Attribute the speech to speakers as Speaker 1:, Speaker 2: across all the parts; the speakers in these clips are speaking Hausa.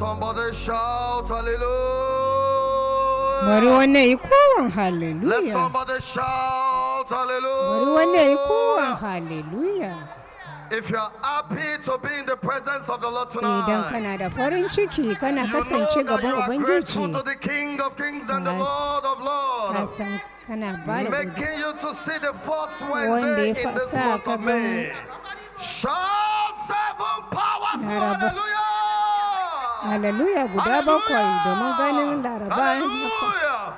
Speaker 1: Somebody shout hallelujah.
Speaker 2: Let somebody
Speaker 1: shout
Speaker 2: hallelujah.
Speaker 1: If you are happy to be in the presence of the Lord tonight, idan kana da
Speaker 2: farin ciki kana to the
Speaker 1: King of Kings and the Lord of
Speaker 2: Lords, making
Speaker 1: you to see the first Wednesday in this month of May. Shout seven powers, hallelujah!
Speaker 3: Hallelujah guda bakwai domin ganin laraba. Hallelujah!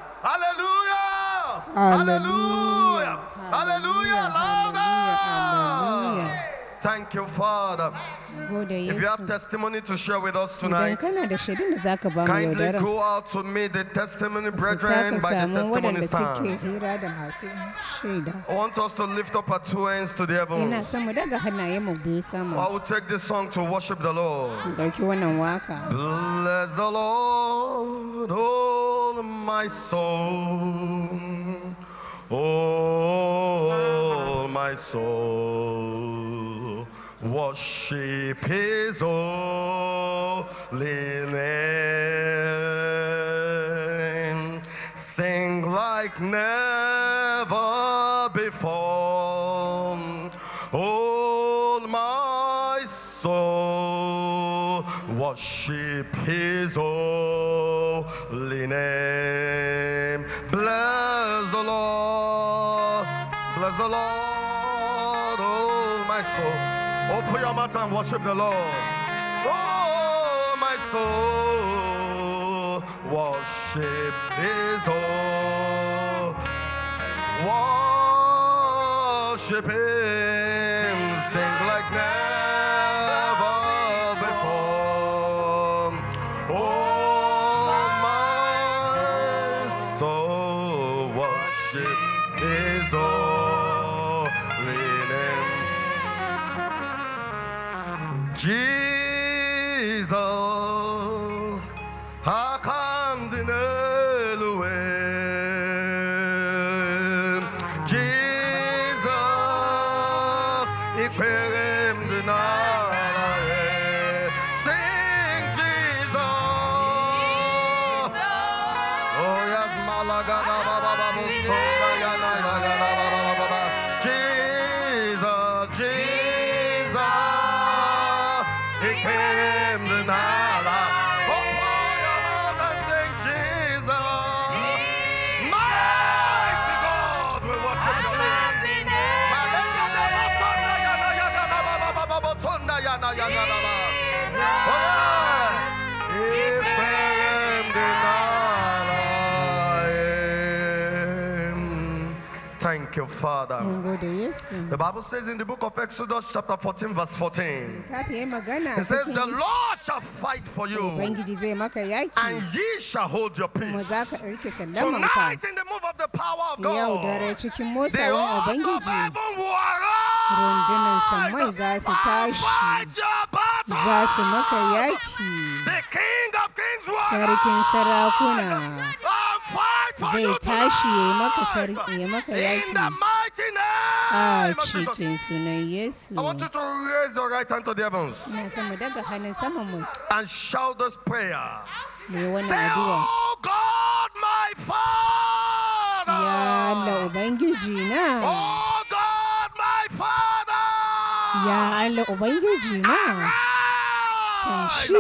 Speaker 4: Hallelujah!
Speaker 3: Hallelujah! Hallelujah!
Speaker 1: Thank you, Father. If you have testimony to share with us tonight, kindly go out to meet the testimony brethren by the testimony stand. I want us to lift up our two hands to the heavens.
Speaker 2: I
Speaker 1: will take this song to worship the Lord. Bless the Lord, all my soul. Oh, my soul. Worship his holy name. Sing like never before. Oh, my soul, worship his holy name. out and worship the Lord. Oh, my soul, worship is all. Worship is. The Bible says in the book of Exodus, chapter 14, verse 14,
Speaker 3: it says, The Lord
Speaker 1: shall fight
Speaker 2: for you, and ye shall hold your peace. Tonight, in the move of the power of God, the Lord of
Speaker 3: rundunan samai za su tashi za su maka yaki sarkin sarakuna zai
Speaker 2: tashi ya maka yaki mighty name of oh, Jesus. I want you to raise your right hand to the heavens and
Speaker 1: shout this prayer.
Speaker 2: Say, Oh God,
Speaker 1: my Father.
Speaker 2: Oh God, my Father.
Speaker 3: Arise.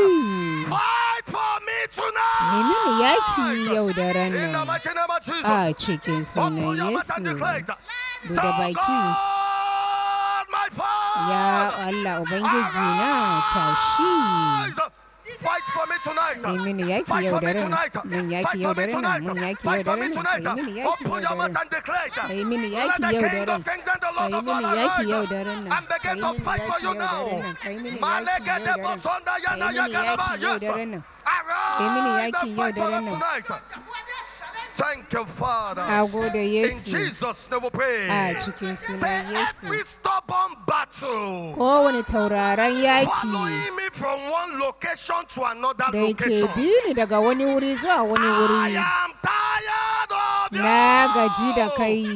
Speaker 3: Fight
Speaker 1: for me tonight.
Speaker 3: In the mighty name of Jesus. Open
Speaker 2: ah, your mouth and declare buɗe baki ya Allah Ubangiji na tashi Amin yaki yau da rin mun yaki yau da rin mun yaki yau da rin
Speaker 3: Amin yaki yau da rin Amin yaki yau da rin Amin yaki yau da rin Amin yaki yau da rin
Speaker 1: Amin yaki yau da rin
Speaker 2: Amin yaki yau da
Speaker 1: rin
Speaker 2: Thank you, Father. In Jesus'
Speaker 1: name we pray. Say every stubborn battle following me from one location to another
Speaker 2: location. I am tired of you. Na gaji da kai.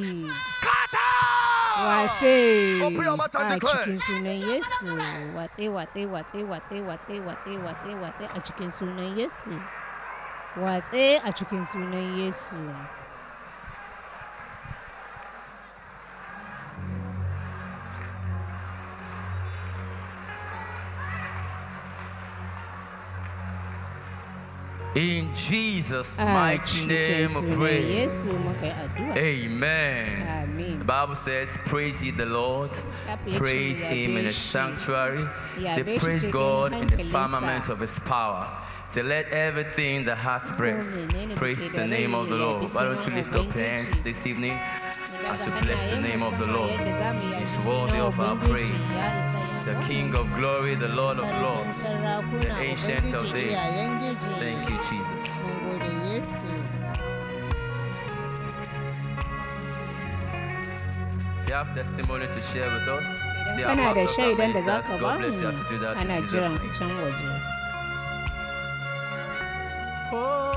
Speaker 2: Wase a cikin sunan Yesu, watse, watse, watse, watse, watse, watse, watse, watse a cikin sunan Yesu. watse a cikin sunan Yesu.
Speaker 5: In Jesus' ah, mighty name we
Speaker 2: Amen.
Speaker 5: Amen. The Bible says, Praise ye the Lord,
Speaker 2: praise him in the
Speaker 5: sanctuary. Say, Praise God in the firmament of his power. Say, Let everything that has breath praise the name of the Lord. Why don't you lift up your hands this evening as you bless the name of the Lord? He's worthy of our praise the King of glory, the Lord of lords,
Speaker 2: the Ancient of days. Thank you, Jesus.
Speaker 5: If you have testimony to share with us, see our pastors and ministers. God bless you as you do that in Jesus'
Speaker 2: name. Oh.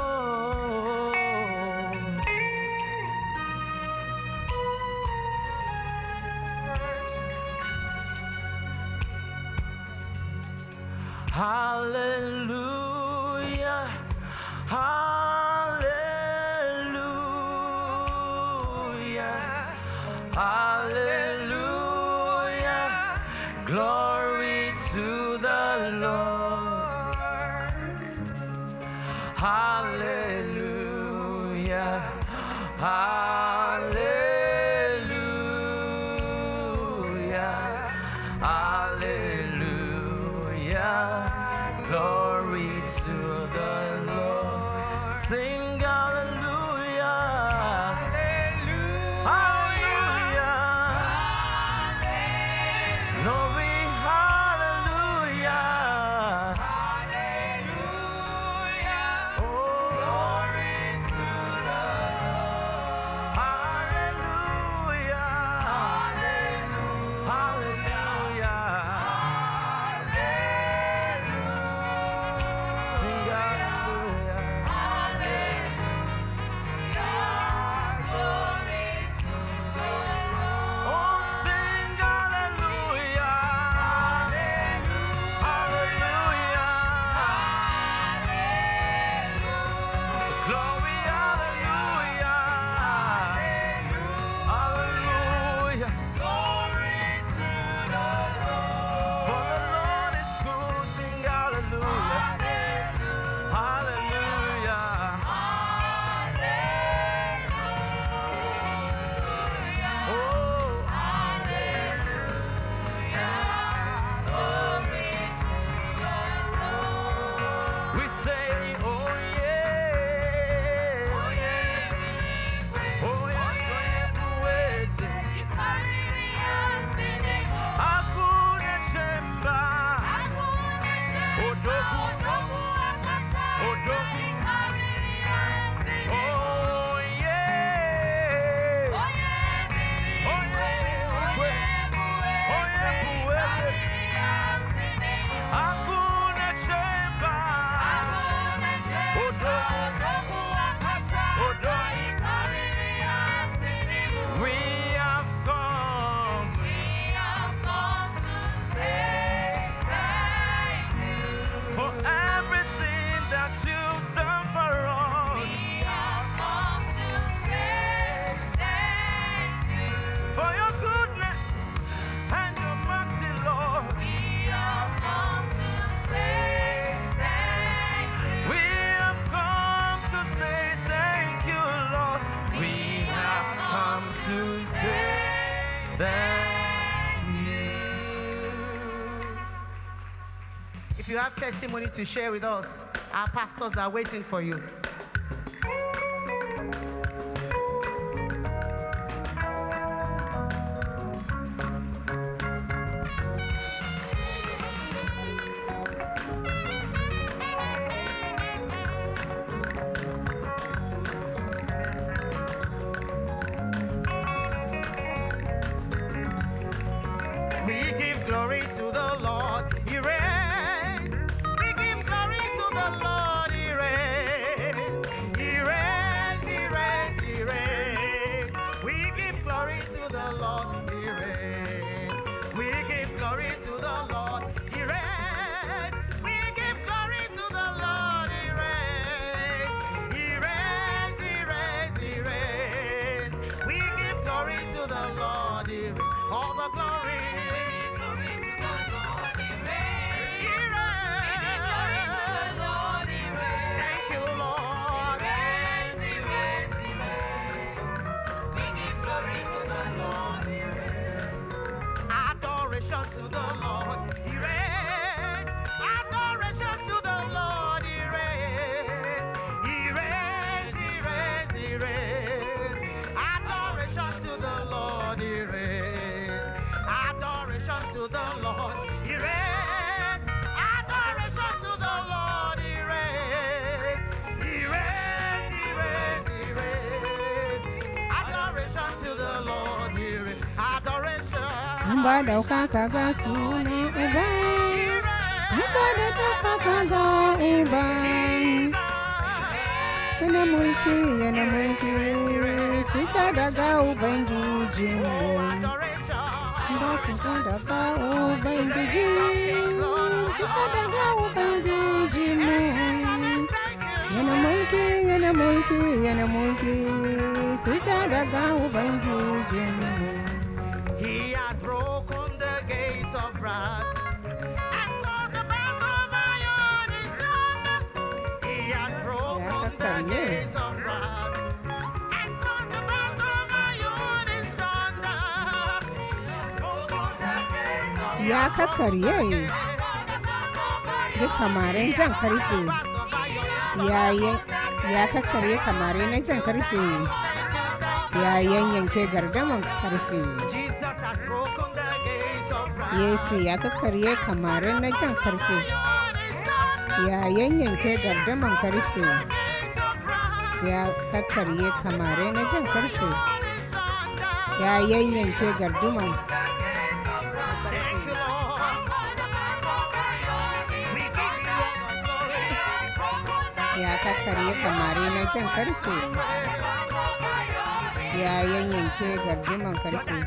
Speaker 4: testimony to share with us. Our pastors are waiting for you.
Speaker 2: yakakarye kamarin jan karfe ya kakkarye kamarai na jan karfe ya yanyanke gardaman karfe yesu ya kakkarye kamarai na jan karfe ya yanyanke gardaman karfe ya kakkarye kamarai na jan karfe ya yanyanke garduman ya kakkarye kamare na jan karfe ya yanyanke garduman karfe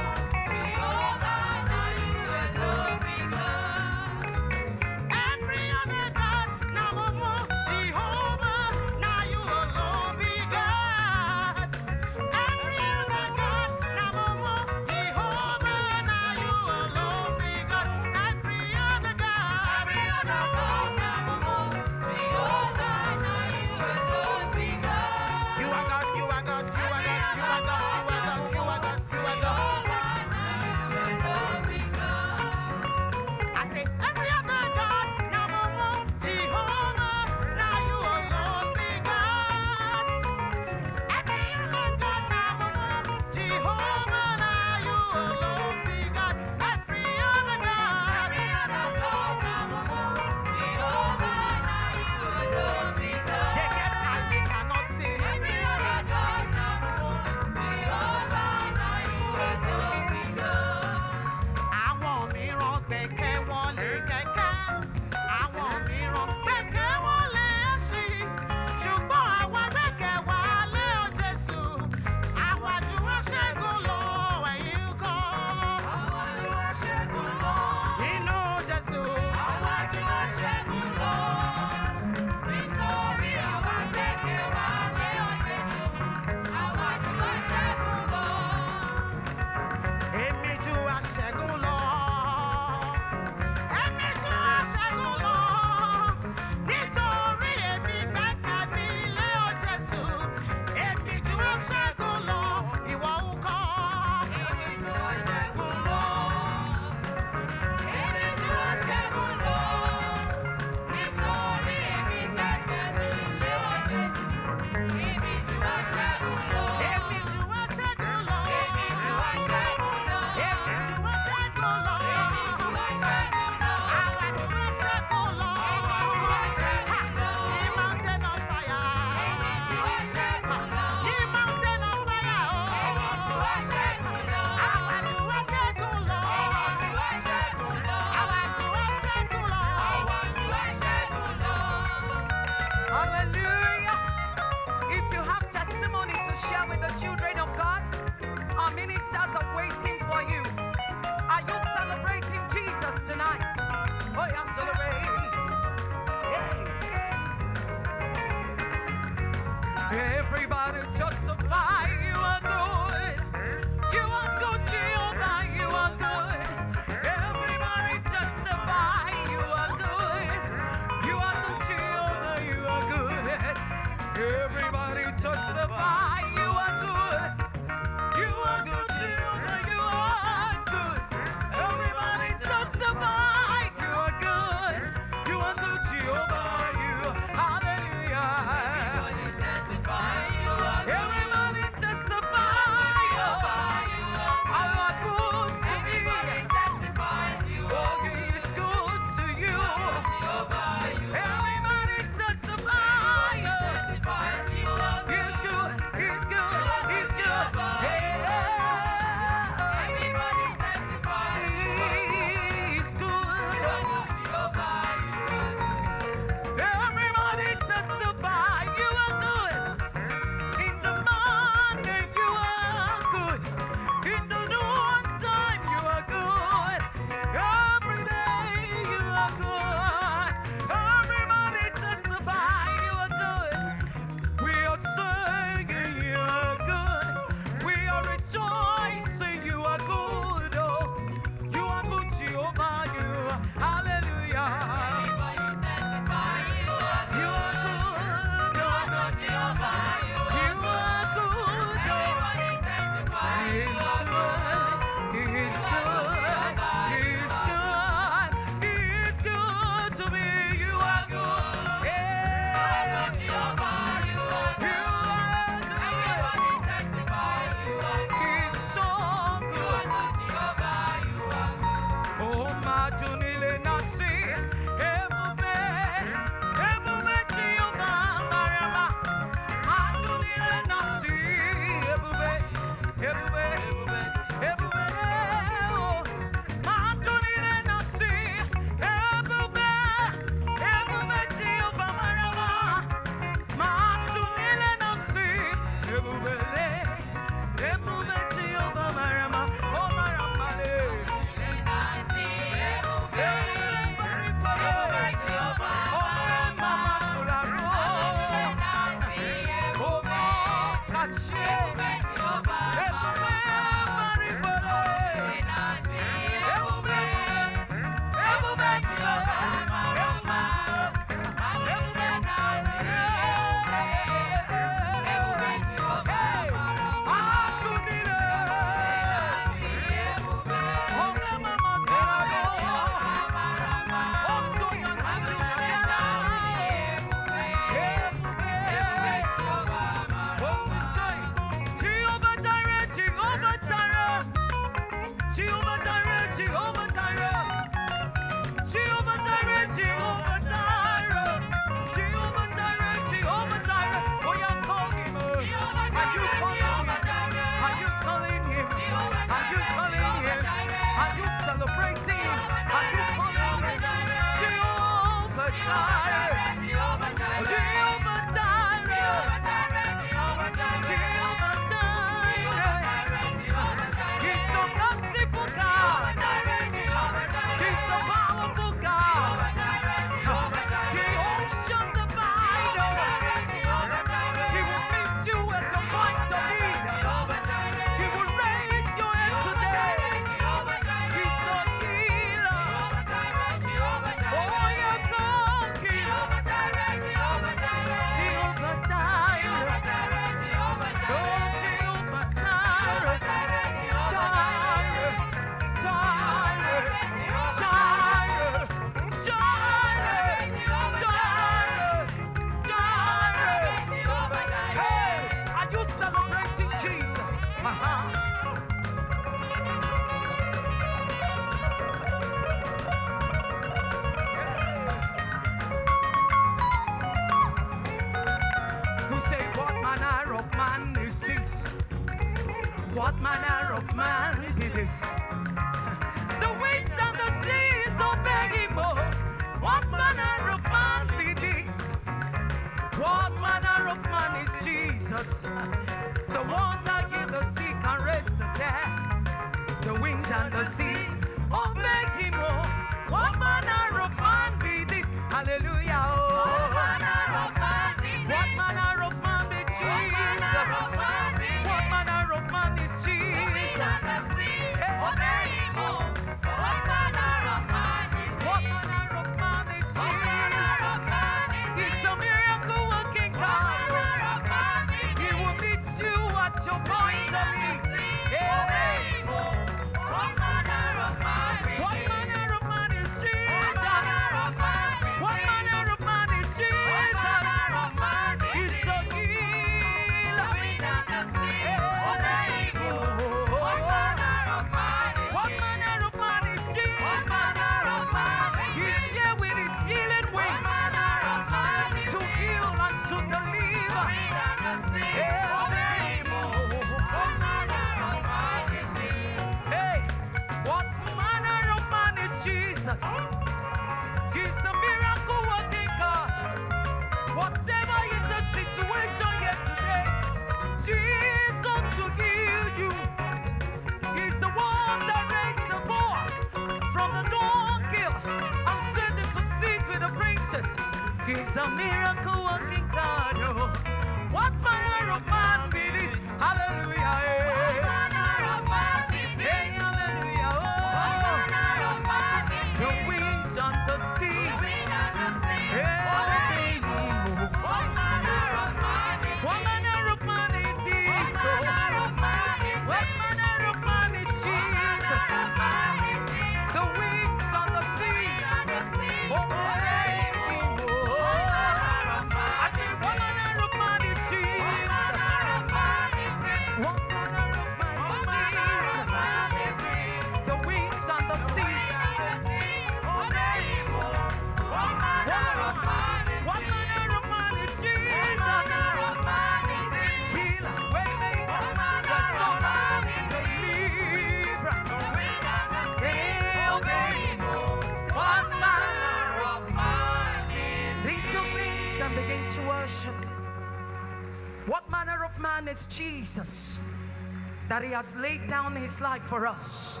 Speaker 6: that he has laid down his life for us.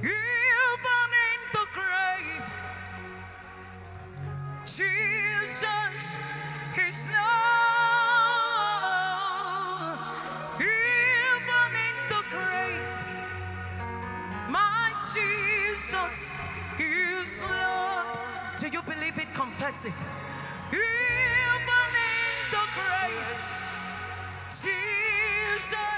Speaker 6: Even in the grave, Jesus is not. Even in the grave, my Jesus is Lord. Do you believe it? Confess it. Even in the grave, Jesus.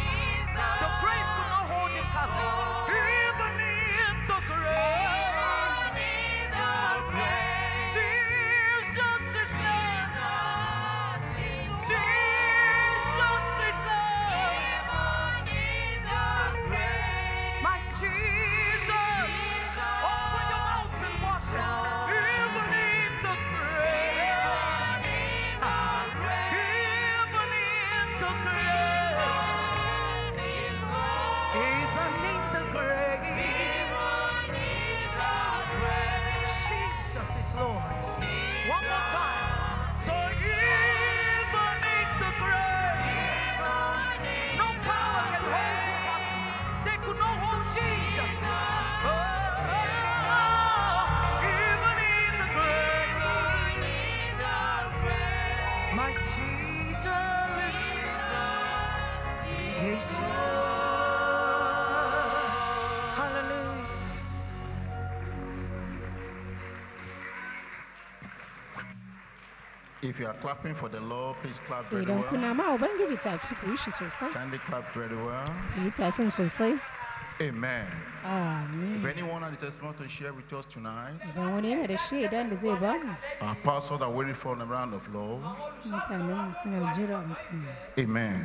Speaker 7: you are clapping for the Lord, please clap very well.
Speaker 2: Kindly
Speaker 7: clap very well. Amen. Amen. If anyone has a testimony to share with us tonight, our pastors are waiting for a round of love.
Speaker 2: Amen. Mm, mm.
Speaker 7: Amen.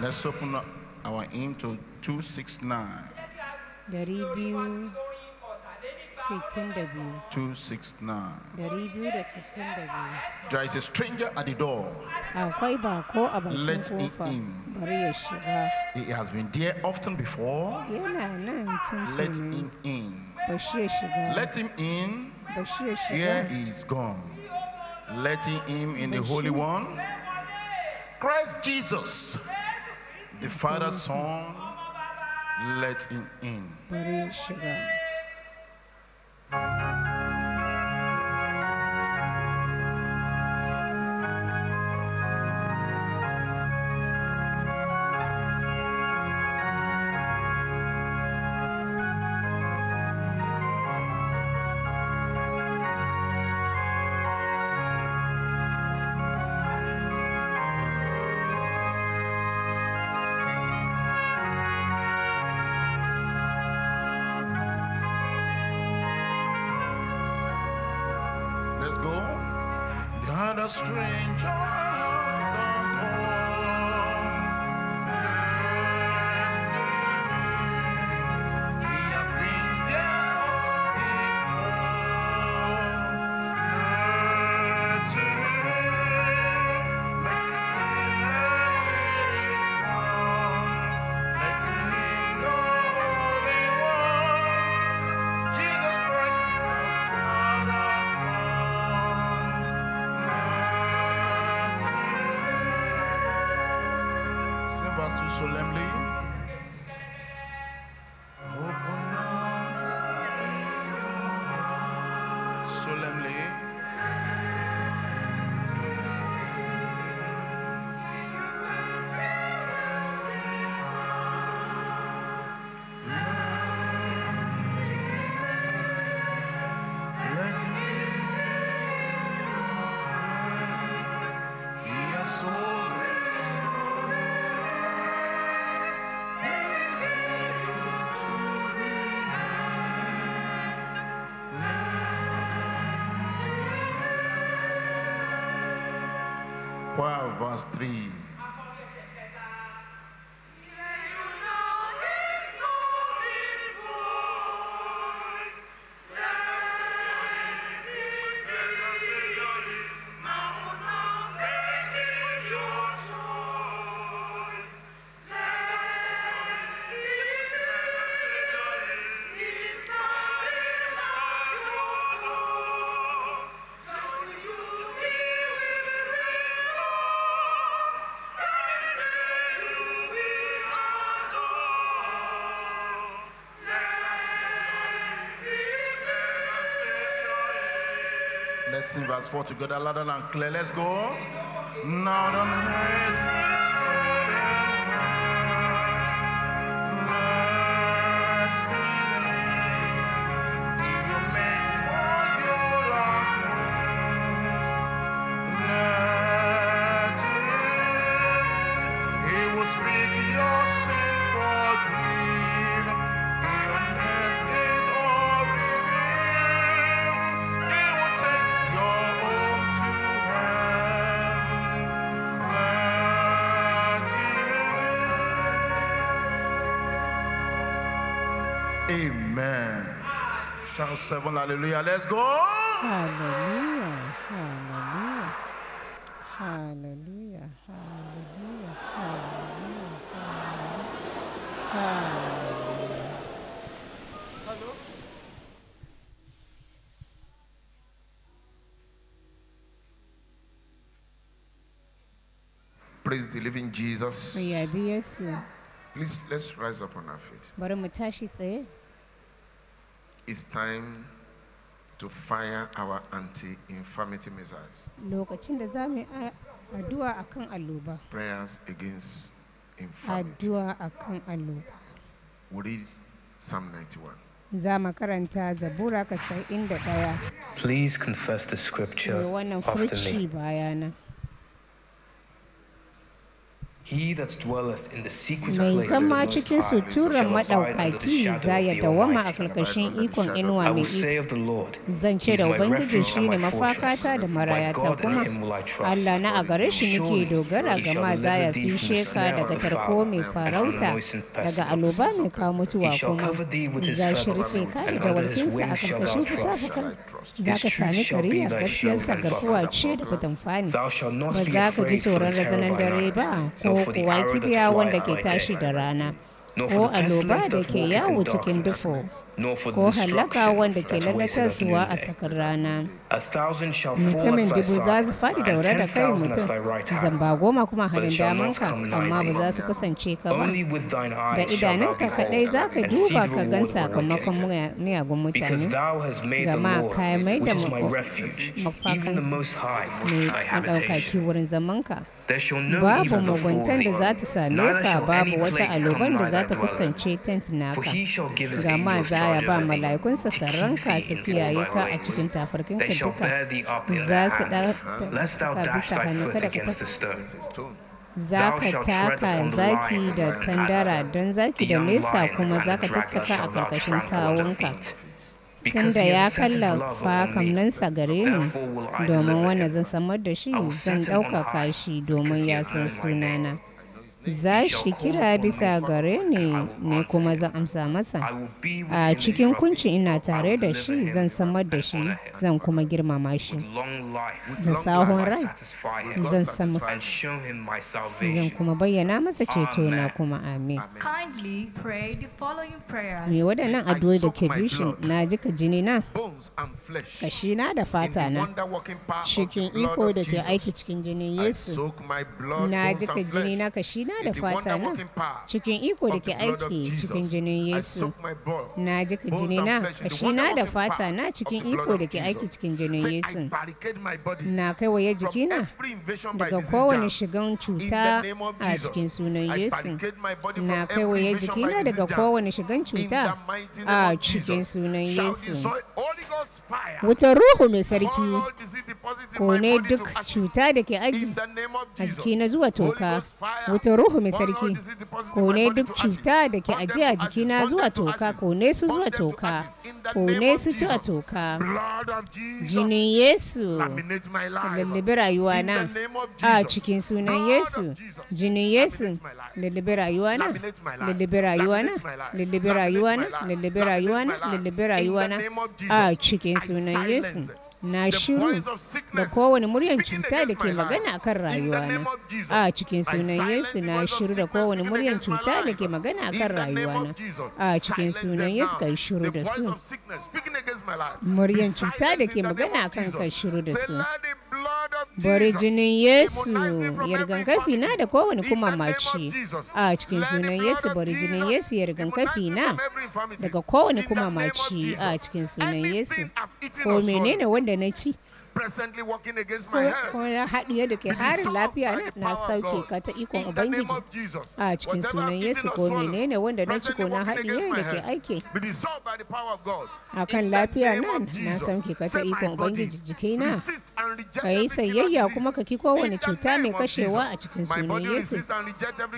Speaker 7: Let's open up our hymn to
Speaker 2: 269.
Speaker 7: 269. There is a stranger at the door.
Speaker 2: Ah, let him in.
Speaker 7: He has been there often before.
Speaker 2: Let him in. Let him in. Here
Speaker 7: he is gone. Letting him in the Holy One. Christ Jesus, the Father's Son, let him in. string. verse 3 Let's sing verse 4 together, louder and clear. Let's go. Now don't hate me. to seven. Hallelujah. Let's go. Hallelujah. Hallelujah. Hallelujah. Hallelujah. Hallelujah.
Speaker 6: Hallelujah.
Speaker 8: Praise the living Jesus. Please let's rise up on our feet it's time to fire our anti-infirmity missiles. Prayers against
Speaker 2: infirmity.
Speaker 8: We read Psalm 91.
Speaker 5: Please confess the scripture after
Speaker 2: me.
Speaker 5: Mai zama cikin
Speaker 2: suturar maɗaukaki za ya dawama a ƙarƙashin ikon inuwa mai iko. Zan ce da Ubangiji shi ne mafakata da marayata kuma Allah na a gare shi nake dogara gama za ya fishe ka daga tarko mai farauta daga aloba mai kawo mutuwa kuma
Speaker 5: za shi rufe ka da walkinsa a ƙarƙashin kusa za ka sami a gaskiyarsa garkuwa ce
Speaker 2: da fitamfani ba za ka ji tsoron razanan dare ba ko kuwa kibiya wanda ke tashi da rana ko annoba da ke yawo cikin duhu
Speaker 9: ko halaka
Speaker 2: wanda ke lalatarsuwa a tsakar rana
Speaker 5: mutumin dubu za su faɗi daura da kai mutum
Speaker 2: zamba goma kuma hannun damanka amma ba za su kusance ka ba
Speaker 5: da idanunka
Speaker 2: kaɗai za ka duba ka gan sakamakon miyagun mutane
Speaker 5: gama kayan mai da mafakan mai ɗaukaki
Speaker 2: wurin zamanka
Speaker 10: babu muguntan
Speaker 2: da za ta same ka babu wata aloban da za ta kusance tent naka gama za ya ba mala'ikunsa sarranka su kiyaye ka a cikin tafarkinka duka za su ɗaka bisa hannu kada ka
Speaker 8: za ka taka zaki da tandara don zaki da mesa kuma za ka tattaka a ƙarƙashin sawunka
Speaker 2: da ya kallafa kamninsa gare ni domin wanda zan samar da shi zan ɗaukaka shi domin ya san sunana. za shi kira bisa gare ni ne kuma za amsa masa a cikin kunci ina tare da shi zan samar da shi zan kuma girmama shi da sahon rai zan zan
Speaker 5: kuma bayyana masa ceto na kuma amin
Speaker 11: me waɗannan addu'o'i da ke bishin
Speaker 2: na jika jini na kashina da fata na cikin iko da ke aiki cikin jinin yesu na jika jini na kashina da fata na cikin iko da ke aiki cikin jinin Yesu. Na jika jini na, shi na da fata na cikin iko da ke aiki cikin jinin Yesu. Na kaiwaye jiki na daga kowane shigan cuta a cikin sunan Yesu. Na kaiwaye jiki na daga kowane shigan cuta a cikin sunan Yesu. Wutar Ruhu mai sarki, ne duk cuta da ke aiki a jiki na zuwa toka. Wutar Ruhu mai sarki, ko ne duk cuta da ke ajiya jikina zuwa toka, ko ne su zuwa toka, ko ne su ci a toka. Jinin Yesu, lallabi rayuwana a cikin sunan Yesu, jinin Yesu, lallabi rayuwana, lallabi rayuwana, lallabi rayuwana, lallabi rayuwana, lallabi rayuwana a cikin sunan Yesu. na shiru da kowane muryan cuta da ke magana akan na a cikin sunan yesu na shiru da kowane muryan cuta da ke magana akan na a cikin sunan yesu kai shiru da su muryan cuta da ke magana akan kan shiru da su bari yesu ya rigankafi na da kowane kuma mace a cikin sunan yesu bari jinin yesu ya rigankafi na daga kowane kuma mace a cikin sunan yesu ko menene wanda na ci presently working against my head. haɗiye da ke harin lafiya na na sauke ka ta ikon Ubangiji a cikin sunan Yesu ko menene wanda na ciko na haɗiye da ke aike A kan lafiya nan na sauke ka ta ikon Ubangiji jikina. Ka yi sayayya kuma ka ki kowane cuta mai kashewa a cikin sunan Yesu.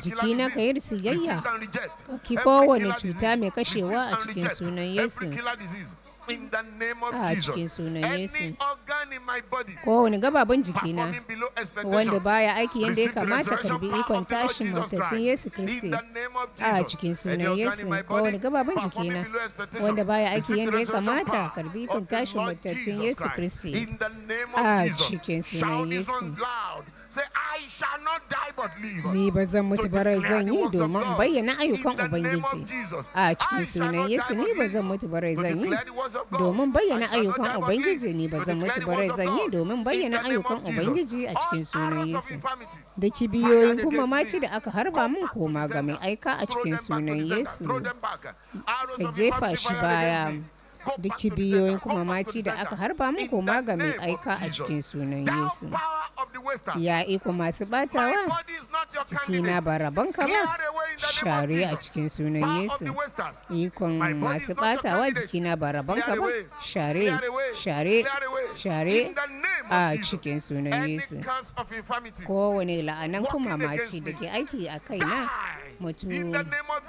Speaker 2: Jikina ka yi sayayya ka ki kowane cuta mai kashewa a cikin sunan Yesu. in the name of a ah, cikin sunan Yesu. Kowane gababan jikina wanda baya aiki yadda ya kamata kan bi ikon tashin matattun Yesu Kristi a ah, cikin sunan Yesu. wani gababan jikina wanda baya aiki yadda ya kamata kan bi ikon tashin matattun Yesu Kristi a ah, cikin
Speaker 7: sunan Yesu.
Speaker 2: Ni ba zan mutu ba rai zan yi domin bayyana ayyukan Ubangiji. A cikin sunan Yesu ni ba zan mutu ba rai zan yi domin bayyana ayyukan Ubangiji ni ba zan mutu ba rai zan yi domin bayyana ayyukan Ubangiji a cikin sunan Yesu. Da kibiyoyin kuma maci da aka harba min koma ga mai aika a cikin sunan Yesu. Ka jefa shi baya. duk cibiyoyin kuma maci da aka harba muku ga mai aika a cikin sunan yesu ya iko masu batawa cikina ba ka ba share a cikin sunan yesu ikon masu batawa jikina ba ka ba share share share a cikin sunan yesu kowane la'anan kuma maci da ke aiki a kaina mutum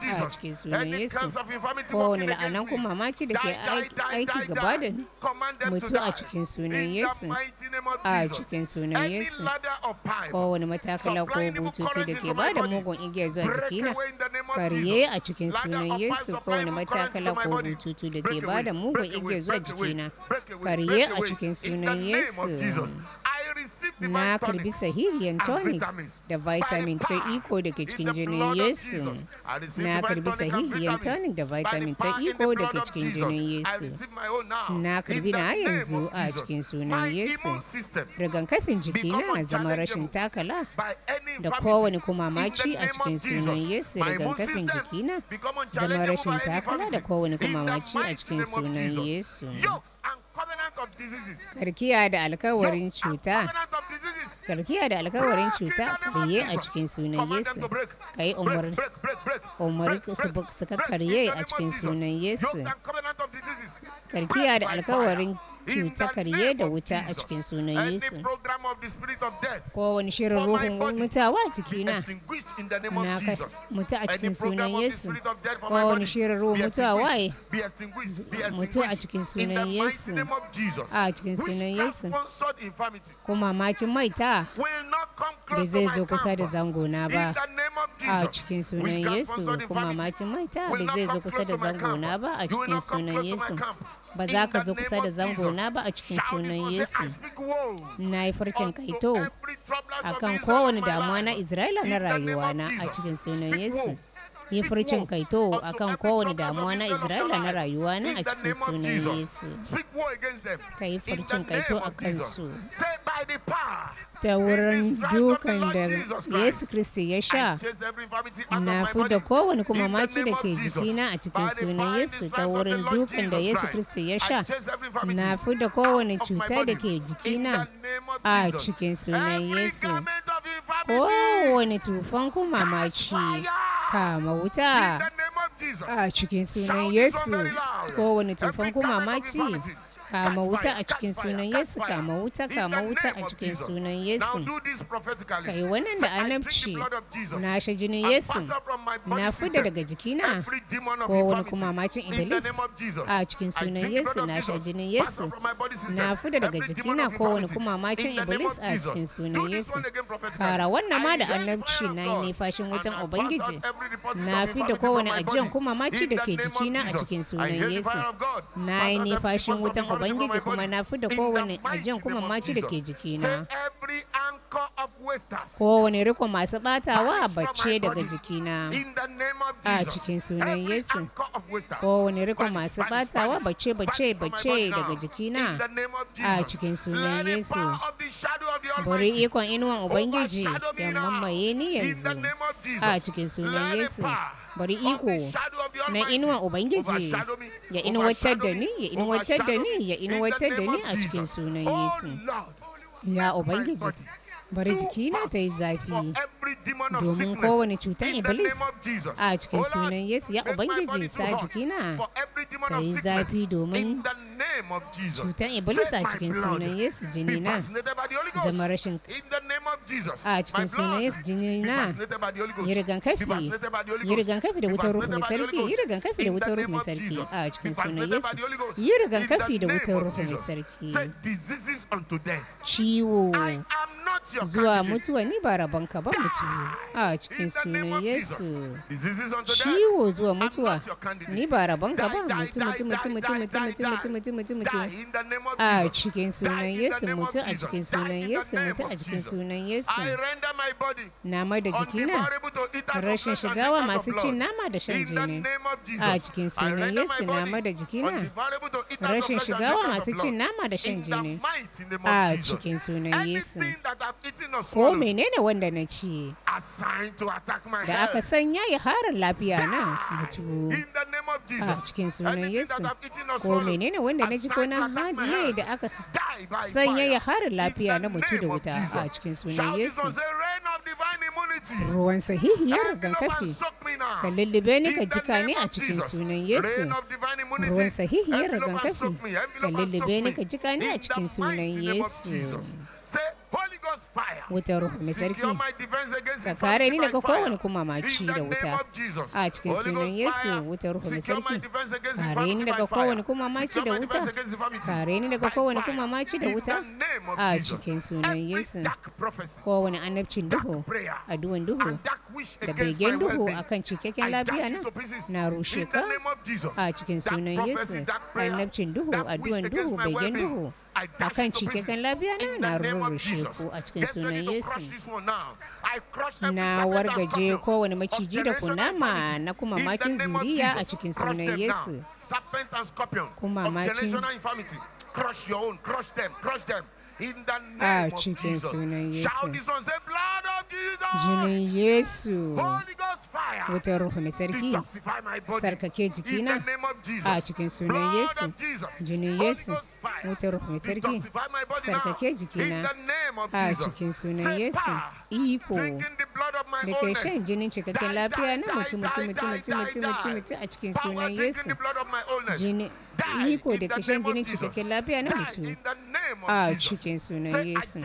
Speaker 2: ah, a cikin sunan yesu kowane la'anan kuma mamaci da ke aiki gaba da ni mutu a cikin sunan yesu a cikin sunan yesu kowane matakala ko bututu da ke bada da mugun igiya zuwa jikina karye a cikin sunan yesu kowane matakala ko bututu da ke bada da mugun igiya zuwa jikina karye a cikin sunan yesu na karbi sahihiyan tonic da vitamin ta iko da ke cikin jinin yesu na karbi sahihiyan tonic da vitamin ta iko da ke cikin jinin yesu na karbi na yanzu a cikin sunan yesu rigan kafin jikina zama rashin takala da kowane maci a cikin sunan yesu rigan kafin jikina zama rashin takala da kowane maci a cikin sunan yesu karkiya da alkawarin cuta karkiya da alkawarin ah, cuta da yi a cikin sunan yesu ka yi umar su kakkarye a cikin sunan yesu karkiya da alkawarin cuta karye da wuta a cikin sunan Yesu. Kowane shirin ruhun mutawa jikina, na mutu a cikin sunan Yesu. Kowane shirin ruhun mutawa ya mutu a cikin sunan Yesu. A cikin sunan Yesu. Kuma macin maita da zai zo kusa da zangona ba. A cikin sunan Yesu. Kuma macin maita da zai zo kusa da zangona ba a cikin sunan Yesu. ba za ka zo kusa da zango na ba a cikin sunan Yesu. Na yi farcen kaito a kan kowane damuwa na Isra'ila na rayuwana a cikin sunan Yesu. Yi furcin kaito a kan kowane damuwa na Isra'ila na rayuwana a cikin sunan Yesu. Ka yi furcin kaito a kansu. ta wurin dukan da Yesu Kristi ya sha na da kowane kuma maci da ke jikina a cikin sunan Yesu ta wurin dukan da Yesu Kristi ya sha na da kowane cuta da ke jikina a cikin sunan Yesu kowane tufan kuma maci kama wuta a cikin sunan Yesu kowane tufan kuma maci kama wuta a cikin sunan Yesu kama wuta kama wuta a cikin sunan Yesu kai wannan da annabci na sha jinin Yesu na fida daga jikina ko wani kuma macin iblis a cikin sunan Yesu na shi jinin Yesu na fida daga jikina ko wani kuma macin iblis a cikin sunan Yesu fara wannan ma da annabci na yi fashin wutan Ubangiji na fida kowane ajiyan kuma maci da ke jikina a cikin sunan Yesu na yi fashin wutan Ubangiji Ubangiji kuma na fi da kowane ajiyan kuma maci da ke jikina. Kowane riko masu batawa bacce daga jikina. A cikin sunan Yesu. Kowane riko masu batawa bacce bacce bacce daga jikina. A cikin sunan Yesu. Bari ikon inuwan Ubangiji ya mamaye ni yanzu. A cikin sunan Yesu. bari iko na inuwa ubangiji ya inuwatar da ni ya inuwatar da ni ya inuwatar da ni a cikin sunan yesu ya ubangiji bari jikina ta yi zafi domin kowane cutar iblis a cikin sunan yesu ya ubangiji sa jikina ta yi zafi domin cutar iblis a cikin sunan yesu jinina zama rashin a cikin sunan yesu jinina yi rigankafi yi rigankafi da wutar ruhu sarki yi rigankafi da wutar ruhu sarki a cikin sunan yesu yi rigankafi da wutar ruhu sarki ciwo zuwa mutuwa ni ba rabon ka ba mutu. a cikin sunan yesu ciwo zuwa mutuwa ni ba rabon ka ba mutu mutu mutu mutu mutu mutu mutu mutu mutu mutu a cikin sunan yesu mutu a cikin sunan yesu mutu a cikin sunan yesu mai da jikina rashin shigawa masu cin nama da shan jini a cikin sunan yesu mai da jikina rashin shigawa masu cin nama da shan jini a cikin sunan yesu Ko menene wanda na ci?
Speaker 8: Da aka
Speaker 2: sanya ya harin lafiya na mutu. A cikin sunan Yesu. Ko menene wanda na ji ko na madiye da aka sanya ya harin lafiya na mutu da wuta a cikin sunan Yesu. Ruwan sahihi ya rigan kafi Ka lullube ni ka jika ne a cikin sunan Yesu. Ruwan sahihi ya rigan kafi Ka lullube ni ka jika ne a cikin sunan Yesu. wutar ruhu mai sarki ka kare ni daga kowane kuma maci da wuta a cikin sunan yesu wutar ruhu mai sarki kare ni daga kowane kuma maci da wuta kare ni daga kowane kuma maci da wuta a cikin sunan yesu kowane annabcin duhu addu'an duhu da begen duhu akan cikakken lafiya na na rushe ka a cikin sunan yesu annabcin duhu addu'an duhu begen duhu a kan cikakken lafiya na na rurrushe ku a cikin sunan yesu na wargaje kowane maciji da kunama na kuma macin zuriya a cikin sunan yesu kuma macin crush
Speaker 8: your own crush them crush them a cikin sunan Yesu.
Speaker 2: Jinin Yesu wutar Ruhu mai sarki sarkake jikina a cikin Yesu. Jinin Yesu wutar Ruhu mai sarki sarkake jikina a cikin Yesu. Iko die, die, shan jinin die, lafiya na die, die, die, die, die, die, die, die, die, die, iko da kishin jinin cikakken lafiya na mutum a cikin sunan yesu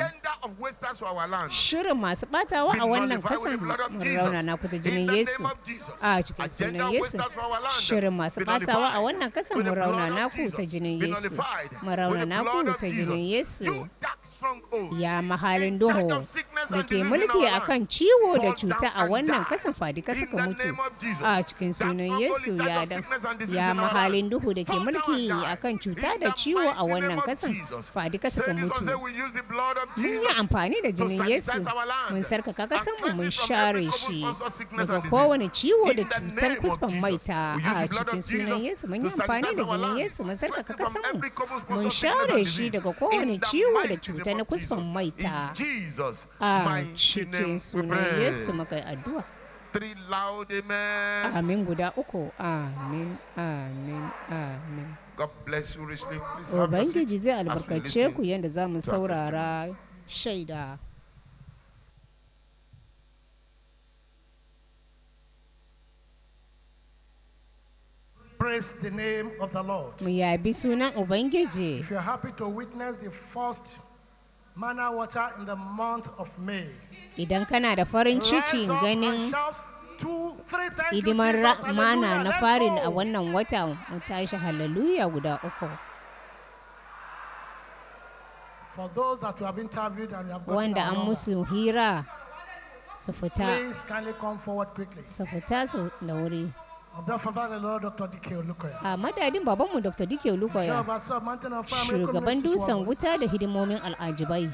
Speaker 2: shirin masu batawa ah, a wannan kasan rauna na kuta jinin yesu a cikin sunan yesu shirin masu batawa a wannan kasan rauna na kuta jinin yesu rauna na kuta jinin yesu ya mahalin doho da ke mulki a kan ciwo da cuta a wannan kasan fadika suka mutu a ah, cikin sunan yesu ya mahalin duhu da ke mulki yake yi kan cuta da ciwo a wannan kasan fadi duka suka mutu mun yi amfani da jinin yesu mun sarkaka kasan mu mun share shi daga kowane ciwo da cutar kuspan maita a cikin sunan yesu mun yi amfani da jinin yesu mun sarkaka kasan mu mun share shi daga kowane ciwo da cuta na kuspan maita
Speaker 8: a cikin sunan yesu
Speaker 2: muka yi addu'a
Speaker 8: three loud amen.
Speaker 2: Amin guda uku.
Speaker 3: Amin, amin, amin.
Speaker 2: God bless you richly. Please Ubangiji zai albarkace ku yadda za mu saurara shaida.
Speaker 5: Praise the name of the Lord.
Speaker 2: Mu yabi sunan Ubangiji. If you
Speaker 5: happy to witness the first mana wata in the month of May.
Speaker 2: Idan kana da farin ciki ganin
Speaker 5: hidimar mana na farin a
Speaker 2: wannan wata mun tashi hallelujah guda uku.
Speaker 5: Wanda an musu hira su fita
Speaker 2: su fita da wuri. a madadin babanmu dr dike olukoya
Speaker 5: shugaban dusan
Speaker 2: wuta da hidimomin al'ajibai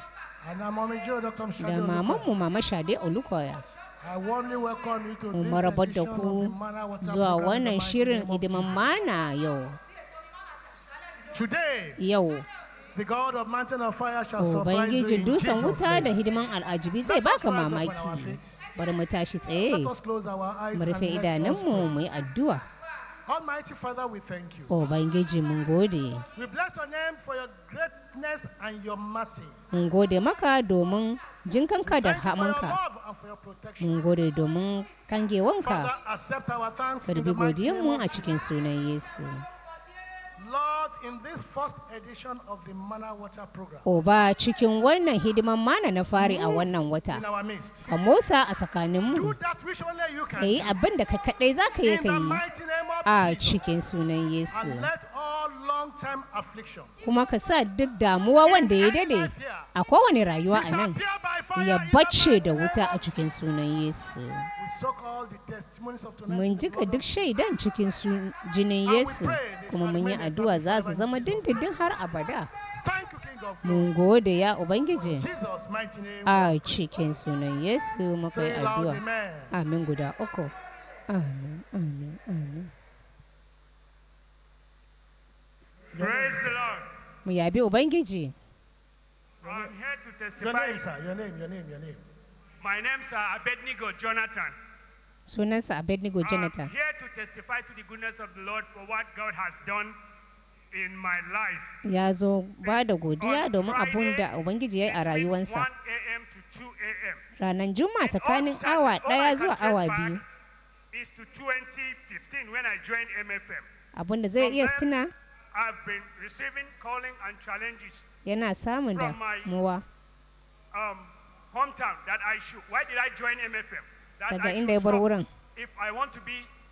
Speaker 5: da mamanmu
Speaker 2: mama shade olukoya
Speaker 5: marabar da ku zuwa wannan shirin hidiman
Speaker 2: mana yau yau
Speaker 5: ubangijin dusan wuta
Speaker 2: da hidiman al'ajibi zai baka mamaki bari mu tashi tsaye
Speaker 5: mu rufe idanunmu
Speaker 2: mu yi addu'a
Speaker 5: Almighty Father, we thank you.
Speaker 2: Ubangiji mun gode.
Speaker 5: We bless your name for your greatness and your mercy.
Speaker 2: Mun gode maka domin jinkanka da hamanka. Mun gode domin kangewanka. Karbi the mighty name of Jesus.
Speaker 5: Lord in this first edition of the Mana Water Program. Oba
Speaker 2: cikin wannan hidiman mana na fari a wannan wata. Ka motsa a tsakaninmu. Ka yi abin da ka kaɗai za ka yi ka
Speaker 5: yi
Speaker 2: a cikin sunan Yesu. Kuma ka sa duk damuwa wanda ya dade a kowane rayuwa a nan ya bacce da wuta a cikin sunan Yesu. Mun jika duk shaidan cikin jinin Yesu kuma mun yi addu'a. addu'a za su zama dindindin har abada. Mun gode ya Ubangiji a cikin sunan Yesu muka yi addu'a. Amin guda uku. Amin, amin, amin. Mu yabi Ubangiji.
Speaker 10: Your name, sir. Your Abednego Jonathan.
Speaker 2: sunansa Abednego Jonathan.
Speaker 10: I'm to testify to the goodness Lord for what God has done
Speaker 2: ya zo ba da godiya domin abun da ubangiji ya yi a rayuwansa
Speaker 10: ranar juma tsakanin awa ɗaya zuwa awa biyu abun da zai iya tuna yana samun da muwa um, daga inda ya bar wurin if I want to be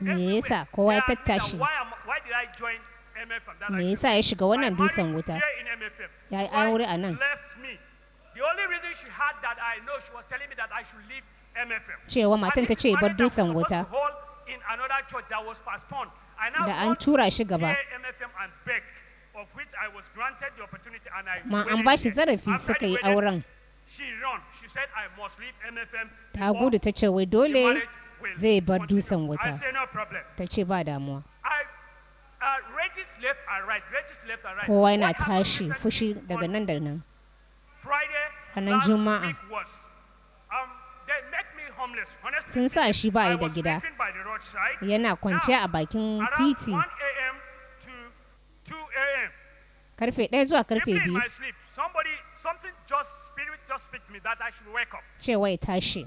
Speaker 2: me yasa kowa ya tattashi
Speaker 10: me yasa ya shiga wannan dusan wuta ya yi aure a nan cewa matan ta ce bar dusan wuta da an
Speaker 2: tura shi gaba
Speaker 10: ma an ba shi zarafi suka yi auren ta gudu ta ce wai
Speaker 2: dole zai bar dusan wuta ta ce ba damuwa
Speaker 10: uh, kowa
Speaker 2: yana tashi fushi daga nan da nan
Speaker 10: ranar juma'a um, sun sa shi ba da gida yana kwance a bakin titi
Speaker 2: karfe 1 zuwa karfe 2
Speaker 10: cewa ya tashi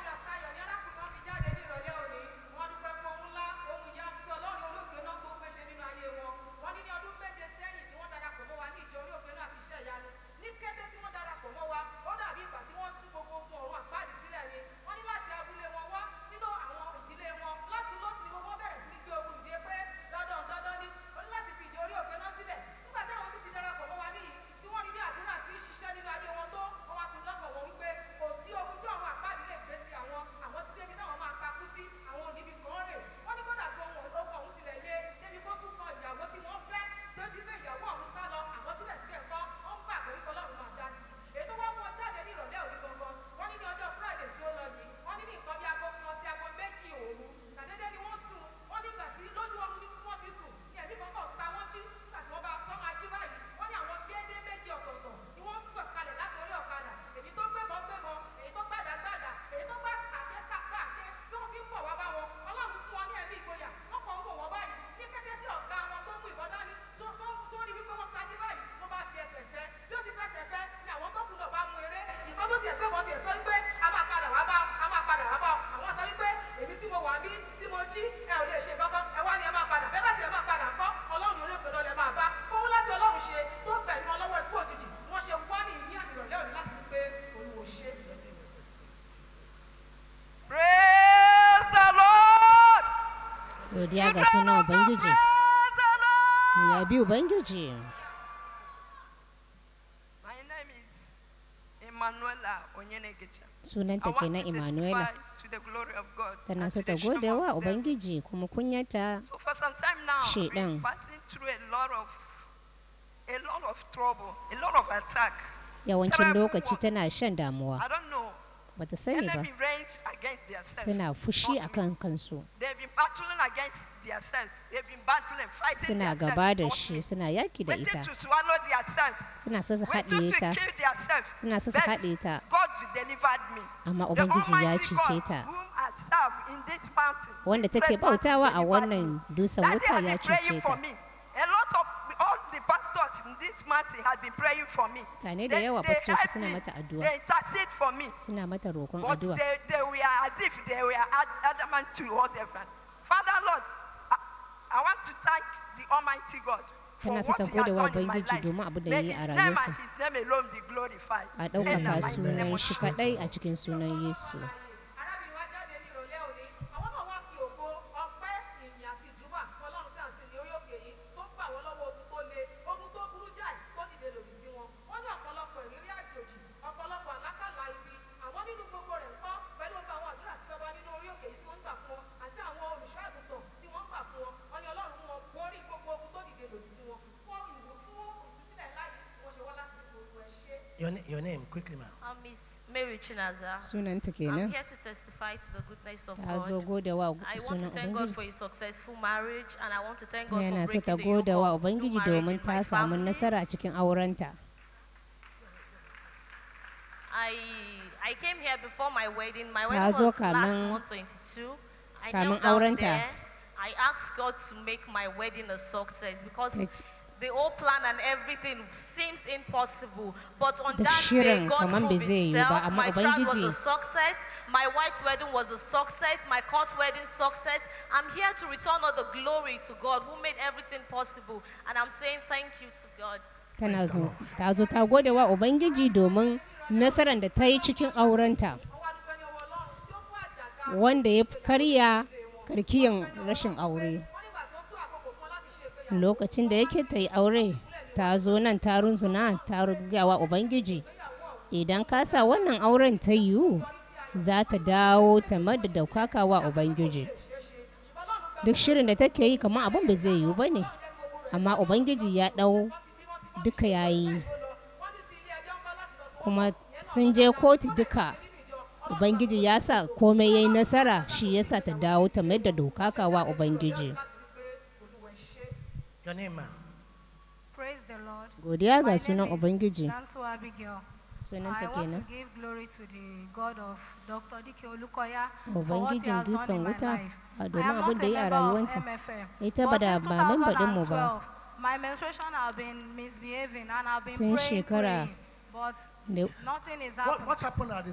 Speaker 2: godiya ga suna ubangiji ya bi ubangiji
Speaker 12: sunanta kenan Emanuela
Speaker 2: tana so ta gode wa ubangiji kuma kunyata shedan yawancin lokaci tana shan damuwa ba ta sani ba suna fushi akan kansu
Speaker 12: suna gaba da shi
Speaker 2: suna yaki da ita
Speaker 12: suna sasa haɗe ta suna sasa haɗe ta amma ubangiji ya cece ta wanda take bautawa a
Speaker 2: wannan dusan wuta ya cece ta
Speaker 12: Tane da yawa fastoci suna mata addu'a. Suna mata roƙon addu'a. god Muna saka gode wa bangiji
Speaker 2: domin abu da ya yi a rayuwarsa.
Speaker 12: A ɗaukaka sunan shi
Speaker 2: kaɗai a cikin sunan Yesu.
Speaker 9: sunanta kenan
Speaker 11: ta zo goda wa sunan ubangiji yana so ta goda wa ubangiji domin
Speaker 2: ta samu nasara a cikin aurenta
Speaker 11: ta zo kamin aurenta I asked God to make my wedding a success because The whole plan and everything seems impossible, but on that day, God proved Himself. My child was a success. My wife's wedding was a success. My court wedding success. I'm here to return all the glory to God, who made everything possible, and I'm saying thank you to God.
Speaker 2: Tana zo, ta zo gode wa Ubangiji domin nasarar da ta yi cikin aurenta, wanda ya karya karkiyan rashin aure. lokacin da yake ta yi aure ta zo nan ta runzuna ta wa ubangiji idan ka sa wannan auren ta yiwu za ta dawo ta mada daukaka wa ubangiji duk shirin da take yi kamar abin ba zai yiwu ba ne amma ubangiji ya ɗau duka ya yi kuma sun je kotu duka ubangiji ya sa komai ya yi nasara shi ya sa ta dawo ta mai da wa ubangiji
Speaker 5: Your name, ma'am. Praise the Lord.
Speaker 11: Godiya ga sunan Ubangiji. Sunanka kenan. Ubangiji dusan wuta a domin abin da ya a rayuwanta. Ita ba da ba memba ɗinmu ba. Tun shekara What, what happened at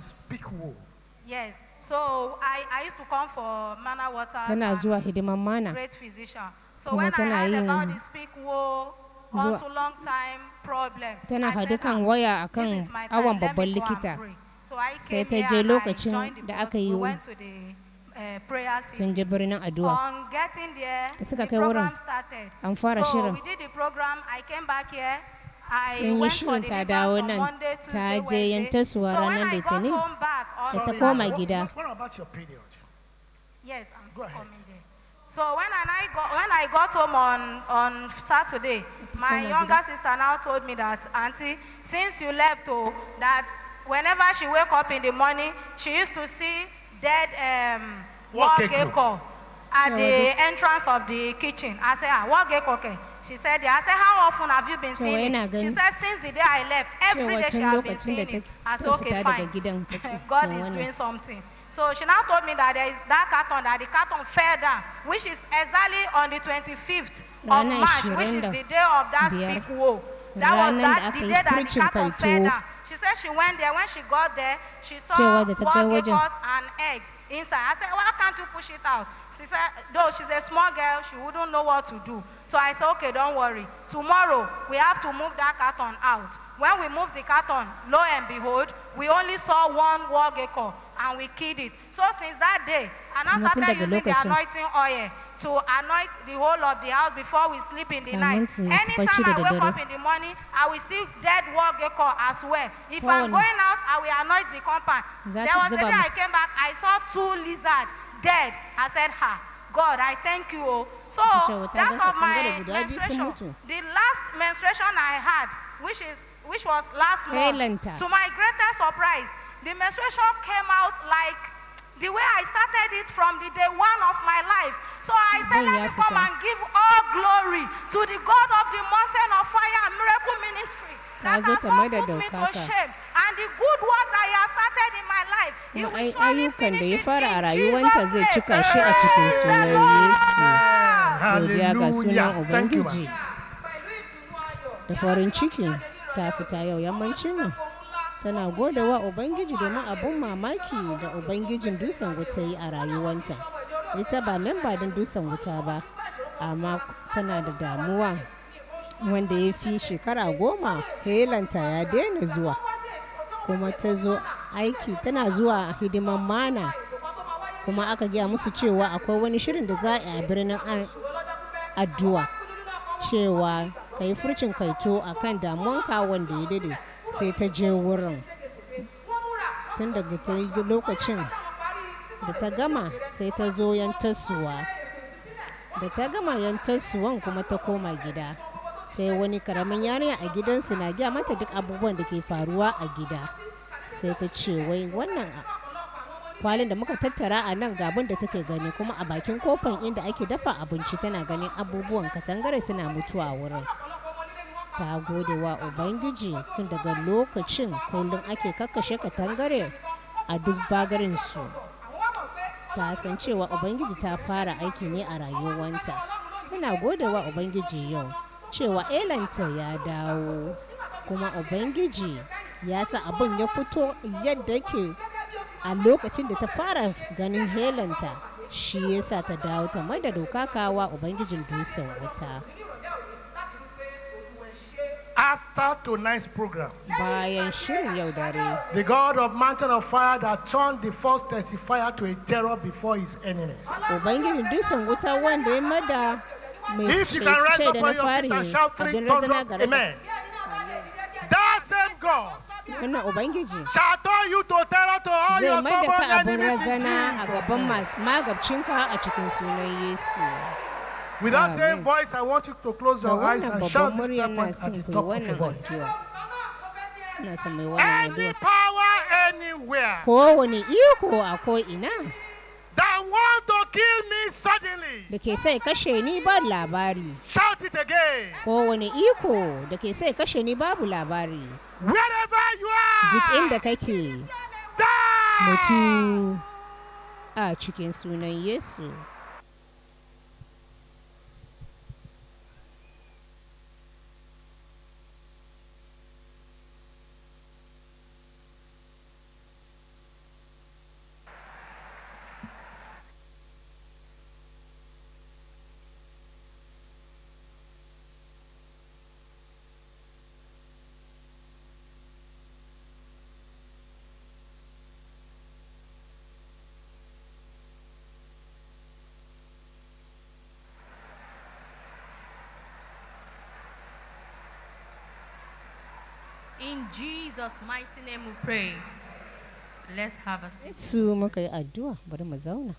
Speaker 11: Yes. So I, I used to come for mana water. Tana zuwa hidiman mana. Great physician. kuma tana yin zuwa tana hadu kan ah, waya akan awon babban likita sai ta je lokacin da aka yi eh, sun je birnin addu'a da suka kai wurin an fara shirin sun yi shirin
Speaker 2: ta dawo nan ta je yantarsuwa ranar litinin
Speaker 11: da ta koma gida Yes, I'm coming. So when I, got, when I got home on, on Saturday, my younger sister now told me that, Auntie, since you left, oh, that whenever she wake up in the morning, she used to see dead um, walk gecko
Speaker 10: at the entrance
Speaker 11: of the kitchen. I said, ah, walk gecko, okay. She said, yeah. I said, how often have you been seeing it? She said, since the day I left, every day she has been seeing it. I said, okay, fine. God is doing something. So she now told me that there is that carton, that the carton fell down, which is exactly on the 25th of March, which is the day of that big war. That was that the day that the carton fell down. She said she went there. When she got there, she saw one Gagos and inside. I said, why can't you push it out? She said, though she's a small girl, she wouldn't know what to do. So I said, okay, don't worry. Tomorrow, we have to move that carton out. When we moved the carton, lo and behold, we only saw one wall gecko and we killed it. So since that day, and I now started using the anointing oil. to anoint the whole of the house before we sleep in the I night. Anytime I wake up in the morning, I will see dead wall gecko as well. If I'm going out, I will anoint the compound. there was a day I came back, I saw two lizards dead. I said, Ha, God, I thank you. Oh. So that of my menstruation, the last menstruation I had, which is which was last month, to my greatest surprise, the menstruation came out like the way I started it from the day one of my life. So I said, let me come and give all glory to the God of the mountain of fire and miracle ministry that has not
Speaker 2: put me to shame.
Speaker 9: And the good work that He
Speaker 11: has started in my life, He will
Speaker 2: surely finish it in Jesus' name. Hallelujah. Thank you, ma. Da farin ciki ta fita yau yammacin nan. tana wa ubangiji domin abun mamaki da ubangijin dusan wuta yi a rayuwanta ita ba memba din dusan wuta ba amma tana da damuwa wanda ya fi shekara goma helanta ya daina zuwa kuma ta zo aiki tana zuwa a hidiman mana kuma aka gaya musu cewa akwai wani shirin da za a birnin addu'a cewa ka yi furcin kaito a akan damuwanka wanda ya dade sai ta je wurin tun daga ta yi lokacin
Speaker 10: da ta gama sai ta zo yantarsuwa
Speaker 2: da ta gama yantarsuwan kuma ta koma gida sai wani karamin yarinya a gidansu na gya mata duk abubuwan da ke faruwa a gida sai ta ce wai wannan kwalin da muka tattara a nan gabin da take gani kuma a bakin kofan inda ake dafa abinci tana ganin abubuwan katangare suna mutuwa wurin ta gode wa ubangiji tun daga lokacin kullum ake kakkashe katangare a duk su ta san cewa ubangiji ta fara aiki ne a rayuwanta tana gode wa ubangiji yau cewa elanta ya dawo kuma ubangiji ya sa abin ya fito yadda ke a lokacin da ta fara ganin helanta shi ya sa ta dawo ta mai da doka kawa ubangijin dusan
Speaker 5: wuta After tonight's program, the God of mountain of fire that turned the first testifier to a terror before his enemies. If you can rise up on your feet and shout three thunders, amen. That same God shall ubangiji zai mai da
Speaker 7: to abin razana a gaban
Speaker 2: magabcinka a cikin With that same
Speaker 5: voice, I want you to close your eyes and shout this prayer point at the top of your voice.
Speaker 2: Any
Speaker 7: power anywhere
Speaker 2: that want to kill me suddenly. Shout it again. iko da ke babu labari. Wherever you are. Duk inda kake. Mutu a cikin sunan Yesu.
Speaker 11: In Jesus' mighty name we pray. Let's have a seat.
Speaker 2: muka yi addu'a bari mu zauna.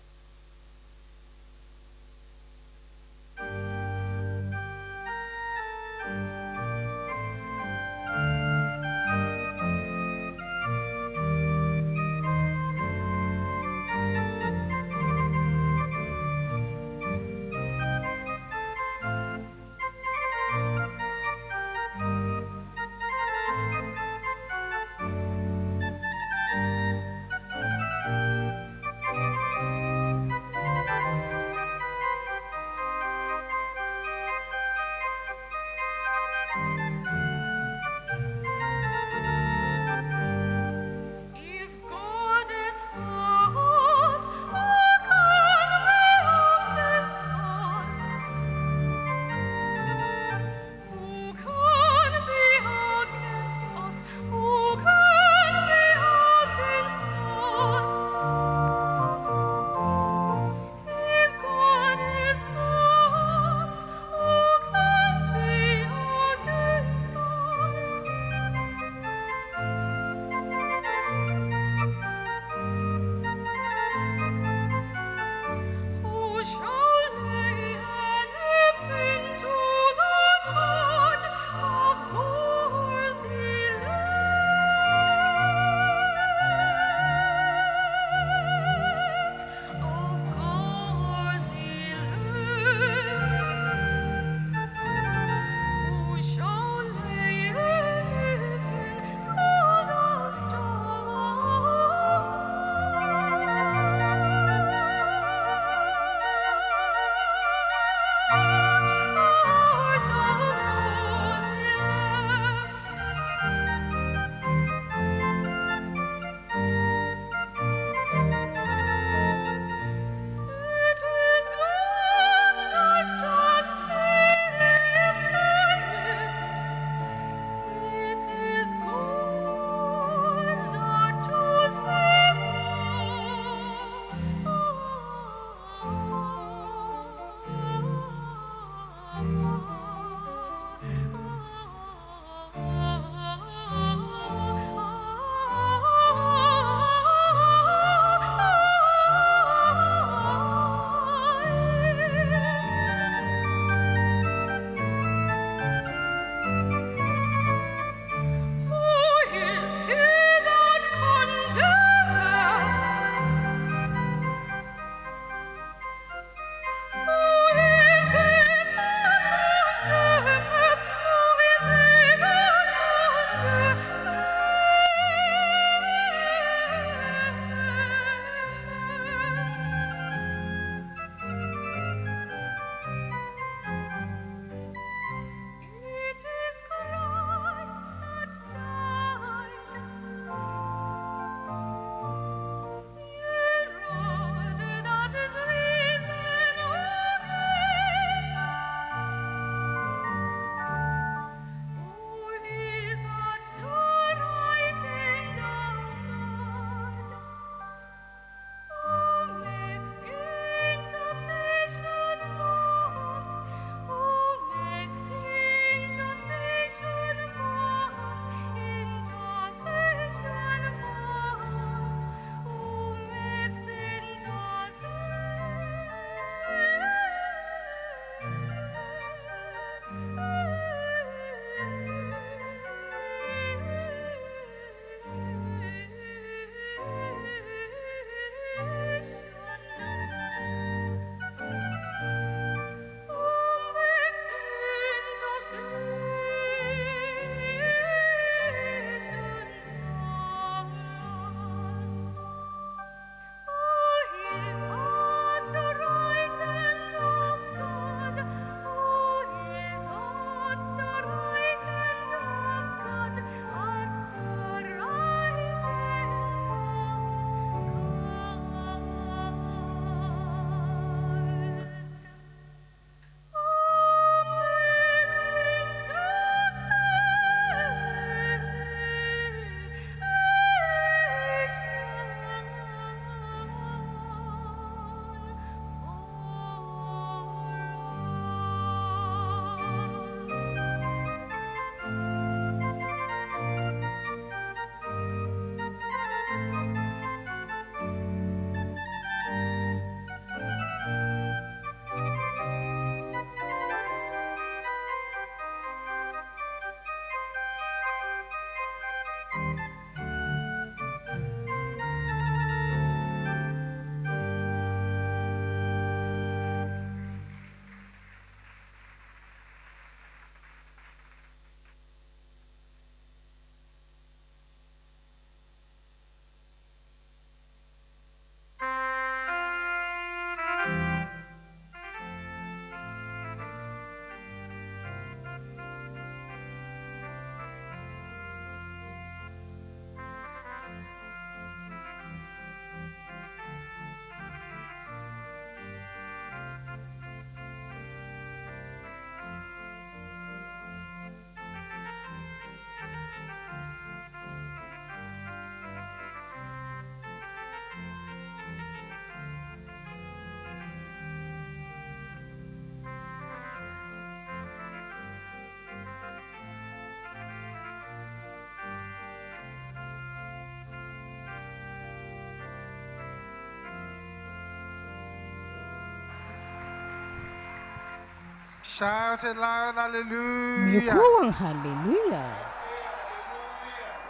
Speaker 13: Shout it loud, hallelujah. Cool,
Speaker 2: hallelujah.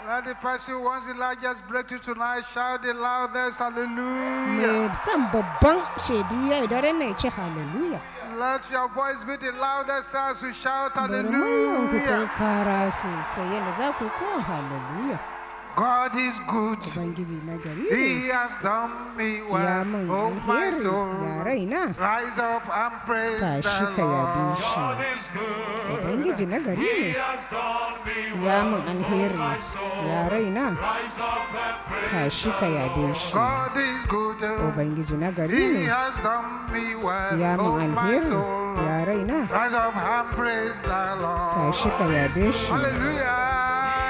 Speaker 13: Let the person who wants the largest breakthrough tonight shout it loud, there's hallelujah.
Speaker 2: hallelujah.
Speaker 13: Let your voice be the loudest as you shout hallelujah.
Speaker 2: hallelujah.
Speaker 13: God is good. He has done me well. Oh my soul, oh, rise up and praise the Lord.
Speaker 3: God is good. He
Speaker 14: has done
Speaker 2: me
Speaker 3: well. Oh my
Speaker 2: soul,
Speaker 13: rise up
Speaker 2: and praise the Lord. God is good. He
Speaker 13: has done me
Speaker 2: well.
Speaker 3: Oh my soul, rise
Speaker 13: up and praise the
Speaker 3: Lord. Hallelujah.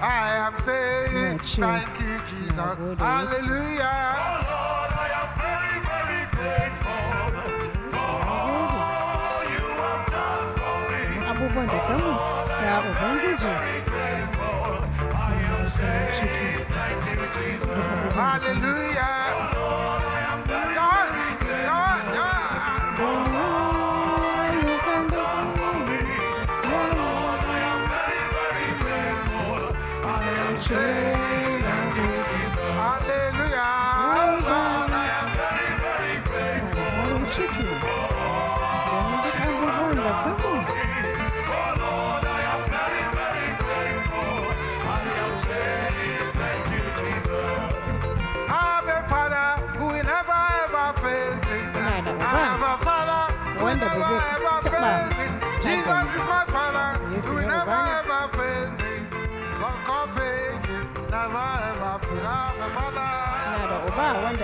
Speaker 13: I am saying thank you, Jesus. Hallelujah.
Speaker 6: Oh, Lord, I am very, very grateful me. thank you, Jesus. Hallelujah. change.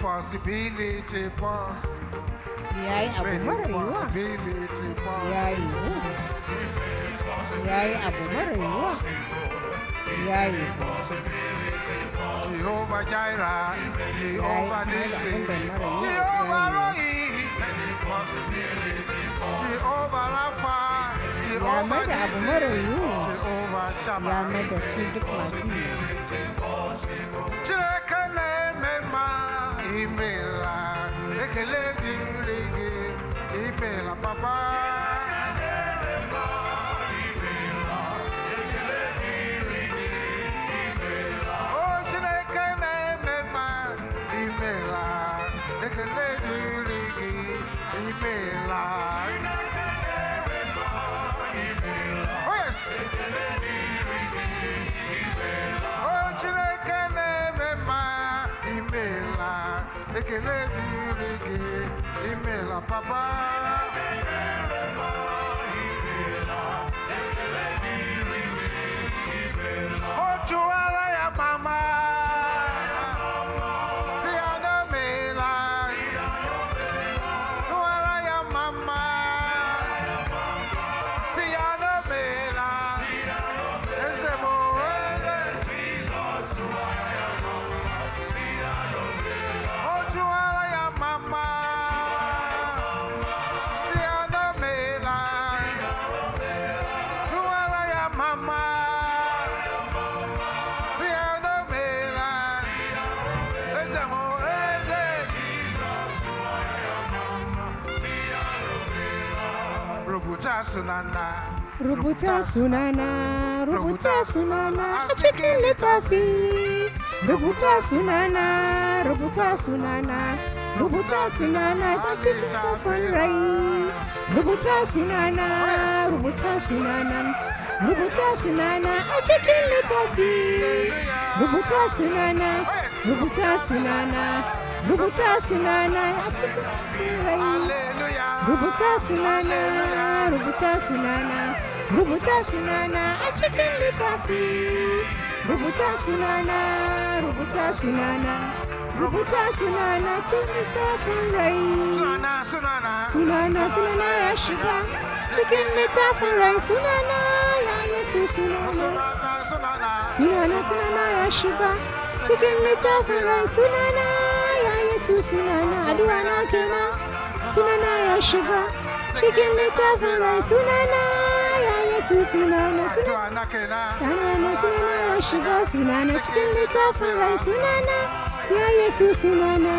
Speaker 13: Impossibility possible. Yayi abu mara yiwuwa. Yayi. Yayi abu mara yiwuwa. Yayi. Jehovah Jireh, Jehovah Nissi, Jehovah Rohi, Jehovah Rapha,
Speaker 4: Jehovah Nissi,
Speaker 5: Jehovah
Speaker 13: Shammah. Ya mai da su duk masu yi. Jire kan email, ekele dị nri gị, email papa. kelele you reggae, papa. sunana.
Speaker 3: Rubuta sunana, rubuta sunana a cikin littafi. Rubuta sunana, rubuta sunana, rubuta sunana ta cikin rai. Rubuta sunana, rubuta sunana, rubuta sunana a cikin littafi. Rubuta sunana, rubuta sunana, rubuta sunana a cikin littafin rai. Rubuta sunana, rubuta sunana, rubuta sunana a cikin littafi. Rubuta sunana, rubuta sunana, rubuta sunana cikin littafin rai. Sunana, sunana, sunana, sunana ya shiga cikin littafin rai sunana ya nasu sunana. Sunana, sunana ya shiga cikin littafin rai sunana ya yasu sunana. Aduwa na kenan sunana ya Shiva, shiga cikin littafin rai sunana ya yesu sunana sunana sunana ya shiga sunana cikin littafin rai sunana ya yesu sunana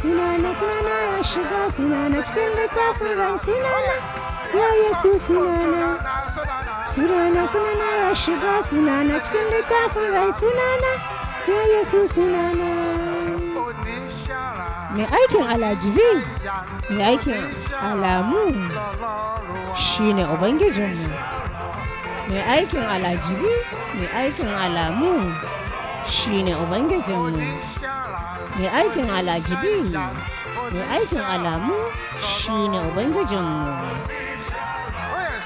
Speaker 3: sunana sunana ya shiga sunana cikin littafin rai sunana ya yesu sunana sunana sunana ya shiga sunana cikin littafin rai sunana ya yesu sunana mai aikin alajibi mai aikin
Speaker 2: alamu shine ubangijinmu mai aikin alajibi mai aikin alamu shine ubangijinmu mai aikin alajibi mai aikin alamu shine ubangijinmu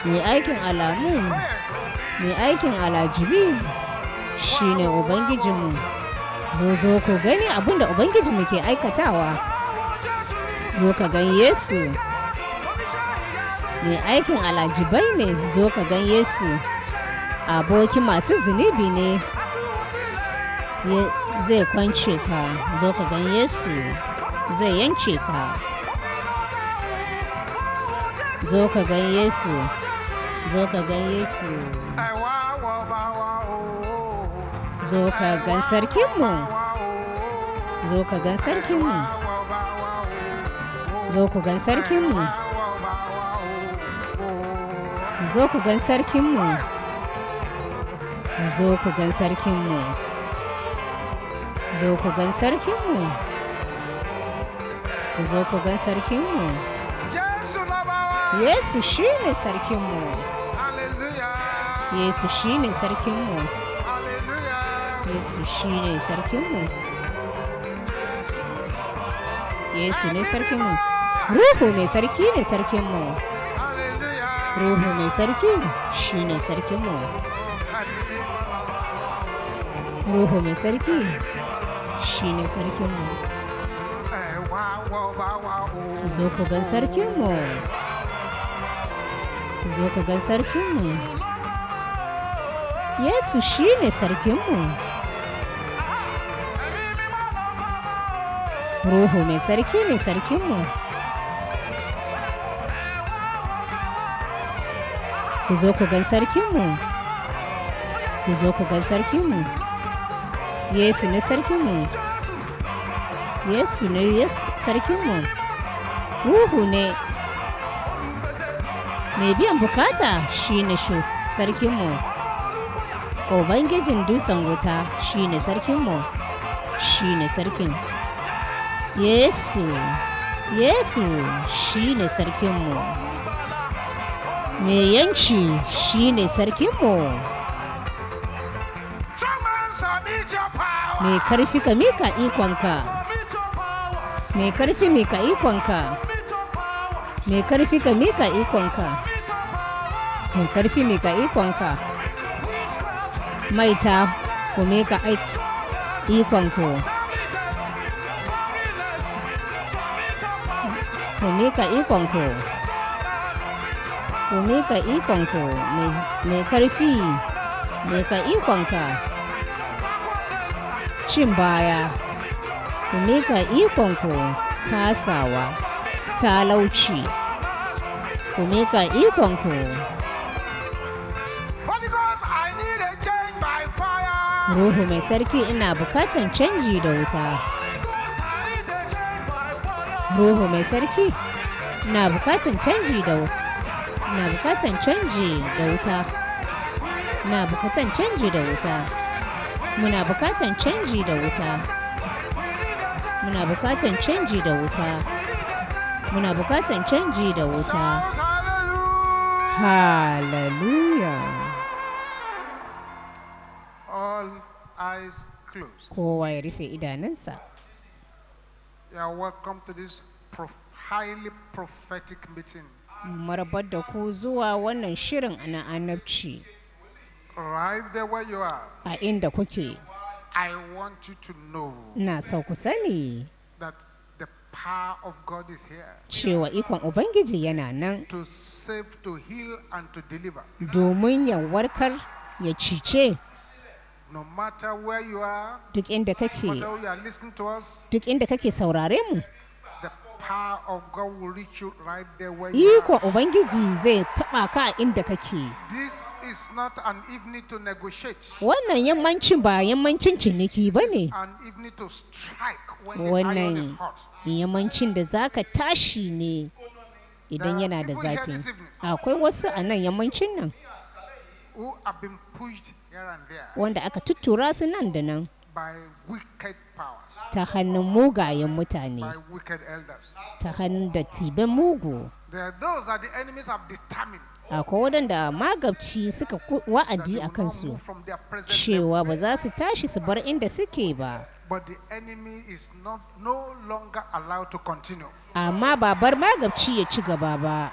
Speaker 2: mai aikin alamu mai aikin alajibi shine ubangijinmu zo zo ku gani abin da ubangijinmu ke aikatawa
Speaker 6: zo ka gan yesu mai aikin
Speaker 2: alajibai ne zo ka gan yesu aboki masu zunubi ne zai kwance ka zo ka gan yesu zai yance ka zo ka gan yesu zo ka gan yesu zo ka gan sarkinmu zo ka gan sarkinmu zo ku gan sarkinmu zo ku gan sarkinmu zo ku gan sarkinmu zo ku gan sarkinmu zo ku gan sarkinmu yesu shine sarkinmu yesu shine sarkinmu sushi ne sarkinmu yesu ne sarkinmu ruhu mai sarki ne sarkinmu ruhu mai né? sarki que ne né? sarkinmu ruhu mai né? que shi ne sarkinmu zo zoco gan sarkinmu zo zoco gan sarkinmu Yesu shi ne sarkinmu. ruhu mai sarki mai sarkinmu ku zo ku gan sarkinmu ku zo ku gan sarkinmu yesu ne sarkinmu yesu ne sarkinmu ruhu ne mai biyan bukata shi ne shu sarkinmu ubangijin dusan wuta ne sarkinmu shi ne sarkin Yesu, Yesu shi ne sarkinmu. Mai yanci shi ne sarkinmu. Mai karfi ka mika ikonka. Mai karfi mika ikonka. Mai karfi ka mika ikonka. Mai karfi mika ikonka. Maita ku mika ikonku.
Speaker 6: ku miƙa ikonku
Speaker 2: ku miƙa ikonku mai ƙarfi miƙa ikonka cin baya ku miƙa ikonku kasawa talauci ku miƙa ikonku Ruhu mai sarki ina bukatan canji da wuta. Ruhu mai sarki na bukatan canji da na bukatan canji da wuta. Na bukatan canji da wuta. Muna bukatan canji da wuta. Muna bukatan canji da wuta. Muna bukatan canji da wuta. Hallelujah.
Speaker 13: All eyes closed.
Speaker 2: Kowa ya rufe idanunsa.
Speaker 13: You welcome to this prof highly prophetic meeting.
Speaker 2: Marabar da ku zuwa wannan shirin ana annabci.
Speaker 13: Right there where you are.
Speaker 2: A inda kuke.
Speaker 13: I want you to know.
Speaker 2: Na so ku sani.
Speaker 13: That the power of God is here.
Speaker 2: Cewa ikon Ubangiji yana nan. To
Speaker 13: save, to heal and to deliver.
Speaker 2: Domin ya warkar, ya cice,
Speaker 13: duk inda kake
Speaker 2: duk inda kake saurare mu ikon ubangiji zai taɓa ka inda kake
Speaker 13: wannan yammancin ba
Speaker 2: yammancin ciniki ba ne
Speaker 13: wannan
Speaker 2: yammancin da za ka tashi ne idan yana da zafi akwai wasu a nan yammancin nan wanda aka tuttura su nan da nan ta hannun mugayen mutane ta hannun dattiban mugu akwai waɗanda magabci suka wa'adi a kansu cewa ba za su tashi su bar inda suke ba amma babar magabci ya ci gaba ba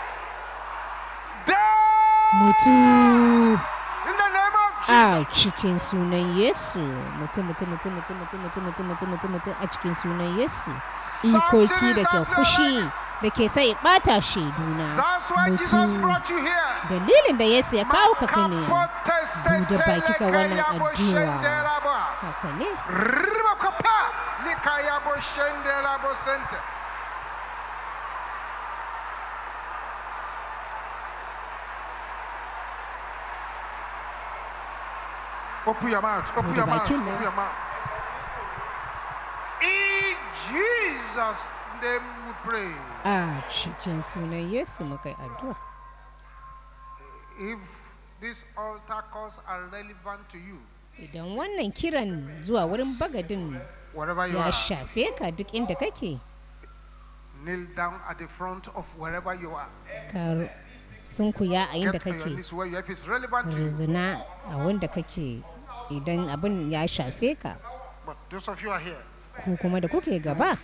Speaker 2: mutu a cikin sunan yesu mutum mutum mutum mutum mutum mutum mutum mutum mutum mutum a cikin sunan yesu ikoki da ke fushi da ke sai bata shaiduna mutu dalilin da yesu ya kawo ka kane
Speaker 13: da baki ka wannan addu'a haka ne Open your mouth. Open your mouth. Open your mouth. In Jesus' name we pray. A
Speaker 2: cikin addu'a.
Speaker 13: If this altar calls are relevant to you. Idan
Speaker 2: wannan kiran zuwa wurin bagadin
Speaker 13: ya shafe
Speaker 2: ka duk inda kake.
Speaker 13: Kneel down at the front of Ka
Speaker 2: sunkuya a inda kake. a wanda kake idan abin ya shafe ka ku kuma da kuke gaba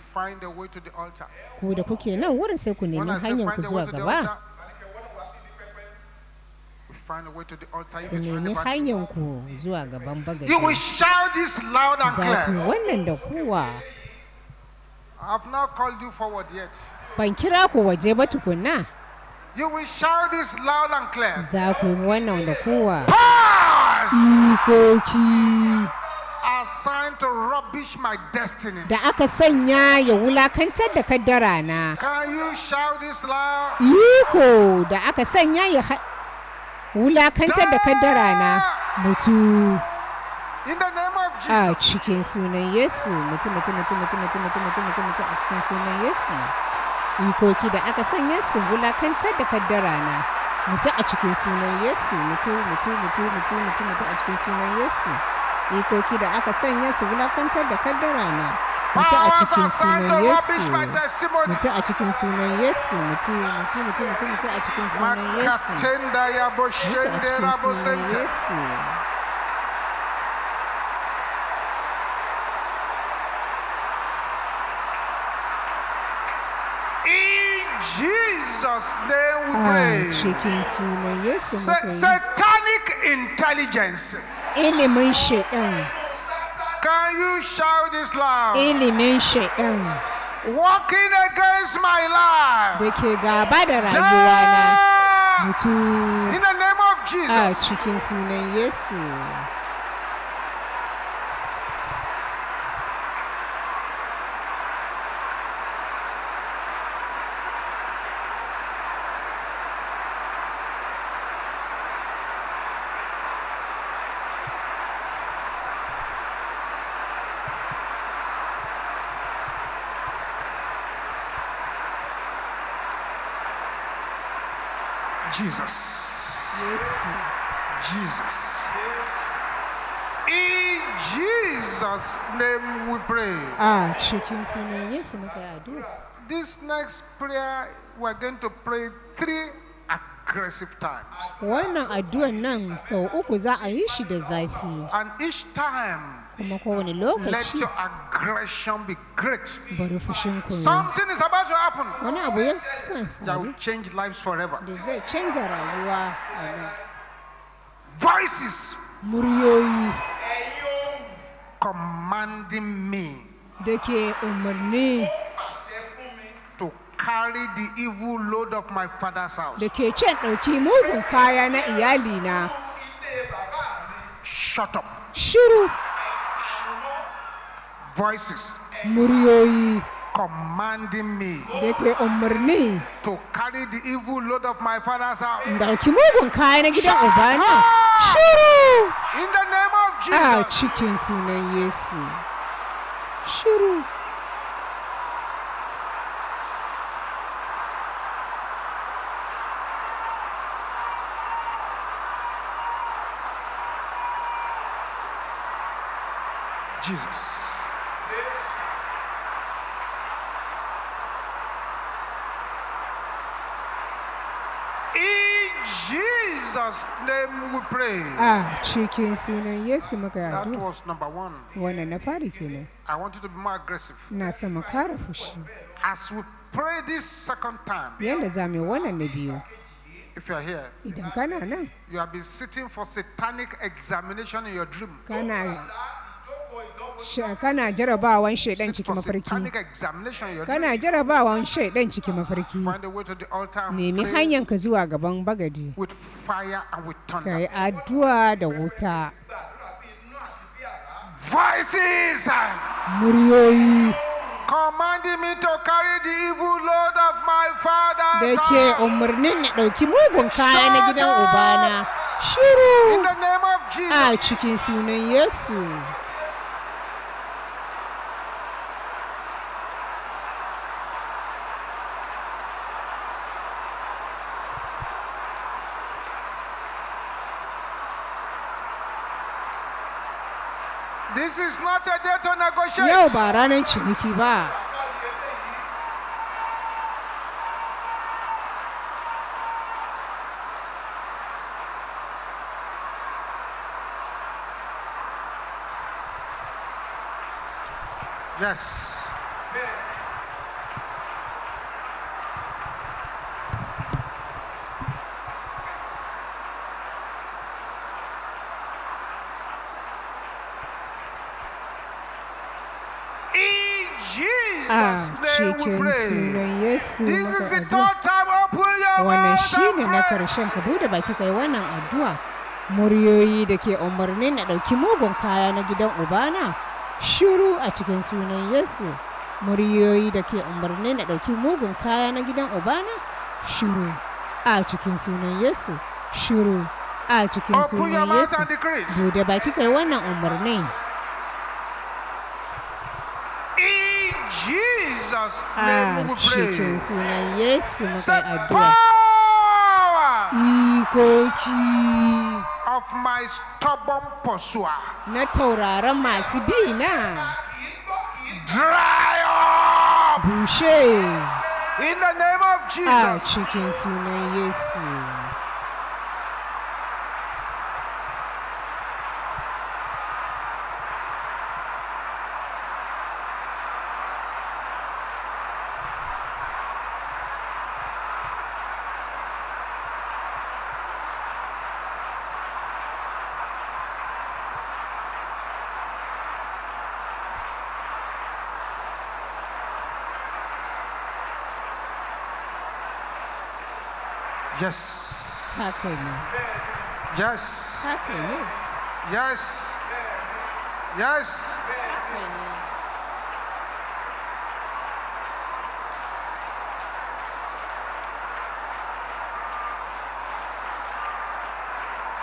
Speaker 2: ku da kuke nan wurin sai ku nemi hanyar ku zuwa gaba
Speaker 13: ku nemi hanyar
Speaker 2: ku zuwa gaban bagaji za ku wannan da kowa ban kira ku waje ba tukunna
Speaker 13: za ku wannan da kowa
Speaker 2: jikoki
Speaker 13: da aka sanya
Speaker 2: ya wulakantar da kaddara na iko da aka sanya ya wulakantar da kaddara na mutu a cikin sunan yesu mutu mutu mutu mutu mutu mutu mutu mutu mutu a cikin sunan yesu ikoki da aka sanya su wulakantar da kaddara na mutu a cikin sunan yesu mutu mutu mutu mutu mutu mutu a cikin sunan yesu ikoki da aka sanya su wulakantar
Speaker 13: da kaddara na mutu a cikin sunan yesu mutu a cikin sunan yesu mutu mutu mutu mutu mutu a cikin sunan yesu mutu a cikin sunan yesu then we ah,
Speaker 3: pray.
Speaker 13: satanic intelligence. Can you shout this loud?
Speaker 2: Ilimin
Speaker 13: Walking against my life. In the name of Jesus. Ah, Jesus. Jesus. In Jesus' name we pray. Ah, this next prayer, we're going to pray three aggressive times. And each time,
Speaker 2: kuma kowane lokaci
Speaker 13: bari fushinku wani abu ya faru da zai canja rayuwa muryoyi commanding me da ke umarni to carry the evil load of my father's house
Speaker 2: da ke can ɗauki mugun kaya na iyalina
Speaker 13: shut up shiru voices commanding me to carry the evil load of my father's house in the name of Jesus a Jesus Jesus name we pray.
Speaker 3: A ah, cikin sunan Yesu muka yadu. That
Speaker 13: was number one.
Speaker 3: Wannan na fari kenan.
Speaker 13: I to be more aggressive.
Speaker 3: Na son mu kara fushi.
Speaker 13: As we pray this second time.
Speaker 2: za mu wannan na biyu. If you are here, Idan kana nan.
Speaker 13: You have been sitting for satanic examination in your dream. Kana
Speaker 2: kana jarabawan shaidan ciki mafarki kana jarabawan shaidan ciki mafarki
Speaker 13: nemi hanyar ka
Speaker 2: zuwa gaban bagadi
Speaker 13: ka yi addu'a da wuta muryoyi commanding me to carry
Speaker 3: the evil load of my father. Da ke umarnin na ɗauki mugun kaya na gidan Ubana. Shiru! A cikin sunan Yesu.
Speaker 13: This is not a day to negotiate. Yau ba
Speaker 3: ranar ba.
Speaker 13: Yes.
Speaker 2: wannan shi ne na karshen ka bude baki kai wannan addu'a muryoyi da ke umarnin na ɗauki mugun kaya na gidan ubana shiru a cikin sunan Yesu muryoyi da ke umarnin na ɗauki mugun kaya na gidan ubana shiru a cikin sunan Yesu shiru a cikin sunan Yesu bude baki kai wannan umarnin
Speaker 13: Jesus ah, name we pray. Yesu mukai addu'a. Of my stubborn pursuer. Na tauraron masu bi na. Dry up. Bushe. In the name of
Speaker 3: ah, Jesus. A cikin sunan Yesu.
Speaker 13: Yes. Yes. you? Yes. Yes. How can you?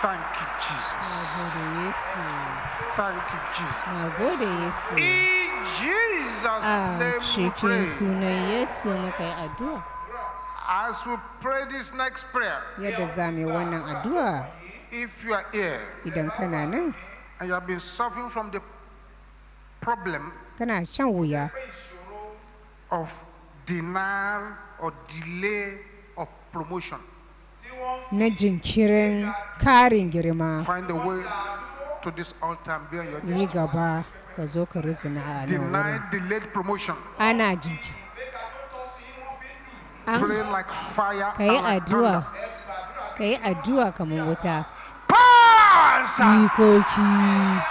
Speaker 13: Thank you, Jesus. Thank you, Jesus. In Jesus' ah,
Speaker 2: name
Speaker 13: we pray. As we pray this next prayer,
Speaker 2: yadda za mu yi wannan addu'a
Speaker 13: if you are here
Speaker 2: idan kana nan
Speaker 13: and you have been suffering from the problem
Speaker 2: kana shan wuya
Speaker 13: of denial or delay of promotion
Speaker 2: na jinkirin karin girma
Speaker 13: find a way to this altar and be on your yi
Speaker 2: gaba ka zo ka rizina a nan wurin.
Speaker 13: delayed promotion.
Speaker 2: ana jinkirin
Speaker 13: ka yi addu'a
Speaker 2: ka yi addu'a kamar wuta
Speaker 3: ikoki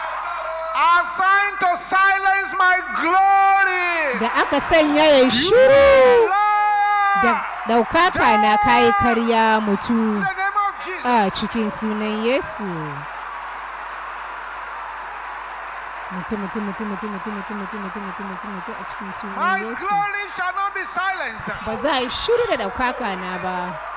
Speaker 13: assigned to silence my glory da aka
Speaker 3: sanya ya
Speaker 13: shiru
Speaker 3: da
Speaker 2: ɗaukaka na kayi karya mutu a cikin sunan yesu a cikin sunan Yesu. My glory
Speaker 13: shall not be silenced. Ba za a
Speaker 2: yi shiru da ɗaukaka ba.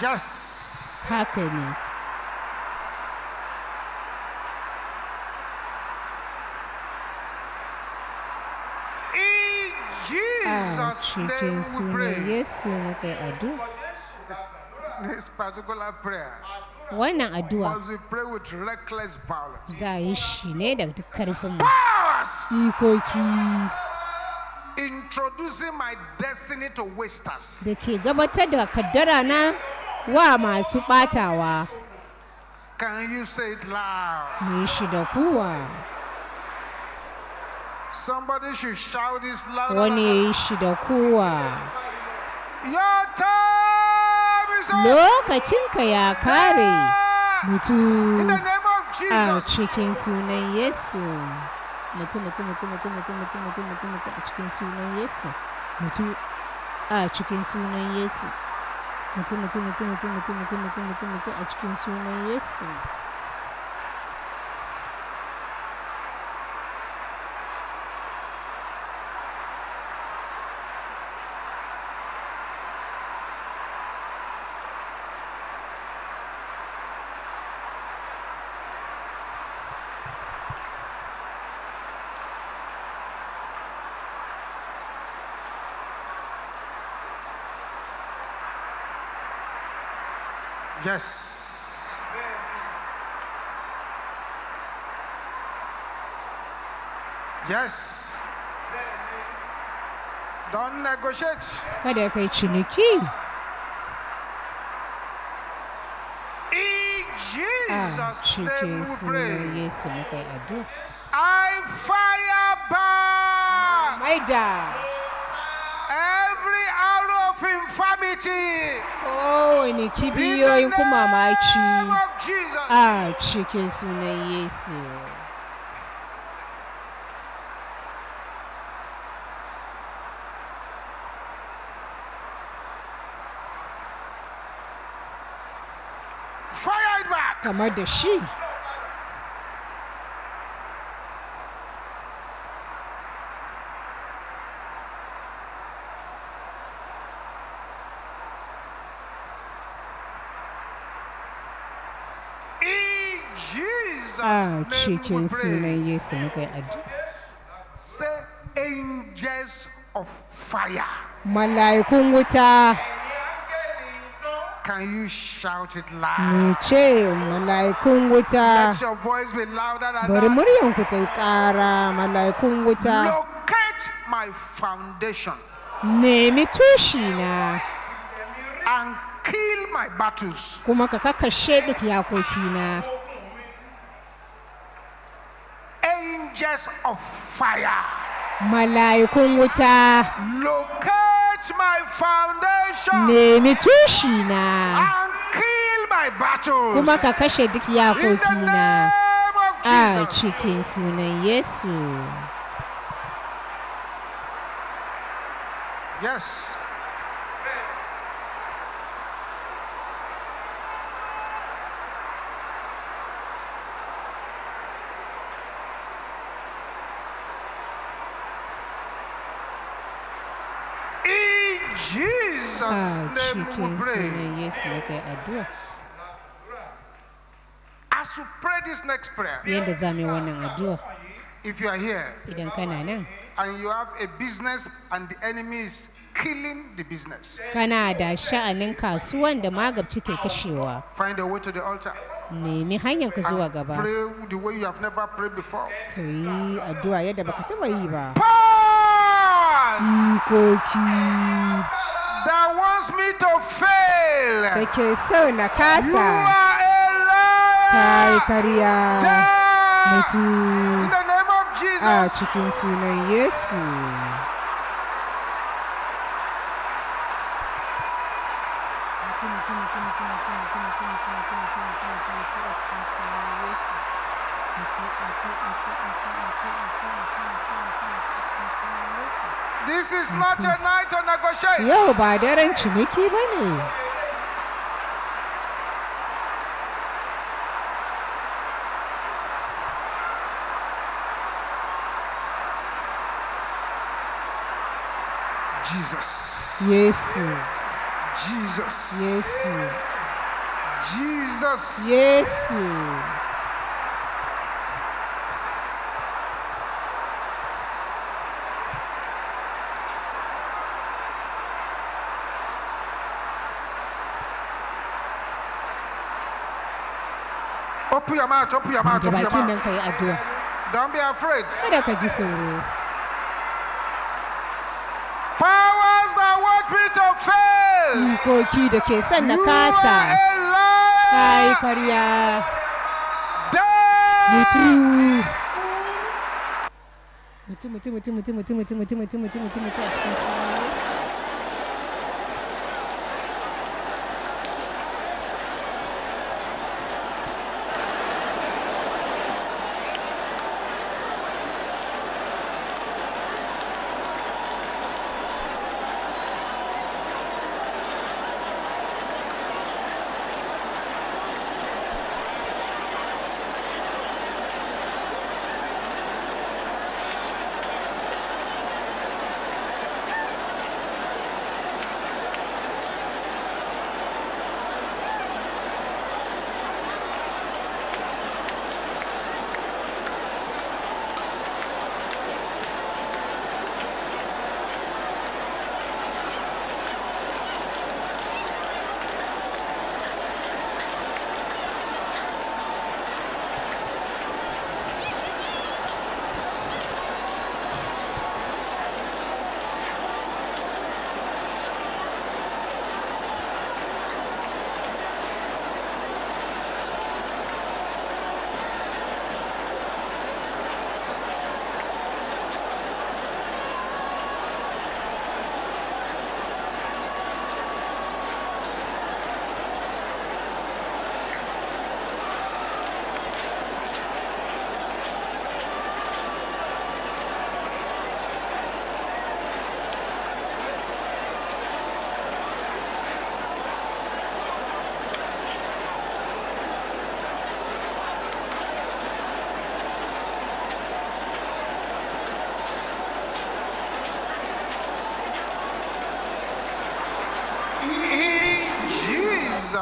Speaker 2: Yes. Haka ne.
Speaker 13: cikin I
Speaker 2: Yesu muka yi addu'a. Wannan addu'a za a yi shi ne da duk karfin Sikoki.
Speaker 13: Introducing my destiny to wasters.
Speaker 2: Da ke gabatar da kaddara na wa masu ɓatawa.
Speaker 13: Can you say it
Speaker 2: loud? da
Speaker 13: Somebody should shout this loud. Wani
Speaker 2: yi da kuwa.
Speaker 13: Your time is
Speaker 2: Lokacinka ya kare mutu a cikin sunan Yesu. Mutu mutu mutu mutu mutu mutu mutu mutu mutu a cikin sunan Yesu. Mutu a cikin sunan Yesu. mutum mutum mutum mutum mutum mutum mutum mutum a cikin sunan yesu
Speaker 13: Yes. Yes. Don't negotiate. Kadaka Chiniki. Jesus' ah, name
Speaker 3: we pray.
Speaker 13: I fire back. My dad. of infirmity.
Speaker 2: Oh, ne in kuma ah, yes. a cikin back. Yesu.
Speaker 13: Kamar da shi. mu kikye Say angels of fire.
Speaker 2: malaikun kunguta.
Speaker 13: Can you shout it loud?
Speaker 2: Niche kunguta. Let your voice be louder than Bari muryan ku ta ƙara malaikun Locate
Speaker 13: my foundation.
Speaker 2: Nemi tushi na.
Speaker 13: And kill my
Speaker 2: battles. Kuma ka kakashe duk yakoki
Speaker 13: of fire.
Speaker 2: Mala'ikun wuta.
Speaker 13: Locate my foundation. Nemi tushi
Speaker 2: na. And
Speaker 13: kill my battles. Kuma ka kashe duk yakoki na. A cikin
Speaker 2: sunan Yesu.
Speaker 13: Yes. As you pray this next prayer. If you are here. And you have a business and the enemy is killing the business. da sha'anin
Speaker 2: kasuwan da ke kashewa.
Speaker 13: Find a way to the altar.
Speaker 2: Nemi hanyar ka zuwa gaba. Pray
Speaker 13: the way you have never prayed before. Ka
Speaker 2: addu'a baka taba yi ba.
Speaker 3: Ikoki.
Speaker 13: that wants me to
Speaker 3: fail. Pekee sawe ah, na kasa. Kaikaria mutu a cikin sunan Yesu.
Speaker 13: This is not a night to negotiate. Yau ba daren
Speaker 2: ciniki ba ne.
Speaker 13: Jesus. Yesu. Jesus. Yesu. Jesus. Yesu. open your mouth, open your mouth, open your
Speaker 2: mouth.
Speaker 13: Don't be afraid. Powers that work me to fail. da ke son na kasa.
Speaker 3: Kai karya.
Speaker 2: Mutu. Mutu mutu mutu mutu mutu mutu mutu mutu mutu mutu mutu a cikin suna.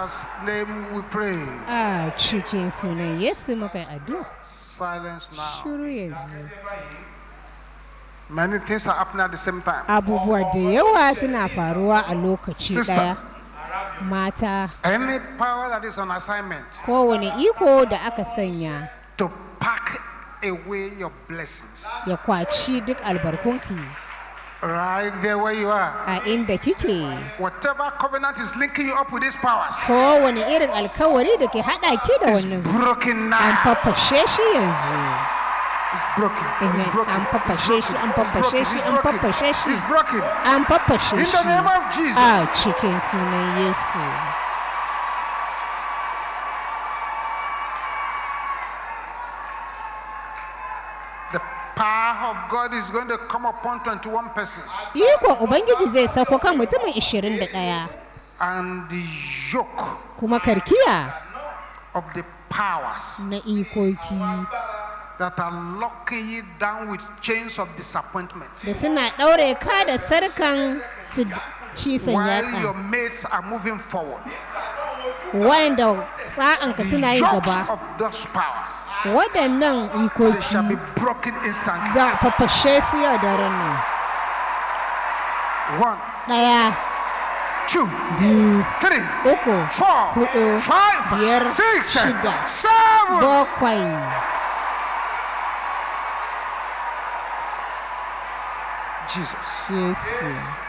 Speaker 13: Jesus
Speaker 3: name we pray. Ah, cikin sunan Yesu muka yi
Speaker 2: addu'a.
Speaker 13: Silence now. Sure yanzu. Many things are happening at the same time.
Speaker 2: Abu Bwadi, you suna faruwa a parua a look at Sister. Mata. Any
Speaker 13: power that is on assignment.
Speaker 2: Kowane iko da aka sanya. To pack
Speaker 13: away your blessings. Ya kwaci
Speaker 2: duk albarkunki.
Speaker 13: Right there where you are. Ah, in the kike. Whatever covenant is linking you up with these powers.
Speaker 2: So when irin alkawari the ke haɗa ki da wannan. It's broken now. An Papa Sheshi. yanzu. It's broken. It's broken. An fafashe shi, an fafashe shi, an Papa Sheshi. It's broken. An Papa Sheshi. In the name of Jesus. A ah, cikin sunan Yesu.
Speaker 13: Ikon
Speaker 2: Ubangiji zai sauko kan mutumin 21. Kuma karkiya
Speaker 13: na ikoki. that are locking you down with chains of disappointment. Da suna ɗaure ka da yatsa.
Speaker 2: While your
Speaker 13: mates are moving forward.
Speaker 2: the sa'anka
Speaker 13: of those powers.
Speaker 3: waɗannan ikoki za a fafashe su yau da ranar ɗaya biyu uku hudu biyar shida bakwai
Speaker 13: Jesus.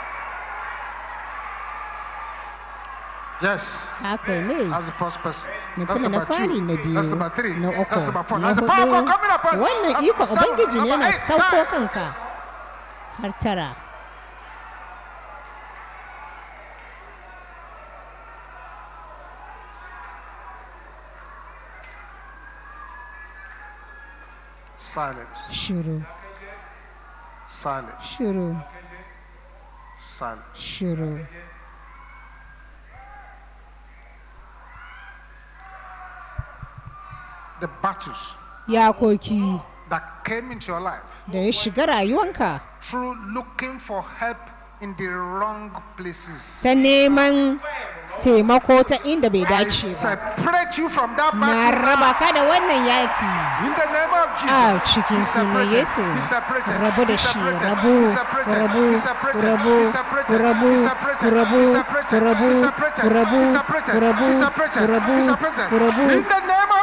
Speaker 13: Yes. Amen. That's the first person. That's number two. That's number three. That's number four. That's the power God coming upon. Wannan iko Ubangiji ne yana sauko kanka
Speaker 2: har tara.
Speaker 13: Silence. Shiru. Silence. Shiru. Silence. Shiru. Silence. the battles
Speaker 2: yakoki
Speaker 13: that came into your life
Speaker 2: da ya shiga rayuwanka
Speaker 13: through looking for help in the wrong places
Speaker 2: ta neman taimako ta inda bai dace
Speaker 13: ba na raba ka da wannan yaki
Speaker 3: a cikin sunan yesu rabu da shi rabu rabu rabu rabu rabu rabu rabu
Speaker 2: rabu rabu rabu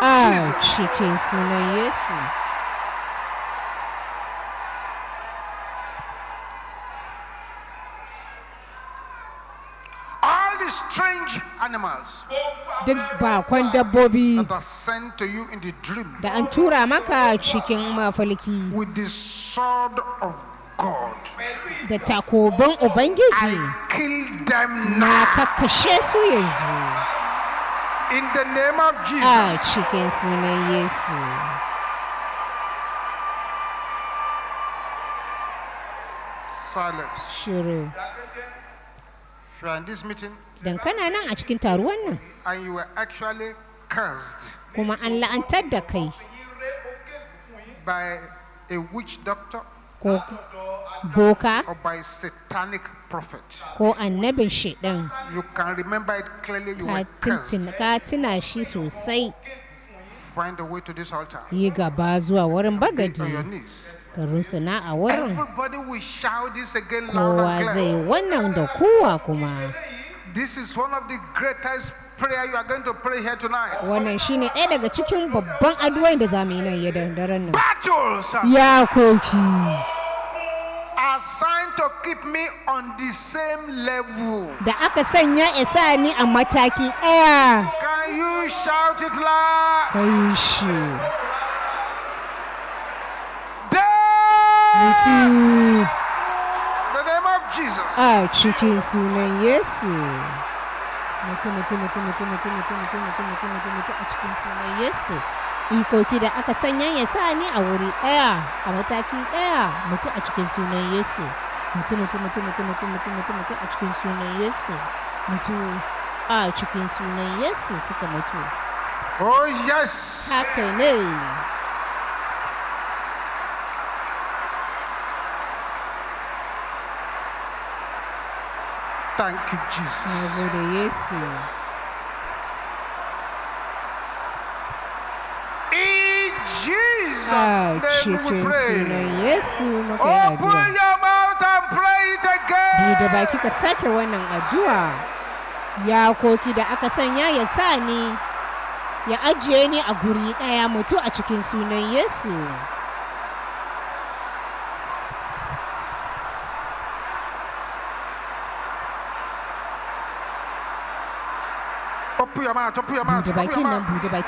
Speaker 13: a
Speaker 3: cikin
Speaker 2: sunan
Speaker 13: yesu
Speaker 2: duk bakon dabbobi da an tura maka cikin mafalki da takobin ubangiji na kakashe su yanzu
Speaker 13: a cikin
Speaker 2: sunan yesu
Speaker 13: silence. Shiru. don kana nan a cikin taruwan nan
Speaker 2: kuma an la'antar da kai
Speaker 13: a
Speaker 2: ko boka by ko annabin shedan ka tuna shi sosai
Speaker 13: yi gaba zuwa wurin bagadi
Speaker 2: ka rusuna a wurin
Speaker 13: kowa zai
Speaker 2: wannan da kowa kuma Wannan shi ne ɗaya daga cikin babban addu'ai da zamu yi nan ya daren nan. Ya koki. Da aka sanya isa ni a
Speaker 3: mataki ɗaya.
Speaker 13: Can you shout it
Speaker 3: loud? shi. mutu a cikin sunan yesu Jesus, mutu
Speaker 2: mutu mutu mutu mutu mutu mutu mutu mutu mutu a cikin sunan yesu ikoki da aka sanya ya sa ni a wuri ɗaya a mataki ɗaya mutu a cikin sunan yesu mutu mutu mutu mutu mutu mutu mutu mutu a cikin sunan yesu mutu a cikin sunan yesu suka mutu oh yes haka ne
Speaker 13: Thank you, Jesus. Благодаря Yesu.
Speaker 6: In
Speaker 2: Jesus' Yesu
Speaker 3: Open your mouth and
Speaker 2: pray it again. da baki ka sake wannan addu'a. Ya koki da aka sanya ya sa ni ya ajiye ni a guri ɗaya mutu a cikin sunan Yesu.
Speaker 13: Open your mouth, open your mouth. Bude bakin nan, bude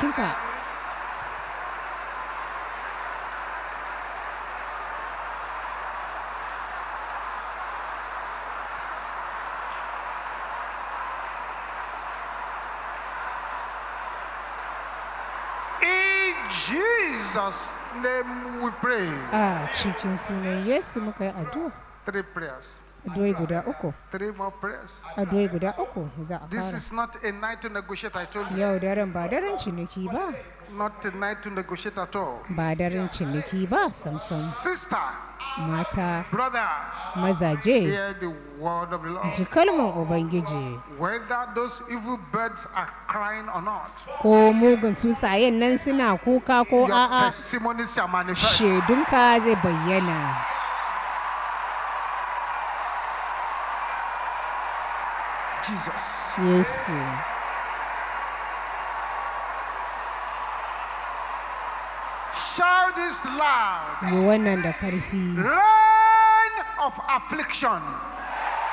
Speaker 13: Jesus name we pray. Ah, cikin sim, Yesu muka yi addu'a. Three prayers.
Speaker 2: addu'o'i guda uku za a this is
Speaker 13: not a night to negotiate i told
Speaker 2: you yau ba daren ciniki ba
Speaker 13: not a night to negotiate at all
Speaker 2: ba daren ciniki ba samson
Speaker 13: sister
Speaker 2: mata brother mazaje hear
Speaker 13: the word of the lord ji kalmar
Speaker 2: ubangiji
Speaker 13: whether those evil birds are crying or not ko
Speaker 2: mugun tsuntsayen nan suna kuka ko a'a your testimonies shall manifest zai bayyana
Speaker 13: Jesus.
Speaker 3: Yesu.
Speaker 13: Shout this loud. da ƙarfi. Rain of affliction.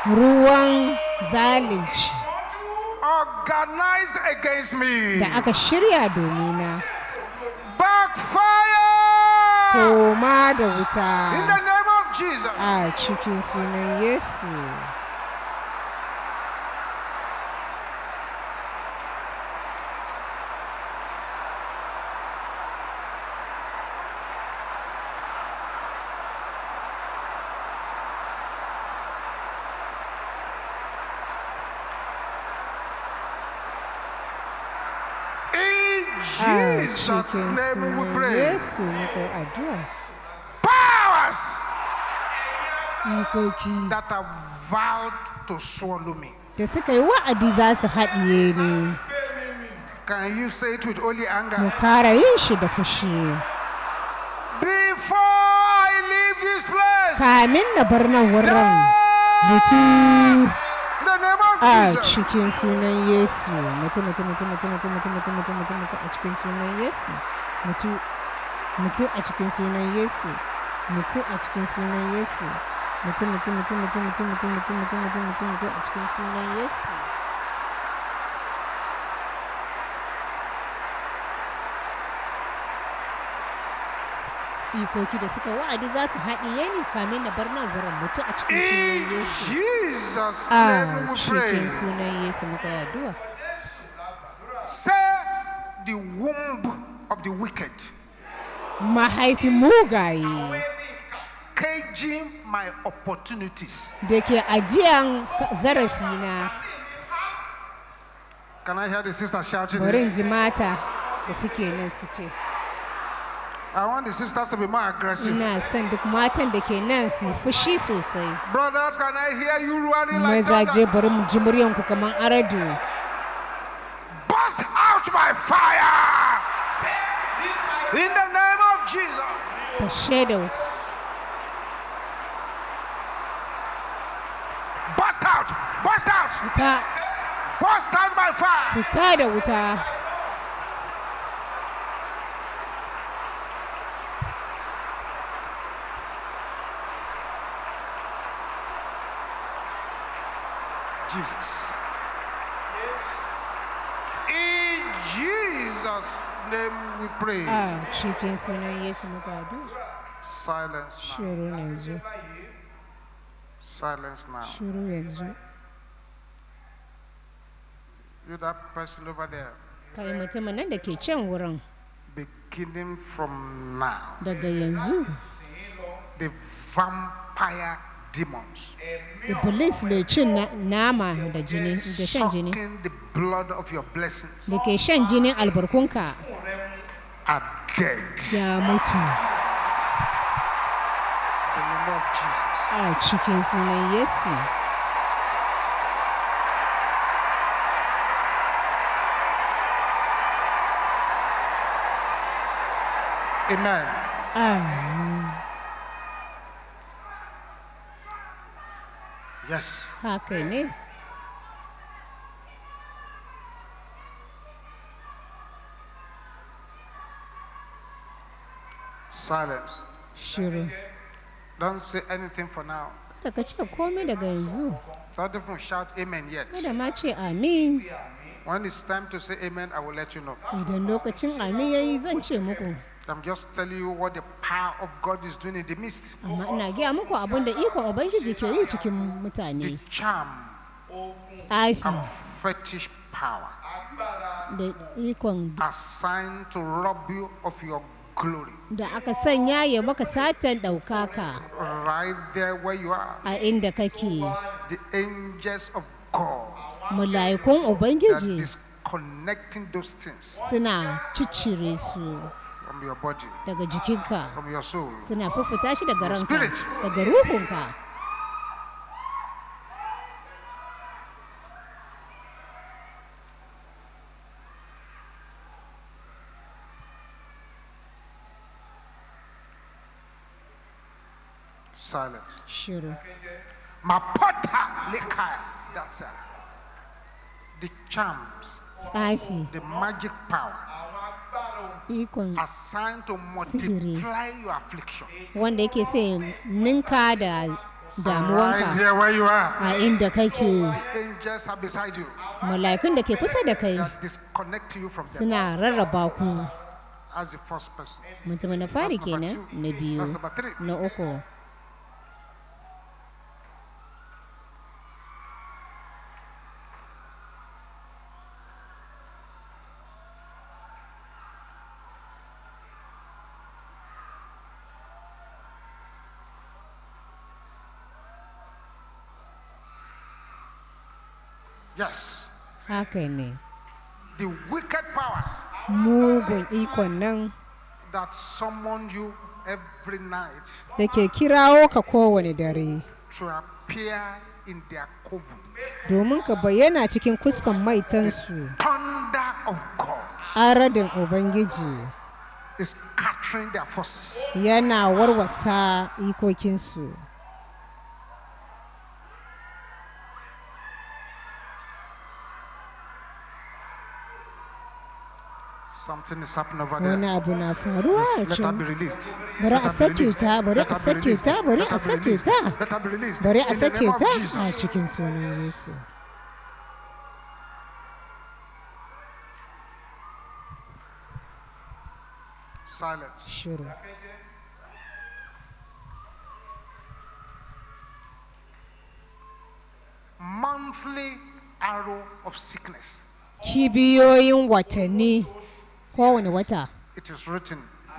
Speaker 2: Ruwan zalunci.
Speaker 13: Organized against me. Da aka
Speaker 2: shirya domina.
Speaker 13: Backfire.
Speaker 3: Koma da wuta.
Speaker 2: In the name of Jesus.
Speaker 3: A cikin sunan Yesu.
Speaker 6: Jesus' name we pray.
Speaker 13: Powers that have vowed to swallow me. Da suka yi wa'adi za su haɗiye ni. Can you say it with only anger? Mu
Speaker 2: yin shi da fushi.
Speaker 13: Before I leave this place. Kamin na bar
Speaker 2: nan wurin. a cikin sunan yesu mutu mutu mutu mutu mutu mutu mutu mutu mutu mutu a cikin sunan yesu mutu mutu a cikin sunan yesu mutu a cikin sunan yesu mutu mutu mutu mutu mutu mutu mutu mutu mutu mutu a cikin sunan yesu ikoki da suka wa'adi za su haɗiye ni kamin na bar nan wurin mutu a cikin
Speaker 13: sunan Yesu. A ah, cikin sunan Yesu muka yi addu'a. Say the womb of the wicked. Mahaifin mugaye. Caging my opportunities.
Speaker 2: Da ke ajiyan zarafina.
Speaker 13: Can I hear the sister shouting this? Bari ji
Speaker 2: mata da suke nan su ce.
Speaker 13: I want the sisters to be more aggressive. Ina
Speaker 2: son duk matan da ke nan su fushi
Speaker 13: Brothers, can I hear you running like thunder?
Speaker 2: Mazaje bari mu ji muryan ku kaman aradu.
Speaker 13: Burst out my fire! In the name of Jesus. Ta shaida wuta. Burst out! Burst out! Wuta. Burst out my fire! Fita da wuta. Jesus. In Jesus' name we pray. Ah, Silence now. Silence now. You that person over there.
Speaker 2: Kai mutumin
Speaker 13: Beginning from now. The vampire demons.
Speaker 2: The police may chin nama. ma da the
Speaker 13: blood of your blessings.
Speaker 2: The ke shan Are dead. Ya mutu.
Speaker 13: the name of Jesus.
Speaker 2: A cikin sunan
Speaker 13: Amen. Amen. Ah. yes haka ne silence Sure. don't say anything for now
Speaker 2: kada ka ce komai daga yanzu
Speaker 13: don't even shout amen yet kada ma
Speaker 2: ce amin
Speaker 13: when it's time to say amen i will let you know
Speaker 2: idan lokacin amin yayi zan ce muku
Speaker 13: I'm just telling you what the power of God is doing in the midst.
Speaker 2: Amma ina gaya muku abin da ikon Ubangiji ke yi cikin mutane.
Speaker 13: The charm Tsafi. and fetish power. Da ikon. Assigned to rob you of your glory.
Speaker 2: Da aka sanya ya maka satan ɗaukaka.
Speaker 13: Right there where you are. A
Speaker 2: inda kake.
Speaker 13: The angels of God.
Speaker 2: Mala'ikun Ubangiji. That
Speaker 13: disconnecting those things. Suna
Speaker 2: ciccire su. daga jikinka suna fufuta shi daga ranka daga ruhunka
Speaker 13: silence. Mapota That's it. The charms.
Speaker 2: The
Speaker 13: magic power. ikon sihiri
Speaker 2: wanda yake sai ninka da damuwanka a inda kake mala'ikun da ke kusa da kai suna rarraba ku
Speaker 13: mutum na fari kenan na biyu na uku
Speaker 2: haka ne
Speaker 13: the wicked powers
Speaker 2: mugun ikon nan
Speaker 13: that summon you every night
Speaker 2: da ke kirawo ka kowane dare
Speaker 13: to appear in their coven
Speaker 2: domin ka bayyana cikin kuskon maitansu
Speaker 13: thunder of god
Speaker 2: aradin ubangiji is scattering their forces yana warwasa ikokinsu
Speaker 13: Something is happening over Wani abu na faruwa a can. Bari a sake ta, bari a sake ta, bari a sake ta. Bari a sake ta a
Speaker 3: cikin sunan Yesu.
Speaker 13: Shiru. Monthly arrow of sickness.
Speaker 2: Kibiyoyin watanni. kowane wata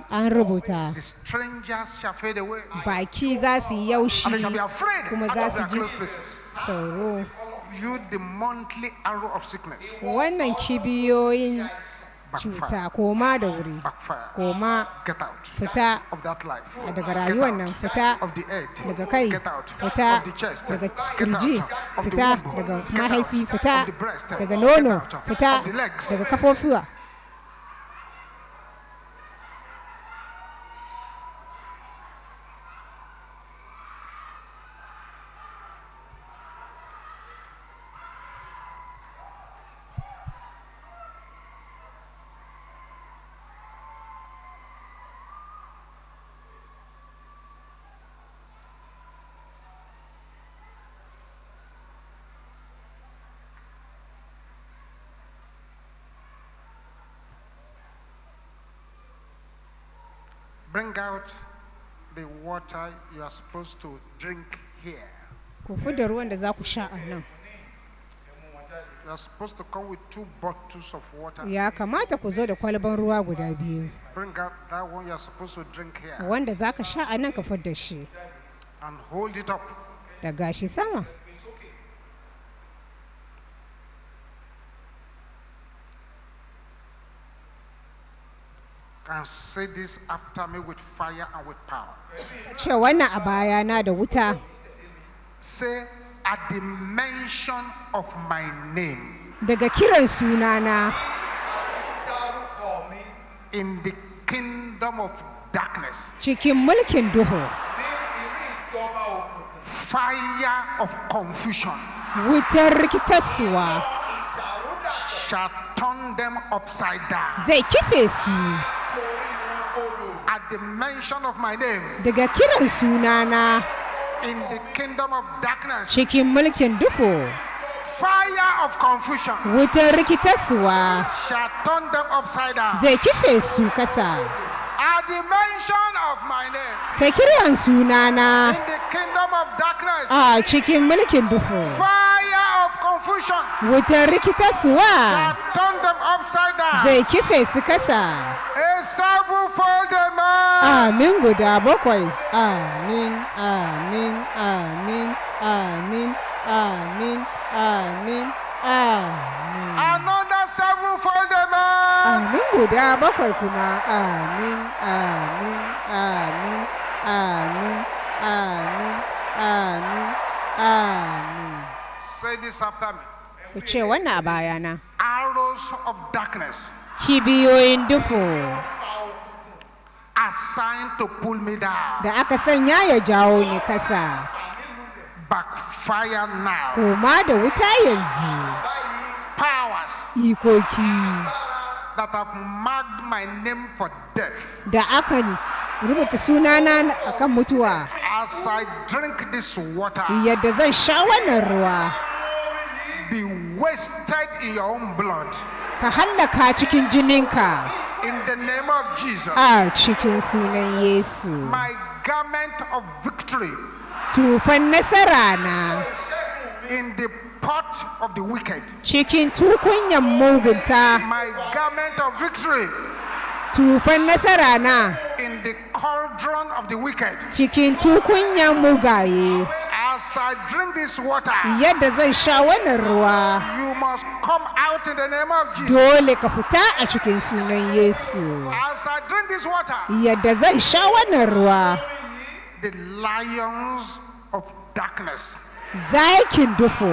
Speaker 2: an rubuta baki za su yi yaushi kuma za su ji
Speaker 13: sauro wannan
Speaker 2: kibiyoyin cuta koma da wuri koma
Speaker 5: fita daga rayuwar nan
Speaker 2: fita daga kai fita daga kirji fita daga mahaifi fita daga nono fita
Speaker 13: daga kafofiwa Bring out the water you are supposed to drink here.
Speaker 2: Ku fudda ruwan da za ku sha a nan.
Speaker 13: You are supposed to come with two bottles of water. Ya kamata ku zo da kwalban ruwa
Speaker 2: guda biyu.
Speaker 13: Bring out that one you are supposed to drink here. Wanda za ka sha a nan ka fudda shi. And hold it up.
Speaker 2: da gashi sama.
Speaker 13: and say this after me with fire and with power.
Speaker 2: da wuta.
Speaker 13: Say at the mention of my name.
Speaker 2: Daga kiran sunana.
Speaker 13: In the kingdom of darkness.
Speaker 3: Cikin mulkin duhu.
Speaker 13: Fire of confusion.
Speaker 2: Wutar rikitarsuwa.
Speaker 13: Shall turn them upside down.
Speaker 2: Zai kife su.
Speaker 13: at the mention of my name
Speaker 2: daga kiran sunana
Speaker 13: in the kingdom of darkness
Speaker 2: cikin mulkin duhu
Speaker 13: fire of confusion wutar rikitarsuwa shall turn them upside down zai
Speaker 2: kife su kasa
Speaker 13: at the mention of my
Speaker 2: name ta kiran sunana in
Speaker 13: the kingdom of darkness a
Speaker 3: cikin mulkin
Speaker 2: duhu
Speaker 13: fire wutar rikitarsuwa zai kife su kasa
Speaker 3: amin guda bakwai amin amin amin amin amin amin amin another
Speaker 13: sevenfold amen
Speaker 3: amin guda bakwai kuma amin amin amin amin amin amin
Speaker 2: amin Ku ce wannan a bayana. Kibiyoyin duhu. Da aka sanya ya jawo ni kasa. Koma da wuta yanzu. Ikoki.
Speaker 13: that have marked my name for death. Da aka rubuta sunana akan mutuwa yadda
Speaker 2: zan sha wannan ruwa ka hallaka cikin jininka a cikin sunan yesu tufan nasara
Speaker 13: na the wicked.
Speaker 2: Cikin tukunyan mugunta. My
Speaker 13: of victory. tufan nasara na cikin tukunyan
Speaker 2: mugaye
Speaker 13: yadda zan sha wannan ruwa, Dole ka fita
Speaker 2: a cikin sunan Yesu.
Speaker 13: yadda zan sha wannan ruwa, the
Speaker 3: Zakin dufo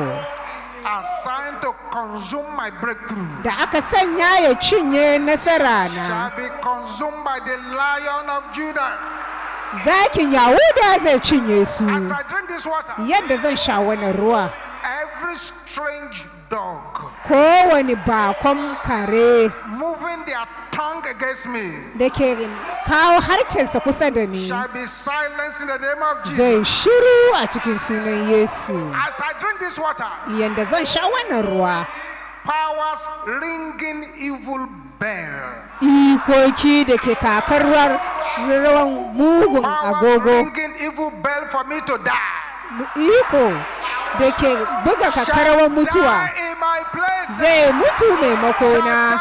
Speaker 13: assigned to consume my breakthrough da aka sanya ya cinye nasara na shall be consumed by the lion of Judah zakin yahuda zai
Speaker 3: cinye su
Speaker 13: yadda zan sha wannan ruwa every strange dog.
Speaker 3: Kowane bakon
Speaker 2: kare.
Speaker 13: Moving their tongue against me. Da ke kawo harcensa
Speaker 2: kusa da ni. Shall
Speaker 13: be silenced in the name of Jesus. Zai shiru
Speaker 2: a cikin sunan Yesu.
Speaker 13: As I drink this water. Yanda
Speaker 2: zan sha wannan ruwa.
Speaker 13: Powers ringing evil
Speaker 3: bell. Ikoki da ke kakarwar rawan mugun agogo. Powers ringing
Speaker 13: evil bell for me to die.
Speaker 3: iko da ke buga kakkarawar mutuwa zai mutu maimakona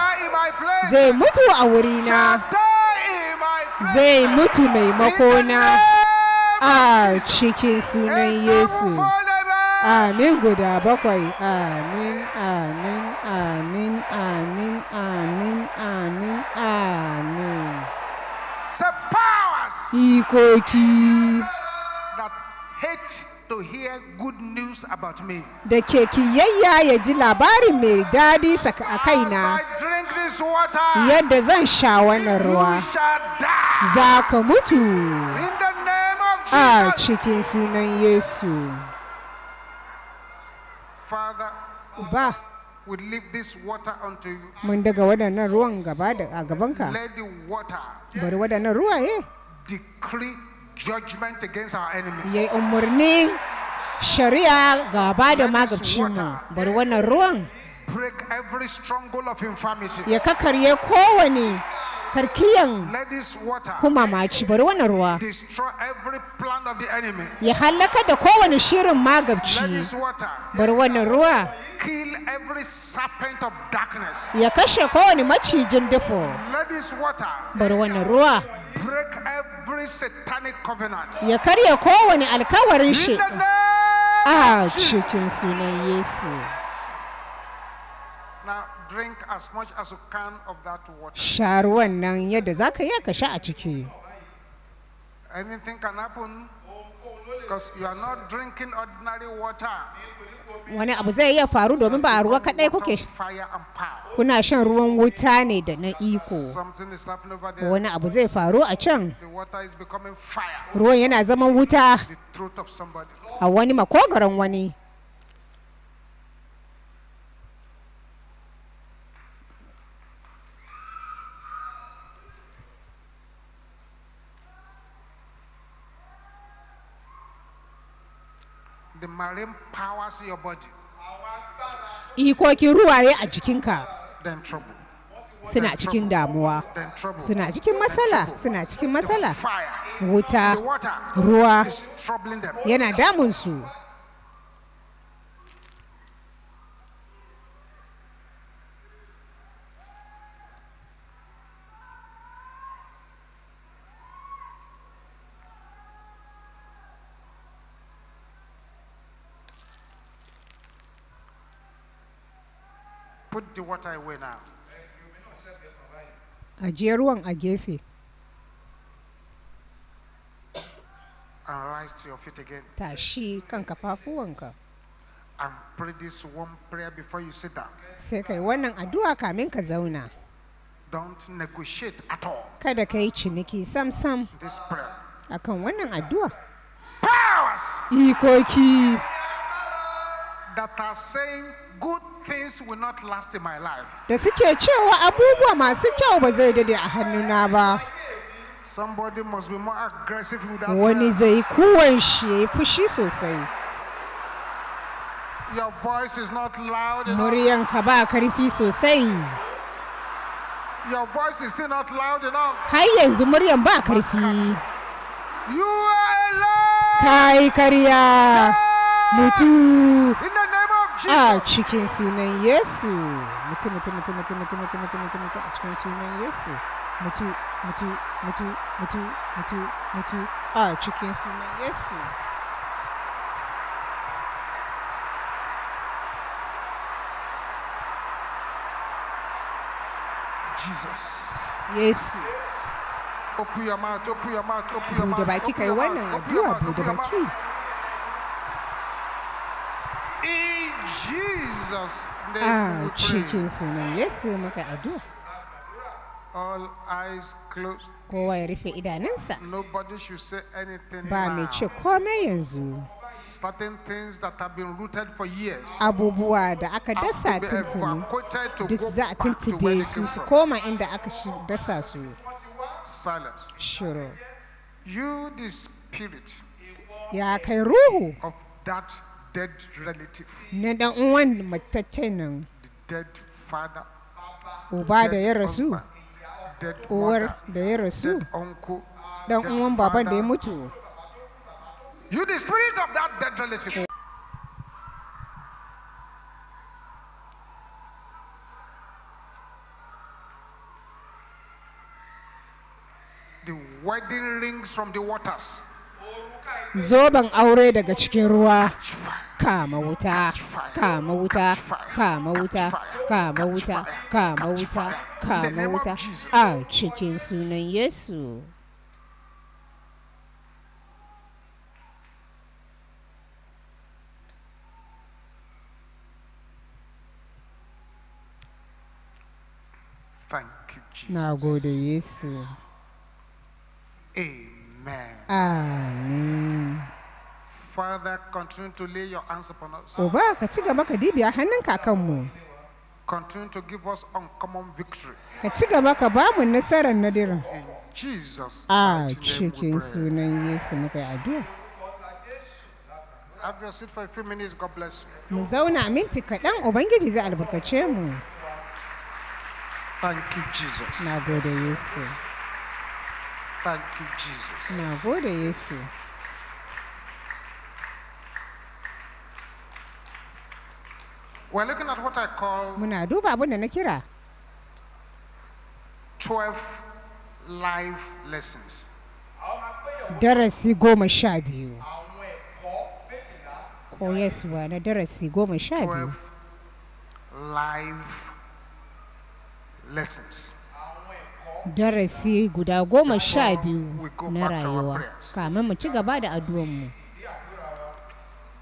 Speaker 3: zai mutu a wurina zai mutu maimakona a cikin sunan yesu amin guda bakwai amin amin amin amin amin amin amin ikoki
Speaker 13: to hear good news about me.
Speaker 2: Da ke kiyayya ya ji labarin mai daɗi a kaina.
Speaker 13: Yadda zan sha wannan ruwa.
Speaker 3: Za ka mutu. A cikin sunan Yesu.
Speaker 13: Ba.
Speaker 2: Mun daga waɗannan ruwan gaba a gabanka. Bari waɗannan ruwaye. Decree
Speaker 13: judgment against our enemies.
Speaker 2: Ya umurni shari'a ga gaba da mu bari wannan ruwan
Speaker 13: break every stronghold of infirmity. Ya kakarye kowane
Speaker 2: karkiyan kuma maci bari wannan ruwa.
Speaker 13: Destroy every plan of the enemy. Ya hallaka da kowane shirin
Speaker 2: magabci bari wannan ruwa.
Speaker 13: Kill every serpent of darkness. Ya kashe kowane macijin dufo.
Speaker 2: Bari wannan ruwa.
Speaker 13: break every satanic covenant. Ya karya kowane alkawarin shi.
Speaker 2: A ah, cikin sunan Yesu.
Speaker 13: Now drink as much as you can of that water. Sha
Speaker 2: ruwan nan yadda zaka yi iya ka sha a ciki.
Speaker 13: Anything can happen because you are not drinking ordinary water. wani abu zai iya faru domin ba a ruwa kaɗai kuke kuna shan ruwan wuta ne da na iko wani abu zai faru a can ruwan yana zaman wuta a wani makogaron wani the marine powers your body
Speaker 2: Iko ruwaye a jikinka then trouble suna cikin damuwa suna cikin matsala suna cikin matsala
Speaker 8: wuta ruwa
Speaker 13: yana damunsu what I wear now.
Speaker 2: Ajiye ruwan a gefe.
Speaker 13: And rise to your feet again.
Speaker 2: Tashi kan kafafuwanka.
Speaker 13: And pray this one prayer before you sit down.
Speaker 2: Sai kai wannan addu'a kamin ka zauna.
Speaker 13: Don't negotiate at all.
Speaker 2: Kada ka yi ciniki sam sam.
Speaker 13: This prayer. Akan wannan addu'a. Powers. Ikoki. that are saying good things will not last in my life. Somebody must be more aggressive with that. Wani zai kuwan
Speaker 2: shi yayi fushi
Speaker 13: Your voice is not loud
Speaker 2: enough.
Speaker 13: Your voice is still not loud enough.
Speaker 2: Har yanzu muryan ba
Speaker 13: You are alone.
Speaker 3: Kai kariya. Mutu. Ah, chicken sunan yesu mutu yesu mutu mutu mutu mutu mutu mutu yesu
Speaker 13: Jesus. Yesu. Open your mouth, open your mouth, open your mouth. Bude baki kai wannan addu'a a ah, cikin
Speaker 2: sunan yesu muka addu'a kowa ya rufe idanunsa ba mai ce komai yanzu
Speaker 13: abubuwa da aka dasa tuntun duk za a
Speaker 2: tuntube su su koma inda aka dasa su shiru ya kai ruhu
Speaker 13: dead relative na
Speaker 2: dan uwan mataccen nan
Speaker 13: dead father
Speaker 2: uba da ya rasu uwar da ya rasu dan uwan baban da ya mutu
Speaker 13: you the spirit of that dead relative the wedding rings from the waters
Speaker 2: Zoban aure daga cikin ruwa kama wuta kama wuta kama wuta kama wuta kama wuta kama wuta a cikin sunan yesu Na gode Yesu.
Speaker 13: Amen.
Speaker 2: Amen. Oba ka ci gaba ka dibiya hannun kakanmu.
Speaker 13: Continue to give us uncommon Ka ci gaba ka ba
Speaker 2: mu nasarar nadirin. A ah, cikin sunan Yesu muka yi addu'a.
Speaker 13: Have your a few
Speaker 2: Mu zauna minti kaɗan Ubangiji zai albarkace mu.
Speaker 13: Thank Na gode Yesu. Na
Speaker 2: gode Yesu.
Speaker 13: We're looking at what I call
Speaker 2: Muna duba abin da na kira
Speaker 13: 12 life lessons.
Speaker 2: Darasi goma sha biyu. Koyaswa oh, na darasi goma sha biyu.
Speaker 13: 12 life lessons.
Speaker 2: Darasi guda goma sha biyu na rayuwa. Kamin mu ci gaba da addu'anmu.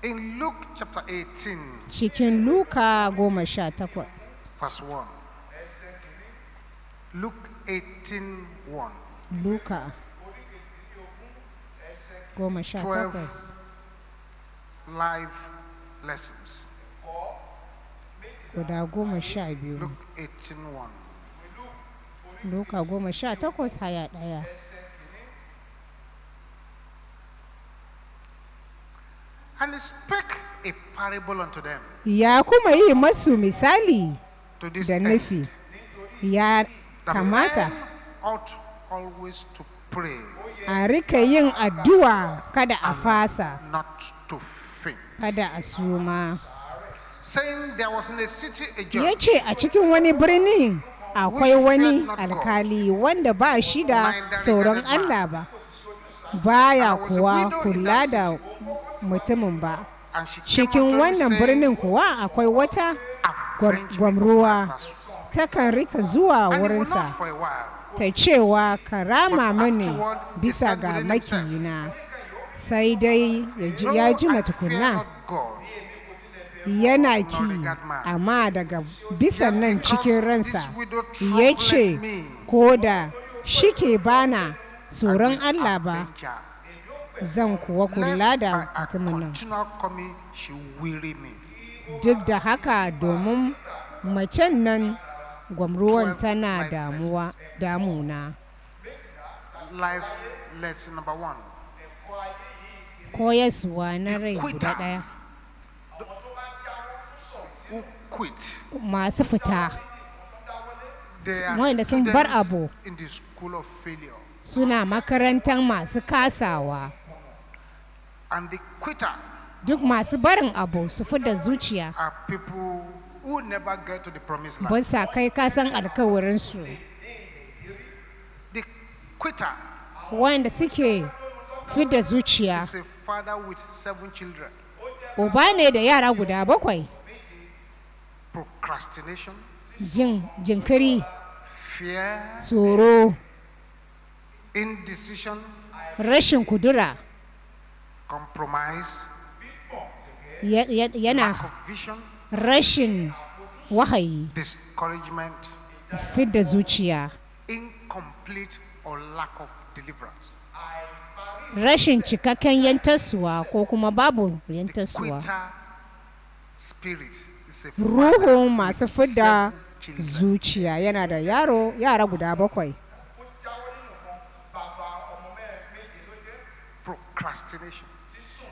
Speaker 13: In Luke chapter 18,
Speaker 2: cikin Luka goma sha takwas,
Speaker 13: verse 1. Luke 18, 1. Luka goma sha takwas, life lessons.
Speaker 2: guda goma sha biyu. Luke 18, 1. Luka goma sha takwas haya daya.
Speaker 13: And he a parable unto them.
Speaker 2: Ya kuma yi masu misali da nufi. Ya kamata.
Speaker 13: always to pray. A rika yin addu'a
Speaker 2: kada a fasa. Not to faint. Kada a suma.
Speaker 13: Saying there was in a city a judge. Ya ce a cikin wani birni akwai wani alkali
Speaker 2: wanda ba shi da sauran Allah ba. Baya kuwa kula da mutumin ba cikin wannan birnin kuwa akwai wata gwamruwa takan rika zuwa wurinsa ta cewa ka rama mani bisa ga makiyina sai dai ya ji matukunna yana ki amma daga bisan nan cikin ransa ya ce ko da shi ke bana tsoron allah ba zan kuwa kula da mutumin
Speaker 13: nan
Speaker 2: duk da haka domin macen nan gwamruwan tana damuwa damuna koyaswa na rai guda ɗaya masu fita
Speaker 13: wanda sun bar abu
Speaker 2: suna makarantar masu kasawa Duk masu barin abu su fi da zuciya.
Speaker 13: Ban sa kai kasan
Speaker 2: alkawarinsu. Wanda suke fi da zuciya.
Speaker 13: Uba ne da yara guda bakwai.
Speaker 2: Jin jinkiri. Tsoro. Rashin kudura.
Speaker 13: yana rashin wahayi fidda zuciya
Speaker 2: rashin cikakken yantarsuwa ko kuma babu yantarsuwa
Speaker 13: ruhun
Speaker 2: masu fidda zuciya yana da yaro yara guda bakwai
Speaker 13: procrastination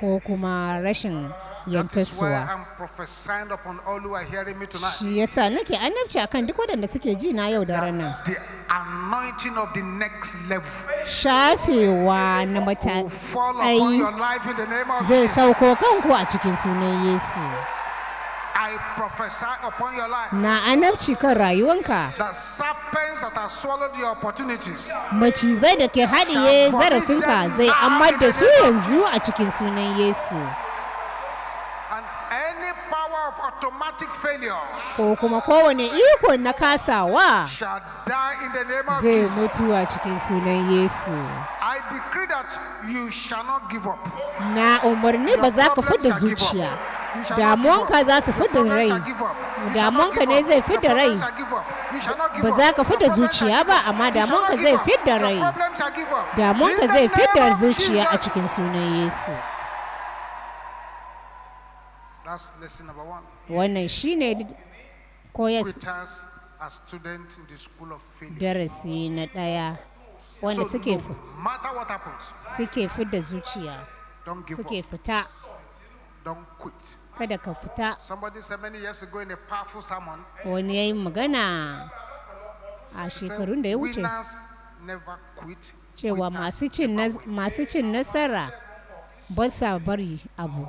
Speaker 2: ko kuma rashin yantarsuwa
Speaker 13: shi yasa nake
Speaker 2: annabci akan duk waɗanda suke ji na yau da rana shafewa na mata zai sauko kanku a cikin sunan yesu
Speaker 13: I prophesy upon your life. Na
Speaker 2: annabci kan rayuwanka. The
Speaker 13: serpents that have swallowed your opportunities. Macizai da ke haɗiye zarafinka zai amma da su yanzu
Speaker 2: a cikin sunan Yesu. ko kuma kowane iko na kasawa zai mutu a cikin sunan Yesu. Na umarni ba za ka fidda zuciya, damuwanka za su fidda rai, damuwanka ne zai fidda rai,
Speaker 13: ba za ka fidda zuciya ba amma damuwanka zai fidda rai, damuwanka zai fidda zuciya a
Speaker 2: cikin sunan Yesu.
Speaker 13: That's lesson number one.
Speaker 2: wannan shi ne darasi na ɗaya
Speaker 13: wanda suke suke
Speaker 2: fidda zuciya
Speaker 13: suke fita
Speaker 2: kada ka fita wani ya yi magana
Speaker 13: a shekarun da ya wuce
Speaker 2: cewa masu cin nasara ba sa bari abu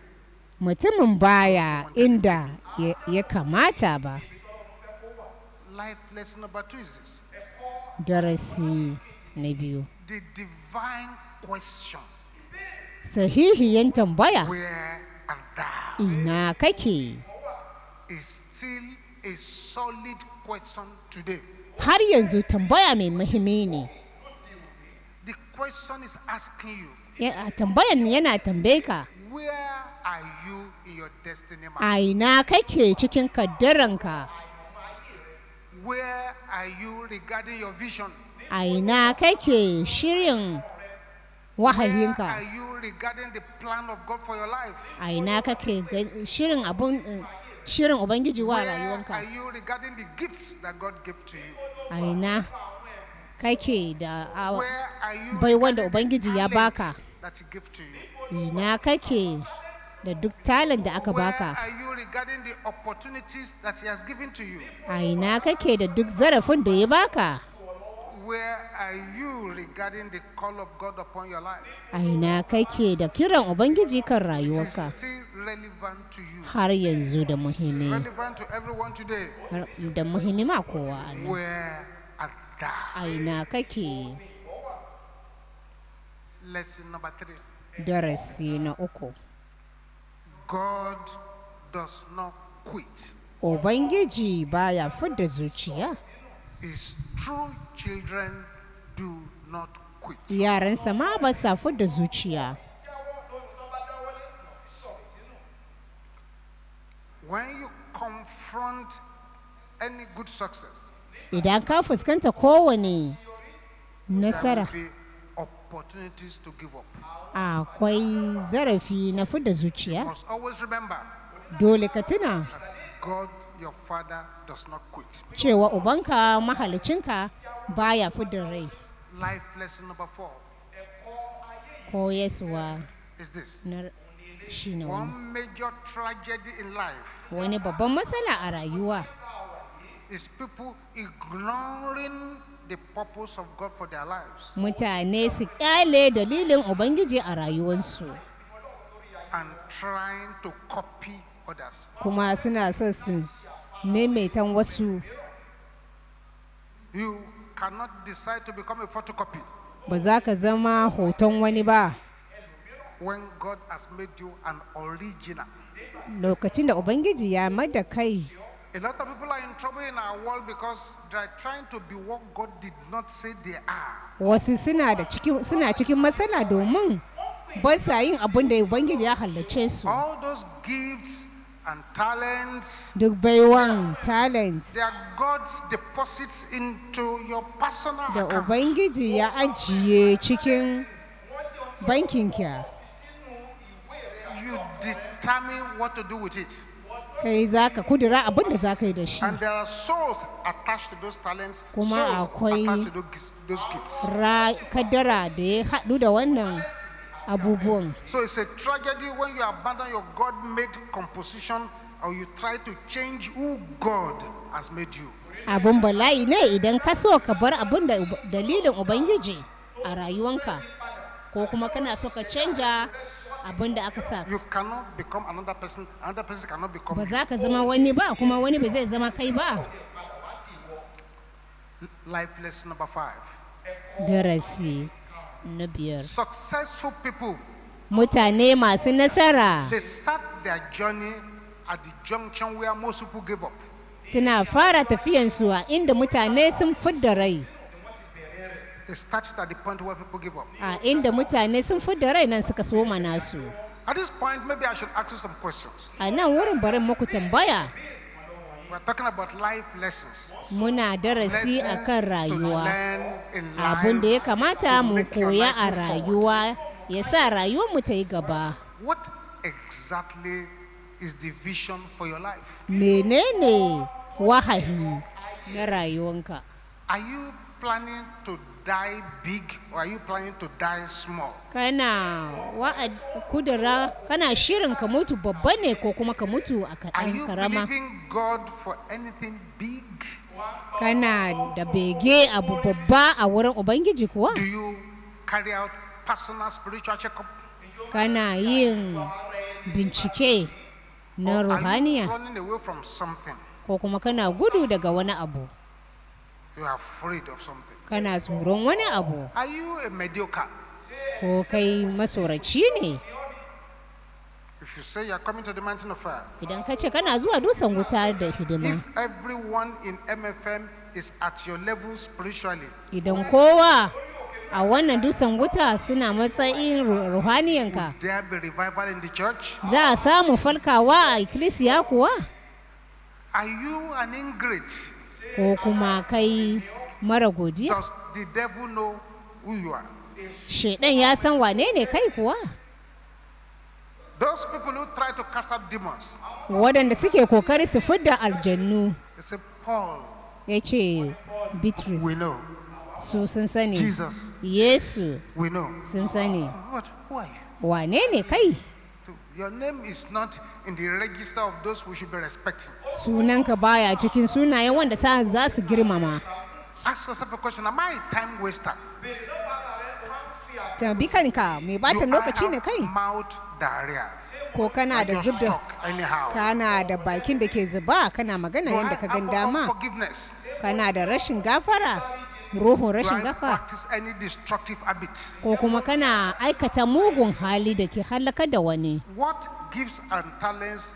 Speaker 2: mutumin baya inda ya kamata ba darasi na biyu sahihiyan tambaya ina kake har yanzu tambaya mai muhimmi ne tambayan yana tambaye ka
Speaker 13: A ina kake cikin
Speaker 2: kaddaranka? Where A ina kake shirin wahayinka? Where A ina kake shirin abun shirin Ubangiji wa rayuwanka? A ina kake da bai wanda Ubangiji ya baka? Ina kake da duk talent da aka baka a ina kake da duk zarafin da ya baka a ina kake da kiran ubangiji kan rayuwarka har yanzu da muhimmi da muhimmi ma kowa a ina kake darasi na uku
Speaker 13: God does not quit.
Speaker 2: Ubangiji baya fidda zuciya.
Speaker 13: His true children do not quit.
Speaker 2: Yaransa ma ba sa fidda zuciya.
Speaker 13: When you confront any good success,
Speaker 2: idan ka fuskanta kowane nasara.
Speaker 13: opportunities to give up.
Speaker 2: Akwai zarafi na fidda zuciya. Must
Speaker 13: always remember. Dole ka tuna. God your father does not quit.
Speaker 2: Cewa ubanka mahalicinka baya fidda rai.
Speaker 13: Life lesson number four.
Speaker 2: Koyaswa. Is this? shi ne
Speaker 13: wani
Speaker 2: babban matsala a rayuwa
Speaker 13: is people ignoring mutane
Speaker 2: su kyale dalilin ubangiji a rayuwarsu kuma suna son su maimaitan wasu ba za ka zama hoton wani ba
Speaker 13: when God has made you an original.
Speaker 2: Lokacin da Ubangiji ya mada kai
Speaker 13: A lot of people are in trouble in our world because they are trying to be what God did not say they are.
Speaker 2: Wasu suna da cikin suna cikin matsala domin ba sa yin abin da Ubangiji ya halarce su.
Speaker 13: All those gifts and talents. Duk baiwan
Speaker 2: talents.
Speaker 13: They are God's deposits into your personal Da
Speaker 2: Ubangiji ya ajiye cikin bankinka.
Speaker 13: You determine what to do with it.
Speaker 2: kai za ka kudura abin da za ka yi da shi
Speaker 13: kuma akwai
Speaker 2: kadara da ya haɗu da wannan abubuwan
Speaker 13: so it's a tragedy when you abandon your god made composition or you try to change who god has made you
Speaker 2: abun bala'i ne idan ka so ka bar abin da dalilin ubangiji a rayuwanka ko kuma kana so ka canja
Speaker 13: abin da aka sa you cannot ba za ka zama wani ba
Speaker 2: kuma wani ba zai zama kai ba darasi na biyar mutane masu nasara they
Speaker 13: start their journey
Speaker 2: suna fara tafiyansu a inda mutane sun fi da rai
Speaker 13: they started at the point where people give up.
Speaker 2: A inda mutane sun fidda rai nan suka soma nasu.
Speaker 13: At this point maybe I should ask you some questions.
Speaker 2: A nan wurin barin muku tambaya.
Speaker 13: We're talking about life lessons.
Speaker 2: Muna darasi akan rayuwa. Abin da ya kamata mu koya a rayuwa ya sa rayuwar mu ta yi gaba.
Speaker 13: What exactly is the vision for your life?
Speaker 2: Menene wahayi
Speaker 13: na rayuwanka? Are you planning to die big or are you planning to die small?
Speaker 2: Kana kudura kana shirin ka mutu babba ne ko kuma ka mutu a karama. Are you believing
Speaker 13: God for anything big?
Speaker 2: Kana da bege abu babba a wurin Ubangiji kuwa? Do you
Speaker 13: carry out personal spiritual checkup?
Speaker 2: Kana yin bincike na ruhaniya? Are you
Speaker 13: running away from something?
Speaker 2: Ko kuma kana gudu daga wani abu?
Speaker 13: You are afraid of something.
Speaker 2: kana tsoron wani abu ko kai masoraci ne idan ka ce kana zuwa dusan wuta da hidima idan kowa a wannan dusan wuta suna matsayin ruhaniyanka za a samu falkawa a ikkilisiya kuwa ko kuma kai mara godiya
Speaker 13: shaidan ya san wane ne kai
Speaker 2: kuwa waɗanda suke kokari su fidda aljannu ya ce bitrus su sun sani yesu sun sani wane ne kai
Speaker 13: Your name is not in the register of those who should be respecting.
Speaker 2: Sunanka baya cikin sunayen wanda sa za su girmama.
Speaker 13: Ask yourself a question Am I a time waster?
Speaker 2: Tambi kanka me bata lokaci ne kai?
Speaker 13: Mouth diarrhea. Ko kana da zub da
Speaker 2: kana da bakin da ke zuba kana magana yadda ka gan dama. Kana da rashin gafara. Ruhun rashin gafara. Ko kuma kana aikata mugun hali da ke halaka da wani.
Speaker 13: What gifts and talents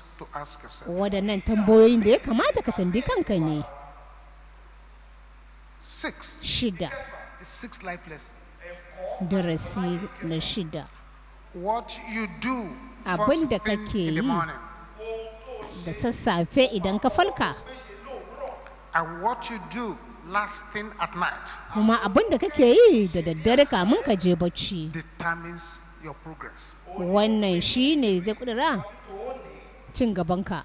Speaker 2: waɗannan tambayoyin da ya kamata ka tambi kanka ne shida darasi na shida
Speaker 13: abin da kake
Speaker 2: yi da sassafe idan ka falka kuma abin da kake yi da daddare kamun ka je bacci wannan shi ne zai kudura cin gabanka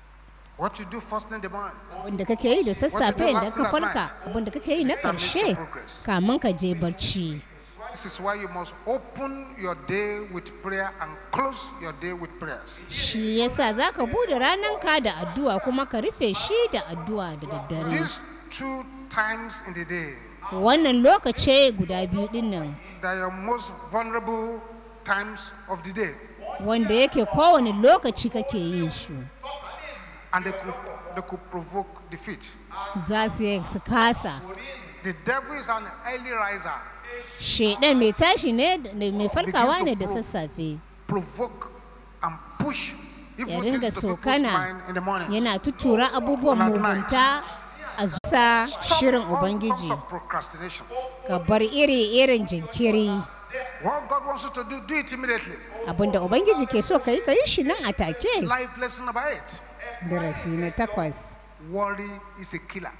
Speaker 13: abinda kake yi da sassafe da ka farka
Speaker 2: abinda kake yi na karshe kamun ka je barci shi yasa za ka bude ka da addu'a kuma ka rufe shi da addu'a da daddare wannan lokaci guda biyu din nan wanda yake kowane lokaci kake yin shi za su yi su kasa shaidan mai tashi ne mai farkawa ne da sassafe
Speaker 13: ya ringa sokana
Speaker 2: yana tuttura abubuwan mugunta a zuwa shirin ubangiji ka bar iri-irin jinkiri
Speaker 13: What God wants to do, do
Speaker 2: Abinda Ubangiji ke so ka yi ka yi shi nan a take.
Speaker 13: Life lesson Darasi
Speaker 2: na takwas.
Speaker 13: a killer.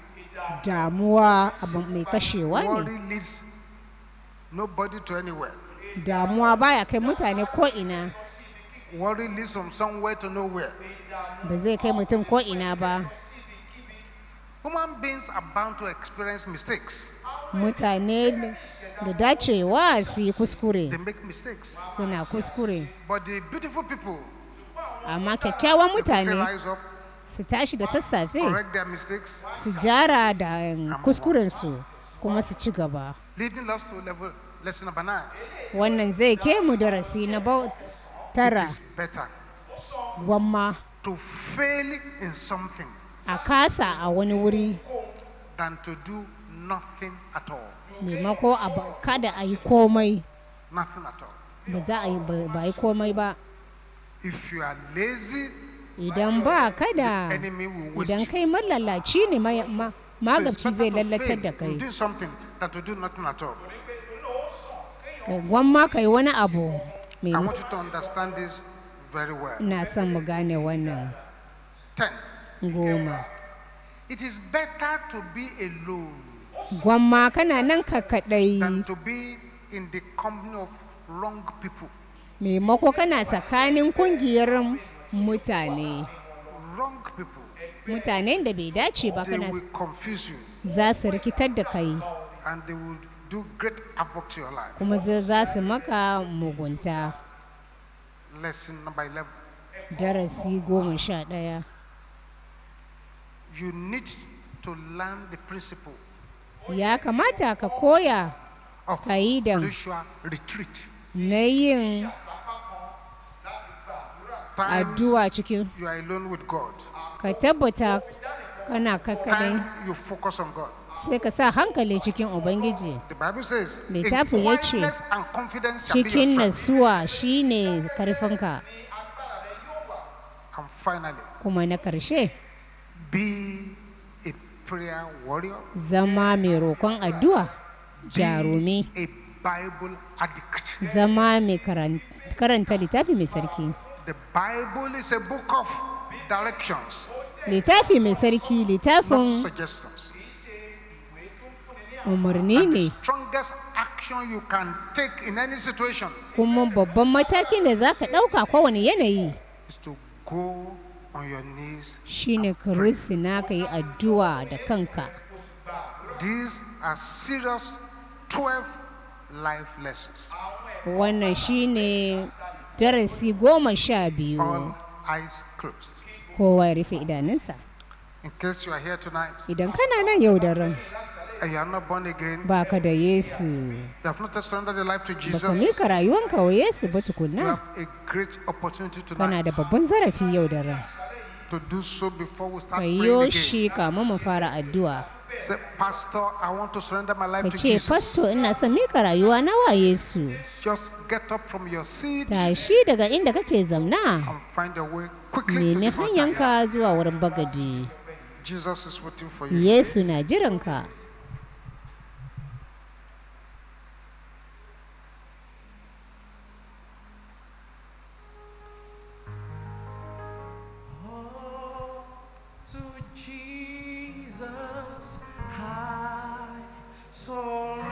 Speaker 2: Damuwa abu mai kashewa ne. Damuwa baya kai mutane ko ina. Ba zai kai mutum ko ina ba.
Speaker 13: Human beings are bound to experience mistakes.
Speaker 2: Mutane da dacewa su yi kuskure suna kuskure amma kyakkyawan mutane su tashi da sassafe su jara da kuskurensu kuma su ci gaba wannan zai ke mu darasi na tara gwamma a kasa a wani wuri
Speaker 13: than to do nothing at
Speaker 2: maimako kada a yi komai ba za a yi ba yi komai ba
Speaker 13: idan ba kada idan kai
Speaker 2: malalaci ne magabci zai lallatar da kai gwamma ka yi wani abu mai na san mu gane wannan goma
Speaker 13: it is better to be alone
Speaker 2: gwamma kana nan ka kaɗai maimako kana tsakanin kungiyar mutane mutanen da bai dace ba kana
Speaker 13: za su rikitar da kai kuma za
Speaker 2: su maka mugunta darasi goma sha ɗaya
Speaker 13: you need to learn the principle
Speaker 2: ya kamata ka koya ka'idan na yin addu'a cikin ka tabbata kana kakkanin sai ka sa hankali cikin ubangiji
Speaker 13: littafin ya ce cikin nasuwa
Speaker 2: shine karfinka kuma na karshe zama mai roƙon addu'a jarumi zama mai karanta littafi mai sarki littafi mai sarki littafin umarni ne kuma babban mataki ne za ka ɗauka kowane yanayi Shi ne ka rusina ka yi addu'a da kanka wannan shi ne darasi goma sha biyu kowa ya rufe idanunsa idan kana nan yau da ran ba ka da Yesu
Speaker 13: ba ka mika
Speaker 2: rayuwanka wa Yesu ba tukuna kana da babban zarafi yau da ran
Speaker 13: ka yi shi
Speaker 2: kama mu fara addu'a ka
Speaker 13: ce pastor
Speaker 2: ina son mika rayuwa na wa Yesu tashi daga inda kake zamna nemi hanyanka zuwa wurin bagadi Yesu na jiranka
Speaker 3: Lord.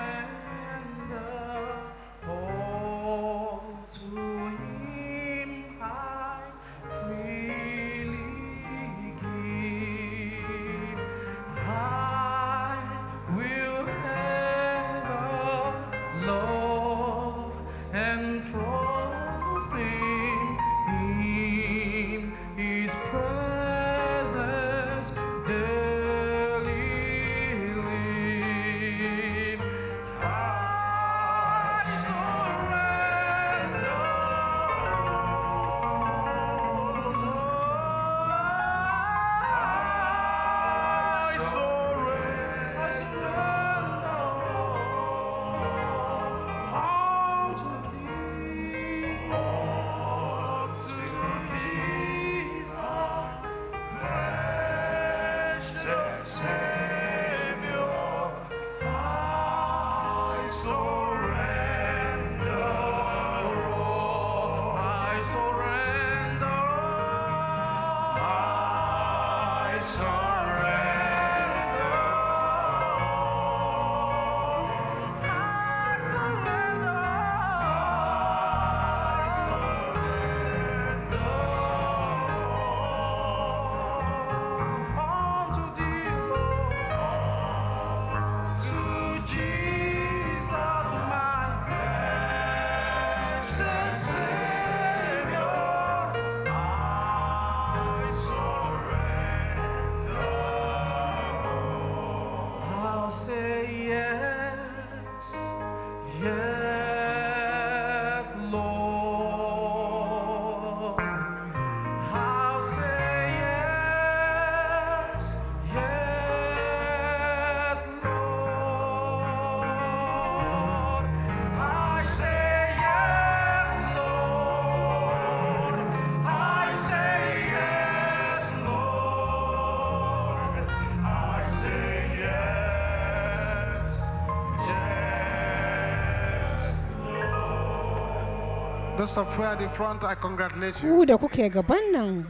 Speaker 13: front just
Speaker 2: da kuke gaban nan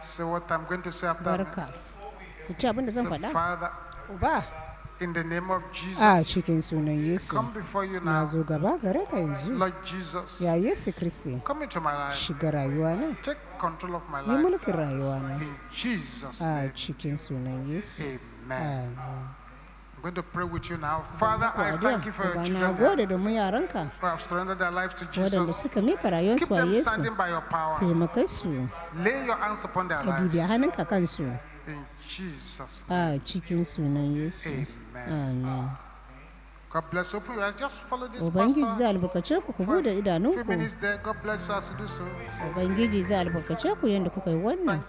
Speaker 13: Say na Barka. Ku ci abin da zan faɗa? Uba. In the name of Jesus, a
Speaker 2: cikin sunan Yesu, na zo gaba gare ka yanzu, ya Yesu Kristi, shiga rayuwa na, yi mulkin rayuwa na,
Speaker 13: a cikin sunan Yesu. Amen. going to pray with you now. Father, I thank you for your children
Speaker 2: who
Speaker 13: have surrendered their life to Jesus.
Speaker 2: Keep them standing by your power. Lay
Speaker 13: your hands upon their
Speaker 2: lives.
Speaker 13: In Jesus'
Speaker 2: name. A Amen. Amen.
Speaker 13: Ubangiji zai
Speaker 2: albarkace ku ku bude idanunku. Ubangiji zai albarkace ku yadda kuka yi wannan.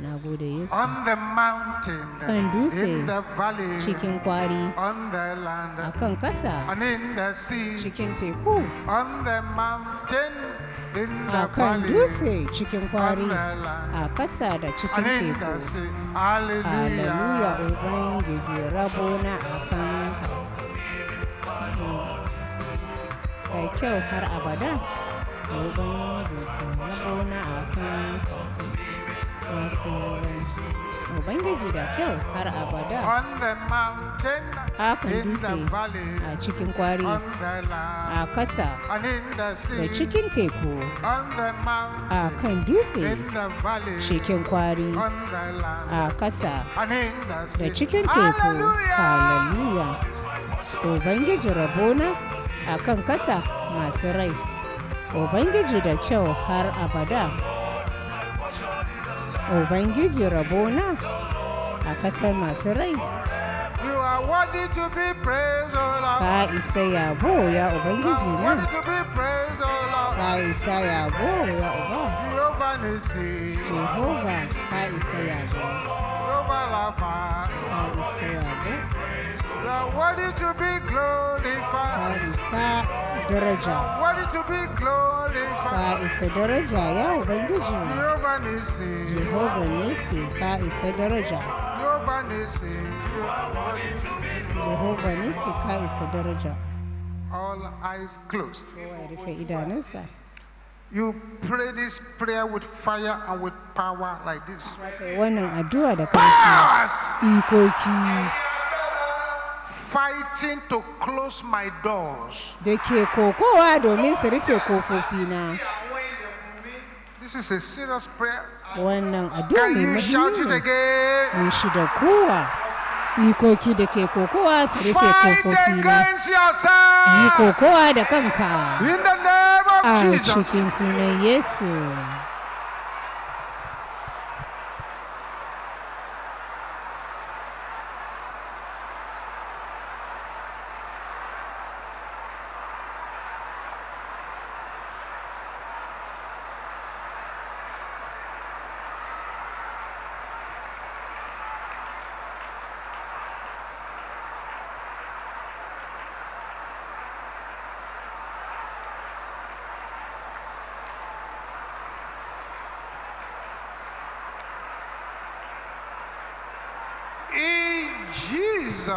Speaker 13: Na gode Yesu. Kan dutse cikin kwari. A kan kasa cikin teku. A
Speaker 2: kan dutse cikin kwari. A kasa da cikin teku. Hallelujah Ubangiji rabona a kan Da kyau har abada? Mai Ubangiji a kan Ubangiji da kyau har abada akan dutse a cikin kwari a kasa
Speaker 13: da cikin teku a
Speaker 2: kan dutse cikin kwari a kasa da cikin teku hallelujah Ubangiji rabona a kan kasa masu rai ubangiji da kyau har abada
Speaker 13: ubangiji rabona a kasar masu rai ka
Speaker 3: isa yabo
Speaker 2: ya ubangiji na
Speaker 13: ka isa yabo ya uba jehova ka isa yabo ka isa yabo Now worthy to be glorified. Isa daraja. Worthy to be glorified. Ka isa daraja ya Ubangiji. Oh, Jehova nisi. Jehova nisi ka isa daraja. Jehova nisi. Jehova nisi
Speaker 2: ka isa daraja.
Speaker 13: All eyes closed. You pray this prayer with fire and with power like this.
Speaker 2: When I do, Wannan addu'a da
Speaker 3: karfi. Powers! Ikoki.
Speaker 13: fighting to close my doors.
Speaker 3: Da ke kokowa domin su rufe kofofina.
Speaker 13: This is a serious prayer. Wannan addu'a mai Mun shi da
Speaker 2: kowa. Ikoki da ke kokowa su rufe kofofina. Yi da kanka.
Speaker 13: A cikin
Speaker 2: sunan Yesu.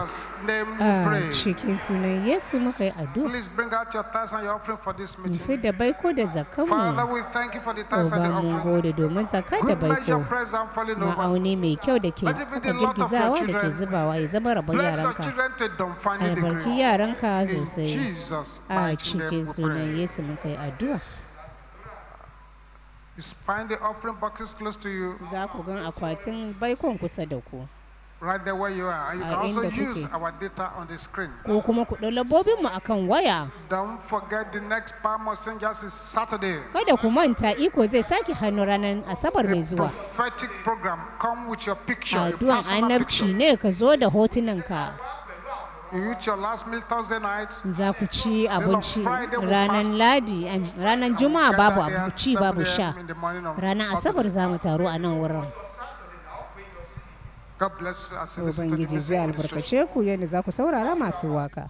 Speaker 13: a cikin
Speaker 3: ah,
Speaker 2: sunan Yesu muka yi addu'a. Mu da baiko da zakan
Speaker 13: mu. Oba mu
Speaker 2: gode domin zaka da baiko
Speaker 13: ma'auni
Speaker 2: mai kyau da ke haka girgizawa da ke zubawa ya zama rabon yaranka. Albarki yaranka sosai a ah, cikin sunan Yesu muka yi addu'a.
Speaker 13: You find the offering boxes close Za ku gan
Speaker 2: akwatin baikon kusa da ku.
Speaker 13: right there where you are. you can also use our data on the screen. Ko
Speaker 2: kuma ku a kan waya.
Speaker 13: Don't forget the next Palm Messengers is Saturday.
Speaker 2: Kada ku manta iko zai sake hannu ranar Asabar mai zuwa.
Speaker 13: prophetic program come with your picture, your personal
Speaker 2: annabci ne ka zo da hotunanka. Za ku ci abinci ranar Juma'a babu babu sha. Ranar Asabar za mu taru a nan wurin.
Speaker 13: Ubangiji zai albarkace
Speaker 2: ku yadda za ku saurara masu waka.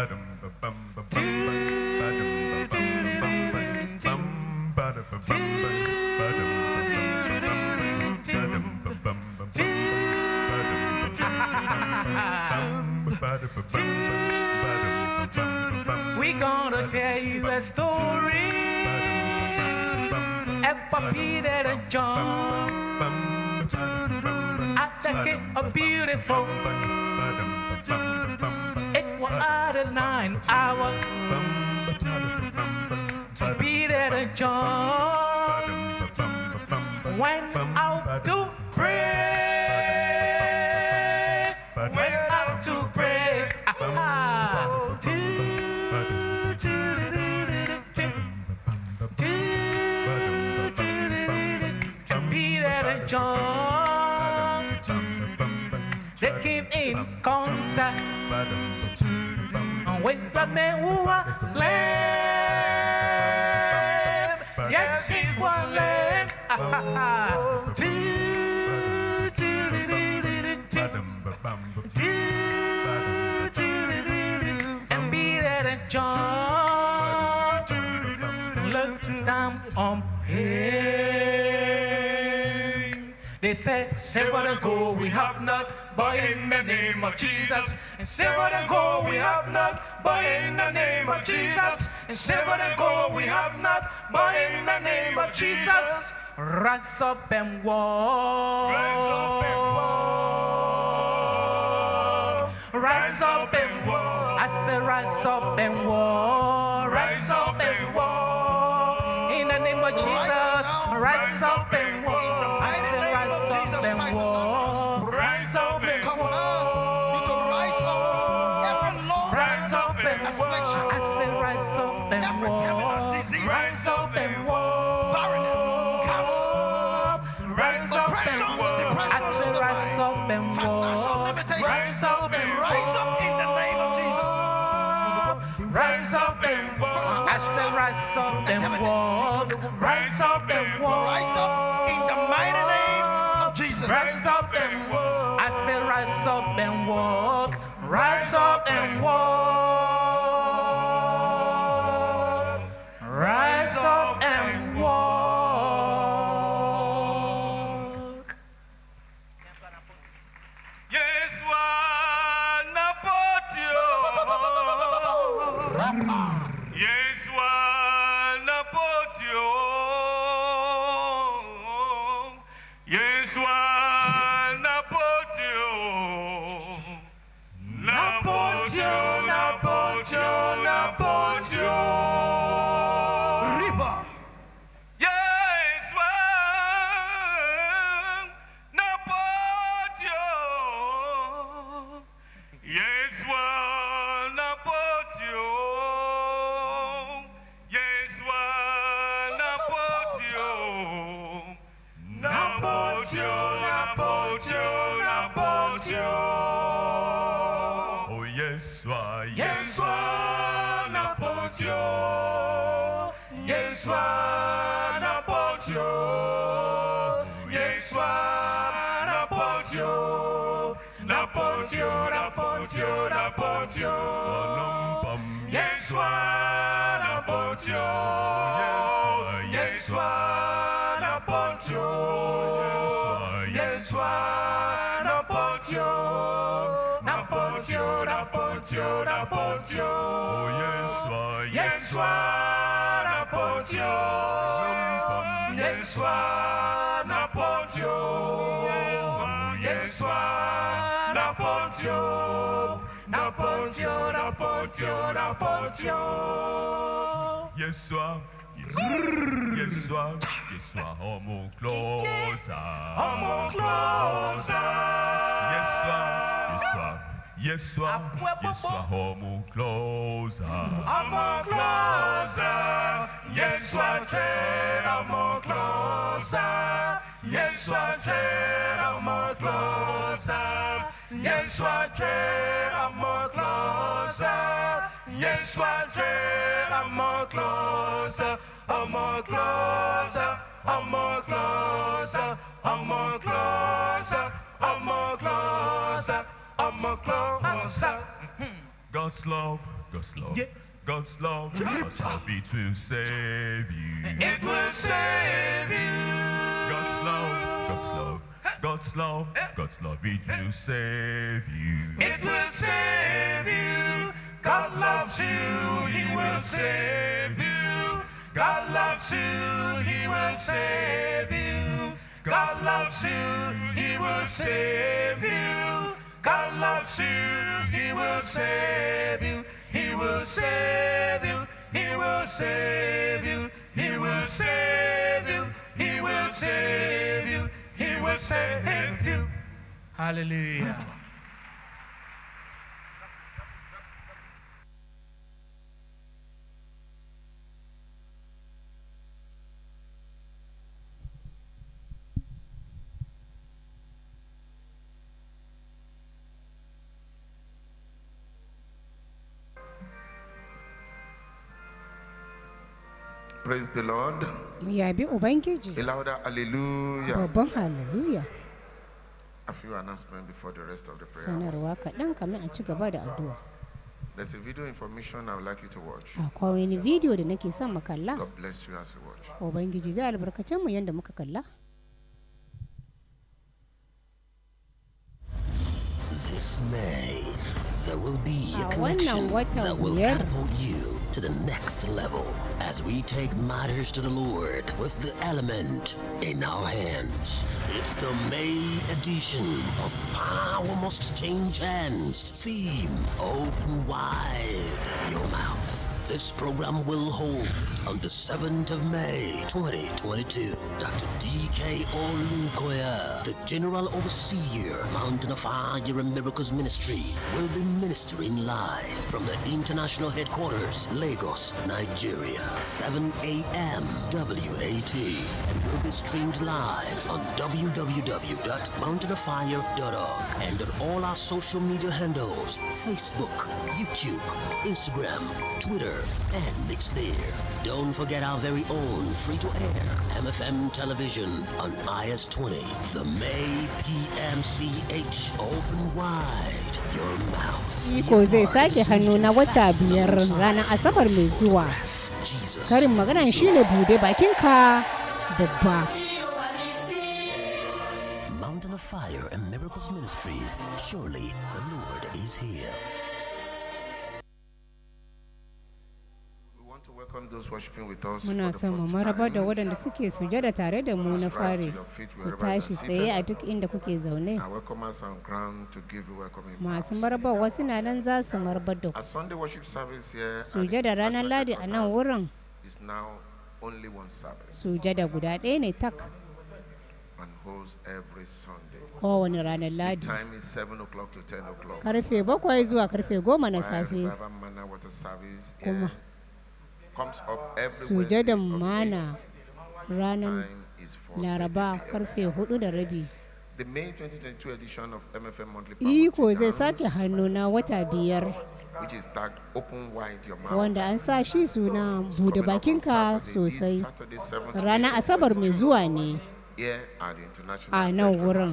Speaker 6: We gonna tell you a story about Peter and John. I think it a beautiful nine hours to be there to join. I out Kameua lamb. Yes, she's one lamb. And be that to John look down on him.
Speaker 5: They say, save and go, we have not, but in the name of Jesus. And save and go, we have not, but in the name of Jesus. And save and go, we have not, but in the name of Jesus. Rise up
Speaker 3: and walk. Rise up and
Speaker 6: walk. Rise up and walk. I say rise up and walk. and walk. Rise up and rise up in the name of
Speaker 4: Jesus. Rise up and walk. Rise up and walk. Rise up and walk. Rise up in the mighty name of Jesus. Rise up and walk. I say rise up and walk.
Speaker 6: Rise up and walk. you, about you. Yes, one about you. Yes, one about you. Yes, one about you. About you, about you, about you. Yes, one. Yes, one about you. Yes, one about you. Yes, one about you portio, la portio, la portio.
Speaker 1: Yes, sir. Yes, sir. Yes, sir. Homo closer. Homo closer. Yes, sir. Yes, sir. Yes, sir. Yes, sir. Homo closer. Homo closer. Yes, sir. Tread homo closer.
Speaker 6: Yes, sir. Tread homo closer. Niech swatera more closer. Niech swatera more closer. I'm more closer. I'm more closer. I'm more closer. I'm more closer. I'm more
Speaker 1: closer. Hmm. God's love. God's love. Yeah. God's love. God's love. It will save you. It will save you. God's love, God's love, God's love, it will save you. It will save you. God loves you, He will save
Speaker 6: you. God loves you, He will save you. God loves you, He will save you. God loves you, He will save you. He will save you, He will save you, He will save you, He will save you
Speaker 14: will save you.
Speaker 5: Hallelujah.
Speaker 8: praise the Lord.
Speaker 2: Mu yabi Ubangiji. A
Speaker 8: louder hallelujah.
Speaker 2: Babban hallelujah.
Speaker 8: A few announcements before the rest of the prayer. Sanarwa kaɗan
Speaker 2: kamin a ci gaba da addu'a.
Speaker 8: There's a video information I would like you to watch.
Speaker 2: Akwai wani video da nake son mu kalla. God
Speaker 8: bless you as you watch.
Speaker 2: Ubangiji zai mu yanda muka kalla.
Speaker 15: This May, there will be a, a connection that will catapult you to the next level as we take matters to the Lord with the element in our hands. It's the May edition of Power Must Change Hands. Theme Open Wide Your Mouth. This program will hold on the 7th of May 2022. Dr. DK Olukoya, the General Overseer, Mountain of Fire and Miracles Ministries, will be ministering live from the International Headquarters, Lagos, Nigeria, 7 a.m. WAT, and will be streamed live on www.fountainoffire.org and on all our social media handles Facebook, YouTube, Instagram, Twitter, and mixed clear. Don't forget our very own free-to-air MFM television on IS-20. The May PMCH Open Wide Your Mouth. Iko zai Mountain of Fire and Miracles Ministries. Surely the Lord is here.
Speaker 8: muna son mu maraba da
Speaker 2: waɗanda suke sujada tare da mu na fari ku tashi tsaye a duk inda kuke zaune
Speaker 8: masu maraba
Speaker 2: wasu na nan za su maraba da
Speaker 8: ku da ranar ladi a nan wurin sujada guda ɗaya ne tak kowane ranar ladi karfe bakwai zuwa karfe goma na safe kuma
Speaker 2: sujadan mana ranar laraba karfe hudu da rabi
Speaker 8: iko zai sake hannu na wata biyar wanda an sa shi suna bude bakinka sosai ranar asabar mai zuwa ne
Speaker 2: a nan wurin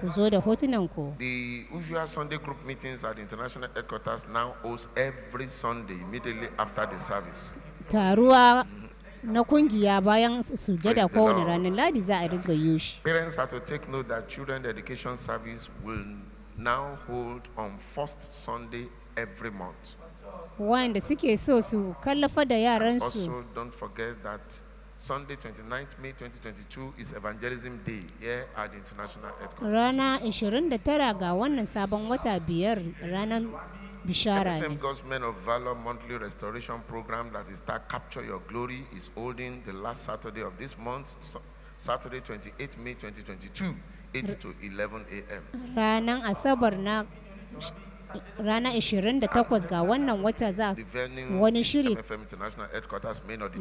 Speaker 2: ku zo da hotunan ku
Speaker 8: the usual sunday group meetings at the international headquarters now host every sunday immediately after the service
Speaker 2: taruwa na kungiya bayan sujada kowane ranar ladi za a riga yi
Speaker 8: parents have to take note that children education service will now hold on first sunday every month
Speaker 2: wanda suke so su kallafa da yaransu also
Speaker 8: don't forget that Sunday 29th May 2022 is Evangelism Day here at the International Headquarters.
Speaker 2: Rana 29 ga wannan sabon wata biyar ranar bishara
Speaker 8: ne. God's Men of Valor monthly restoration program that is that Capture Your Glory is holding the last Saturday of this month, Saturday 28th May 2022, 8 to 11 a.m.
Speaker 2: ranar Asabar na rana 28 ga wannan wata za wani shiri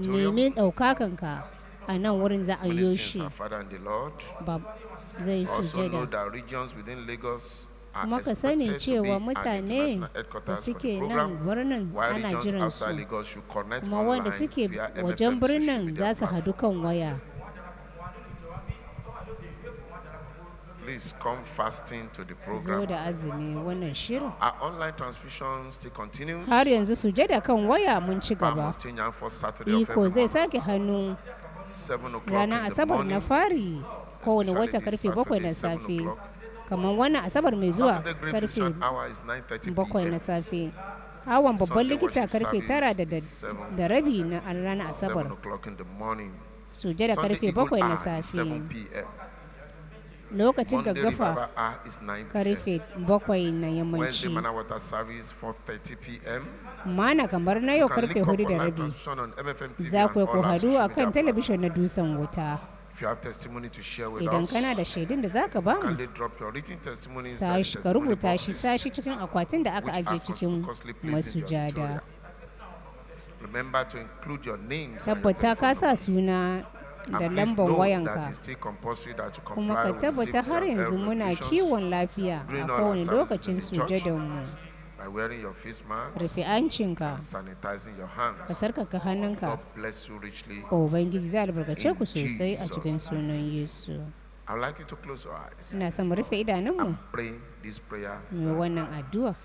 Speaker 8: nemi ka
Speaker 2: a nan wurin za a yi shi
Speaker 8: zai sujada
Speaker 2: kuma ka sani cewa mutane da suke nan birnin ana
Speaker 8: su kuma wanda suke wajen
Speaker 2: birnin za su hadu kan waya
Speaker 8: Please come fasting to the program. Zo da
Speaker 2: azumi wannan shirin.
Speaker 8: Our online transmission still continues. Har yanzu da
Speaker 2: kan waya mun ci gaba. Iko zai sake hannu rana Asabar na fari kowane wata karfe bakwai na safe. Kamar wannan Asabar mai zuwa
Speaker 8: karfe bakwai na
Speaker 2: safe. awon babban likita karfe tara da rabi na ranar Asabar. da karfe bakwai na safe. lokacin gaggafa karfe bakwai na yammanci mana kamar na yau karfe hudu da rabi za ku ku hadu a kan talabishin na dusan wuta
Speaker 8: idan kana da
Speaker 2: shaidun da za ka ba
Speaker 8: mu ka rubuta shi sashi
Speaker 2: cikin akwatin da aka ajiye cikin masujada
Speaker 8: tabbata ka sa suna da lambar wayanka kuma ka tabbata har uh, yanzu muna kiwon lafiya a kowane lokacin sujadanmu rufe hancinka ka sarkaka hannunka ubangiji zai albarkace ku sosai a cikin sunan
Speaker 2: yesu ina son mu rufe idanunmu
Speaker 8: mai wannan addu'a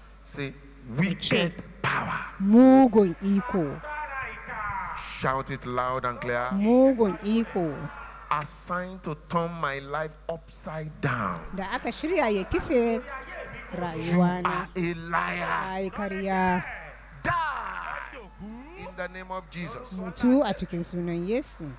Speaker 2: mugun iko
Speaker 8: Shout it loud and clear.
Speaker 2: Mugun iko.
Speaker 8: Assigned to turn my life upside down.
Speaker 2: Da aka shirya ya kife rayuwana. You are a liar. Ai In the name of Jesus. Mutu a cikin sunan Yesu.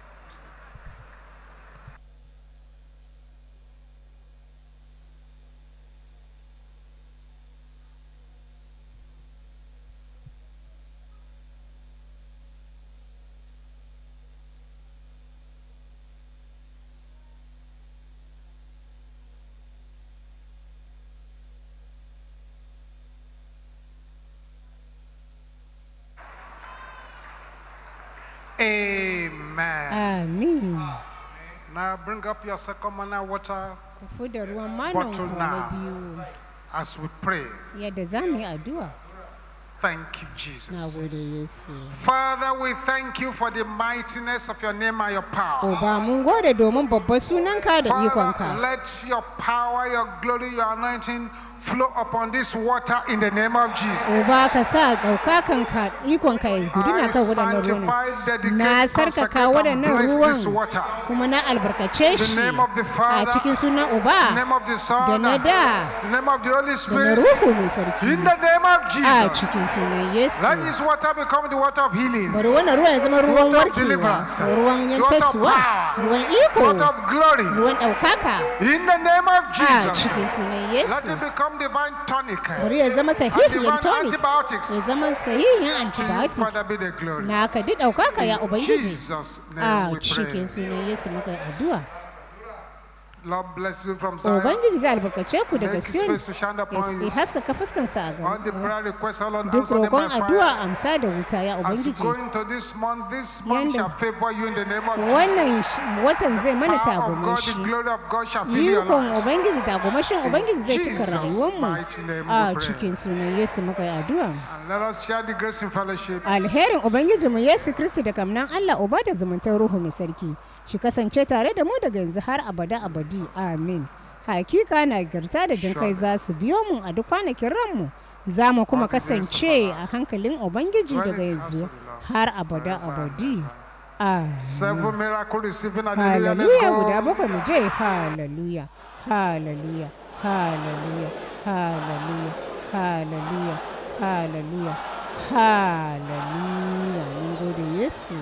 Speaker 13: bring up your second manna water da ruwan bottle now biyu as we pray
Speaker 2: yadda za mu yi addu'a
Speaker 13: Thank you, Jesus. Father, we thank you for the mightiness of your name and your power.
Speaker 2: Father,
Speaker 13: let your power, your glory, your anointing flow upon this water in the name of Jesus. E,
Speaker 2: I sanctify,
Speaker 13: dedicate, consecrate, and bless this water.
Speaker 2: The name of the Father, the name
Speaker 13: of the Son, the name of the Holy Spirit, in the name of Jesus. sumayyesu bari wannan ruwa ya zama ruwan warkewa ruwan yantarsuwa ruwan iko ruwan ɗaukaka a cikin sumayyesu bari ya zama sahihiyan tonic ya zama sahihiyan antibiotic na
Speaker 2: ka duk ɗaukaka ya ubangiji a cikin
Speaker 13: sumayyesu
Speaker 2: muka yi addu'a
Speaker 13: Ubangiji
Speaker 2: zai albarkace ku daga Sion ya haskaka fuskansa a
Speaker 13: gaba. Duk roƙon addu'a
Speaker 2: amsa da wuta ya Ubangiji. Wannan watan zai mana tagomashi. Yikon Ubangiji tagomashin Ubangiji zai cika rayuwarmu a cikin sunan Yesu muka yi addu'a. Alherin Ubangijinmu Yesu Kristi da kamnan Allah Uba da zumuntar Ruhu Mai Sarki. shi kasance tare da mu daga yanzu har abada abadi amin hakika na nagarta da jinkai za su biyo mu a duk kwanakin ranmu za mu kuma kasance a hankalin ubangiji daga yanzu har abada abadi
Speaker 13: amin hallelujah guda
Speaker 2: bakwai mu je hallelujah hallelujah hallelujah hallelujah hallelujah hallelujah hallelujah mun gode yesu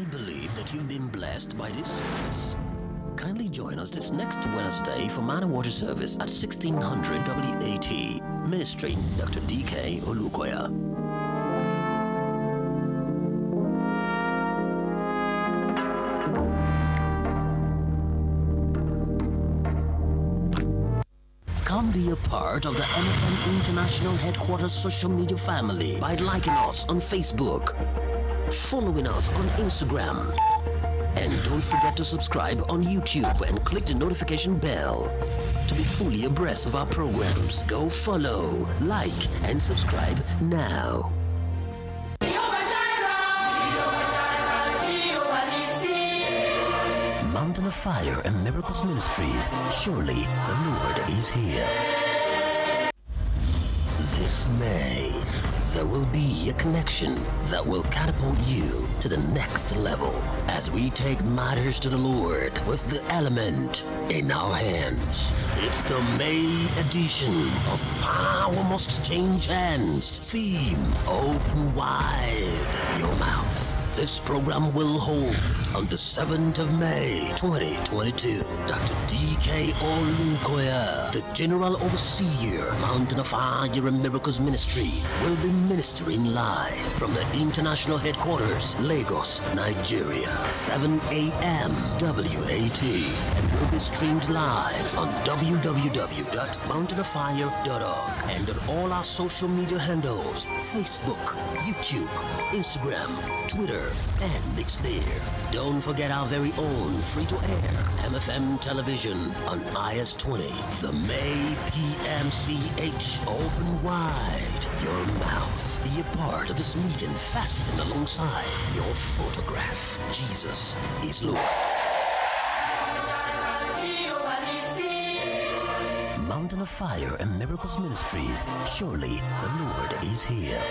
Speaker 15: I believe that you've been blessed by this service. Kindly join us this next Wednesday for Man and Water service at 1600 WAT. Ministry, Dr. DK Olukoya. be a part of the MFM International Headquarters social media family by liking us on Facebook following us on Instagram. And don't forget to subscribe on YouTube and click the notification bell to be fully abreast of our programs. Go follow, like, and subscribe now. Mountain of Fire and Miracles Ministries. Surely the Lord is here. This May there will be a connection that will catapult you to the next level as we take matters to the Lord with the element in our hands. It's the May edition of Power Must Change Hands. Theme Open Wide Your Mouth. This program will hold on the 7th of May 2022. Dr. D.K. Olukoya, the General Overseer, Mountain of Fire and Miracles Ministries, will be ministering live from the international headquarters, Lagos, Nigeria. 7 a.m. WAT. And will be streamed live on www.fountainoffire.org and on all our social media handles Facebook, YouTube, Instagram, Twitter, and Mixlear. Don't forget our very own free-to-air MFM television on IS-20. The May PMCH open wide your mouth. Be a part of this meeting fasten alongside your photograph. Jesus is Lord. Mountain of Fire and Miracles Ministries. Surely the Lord is here.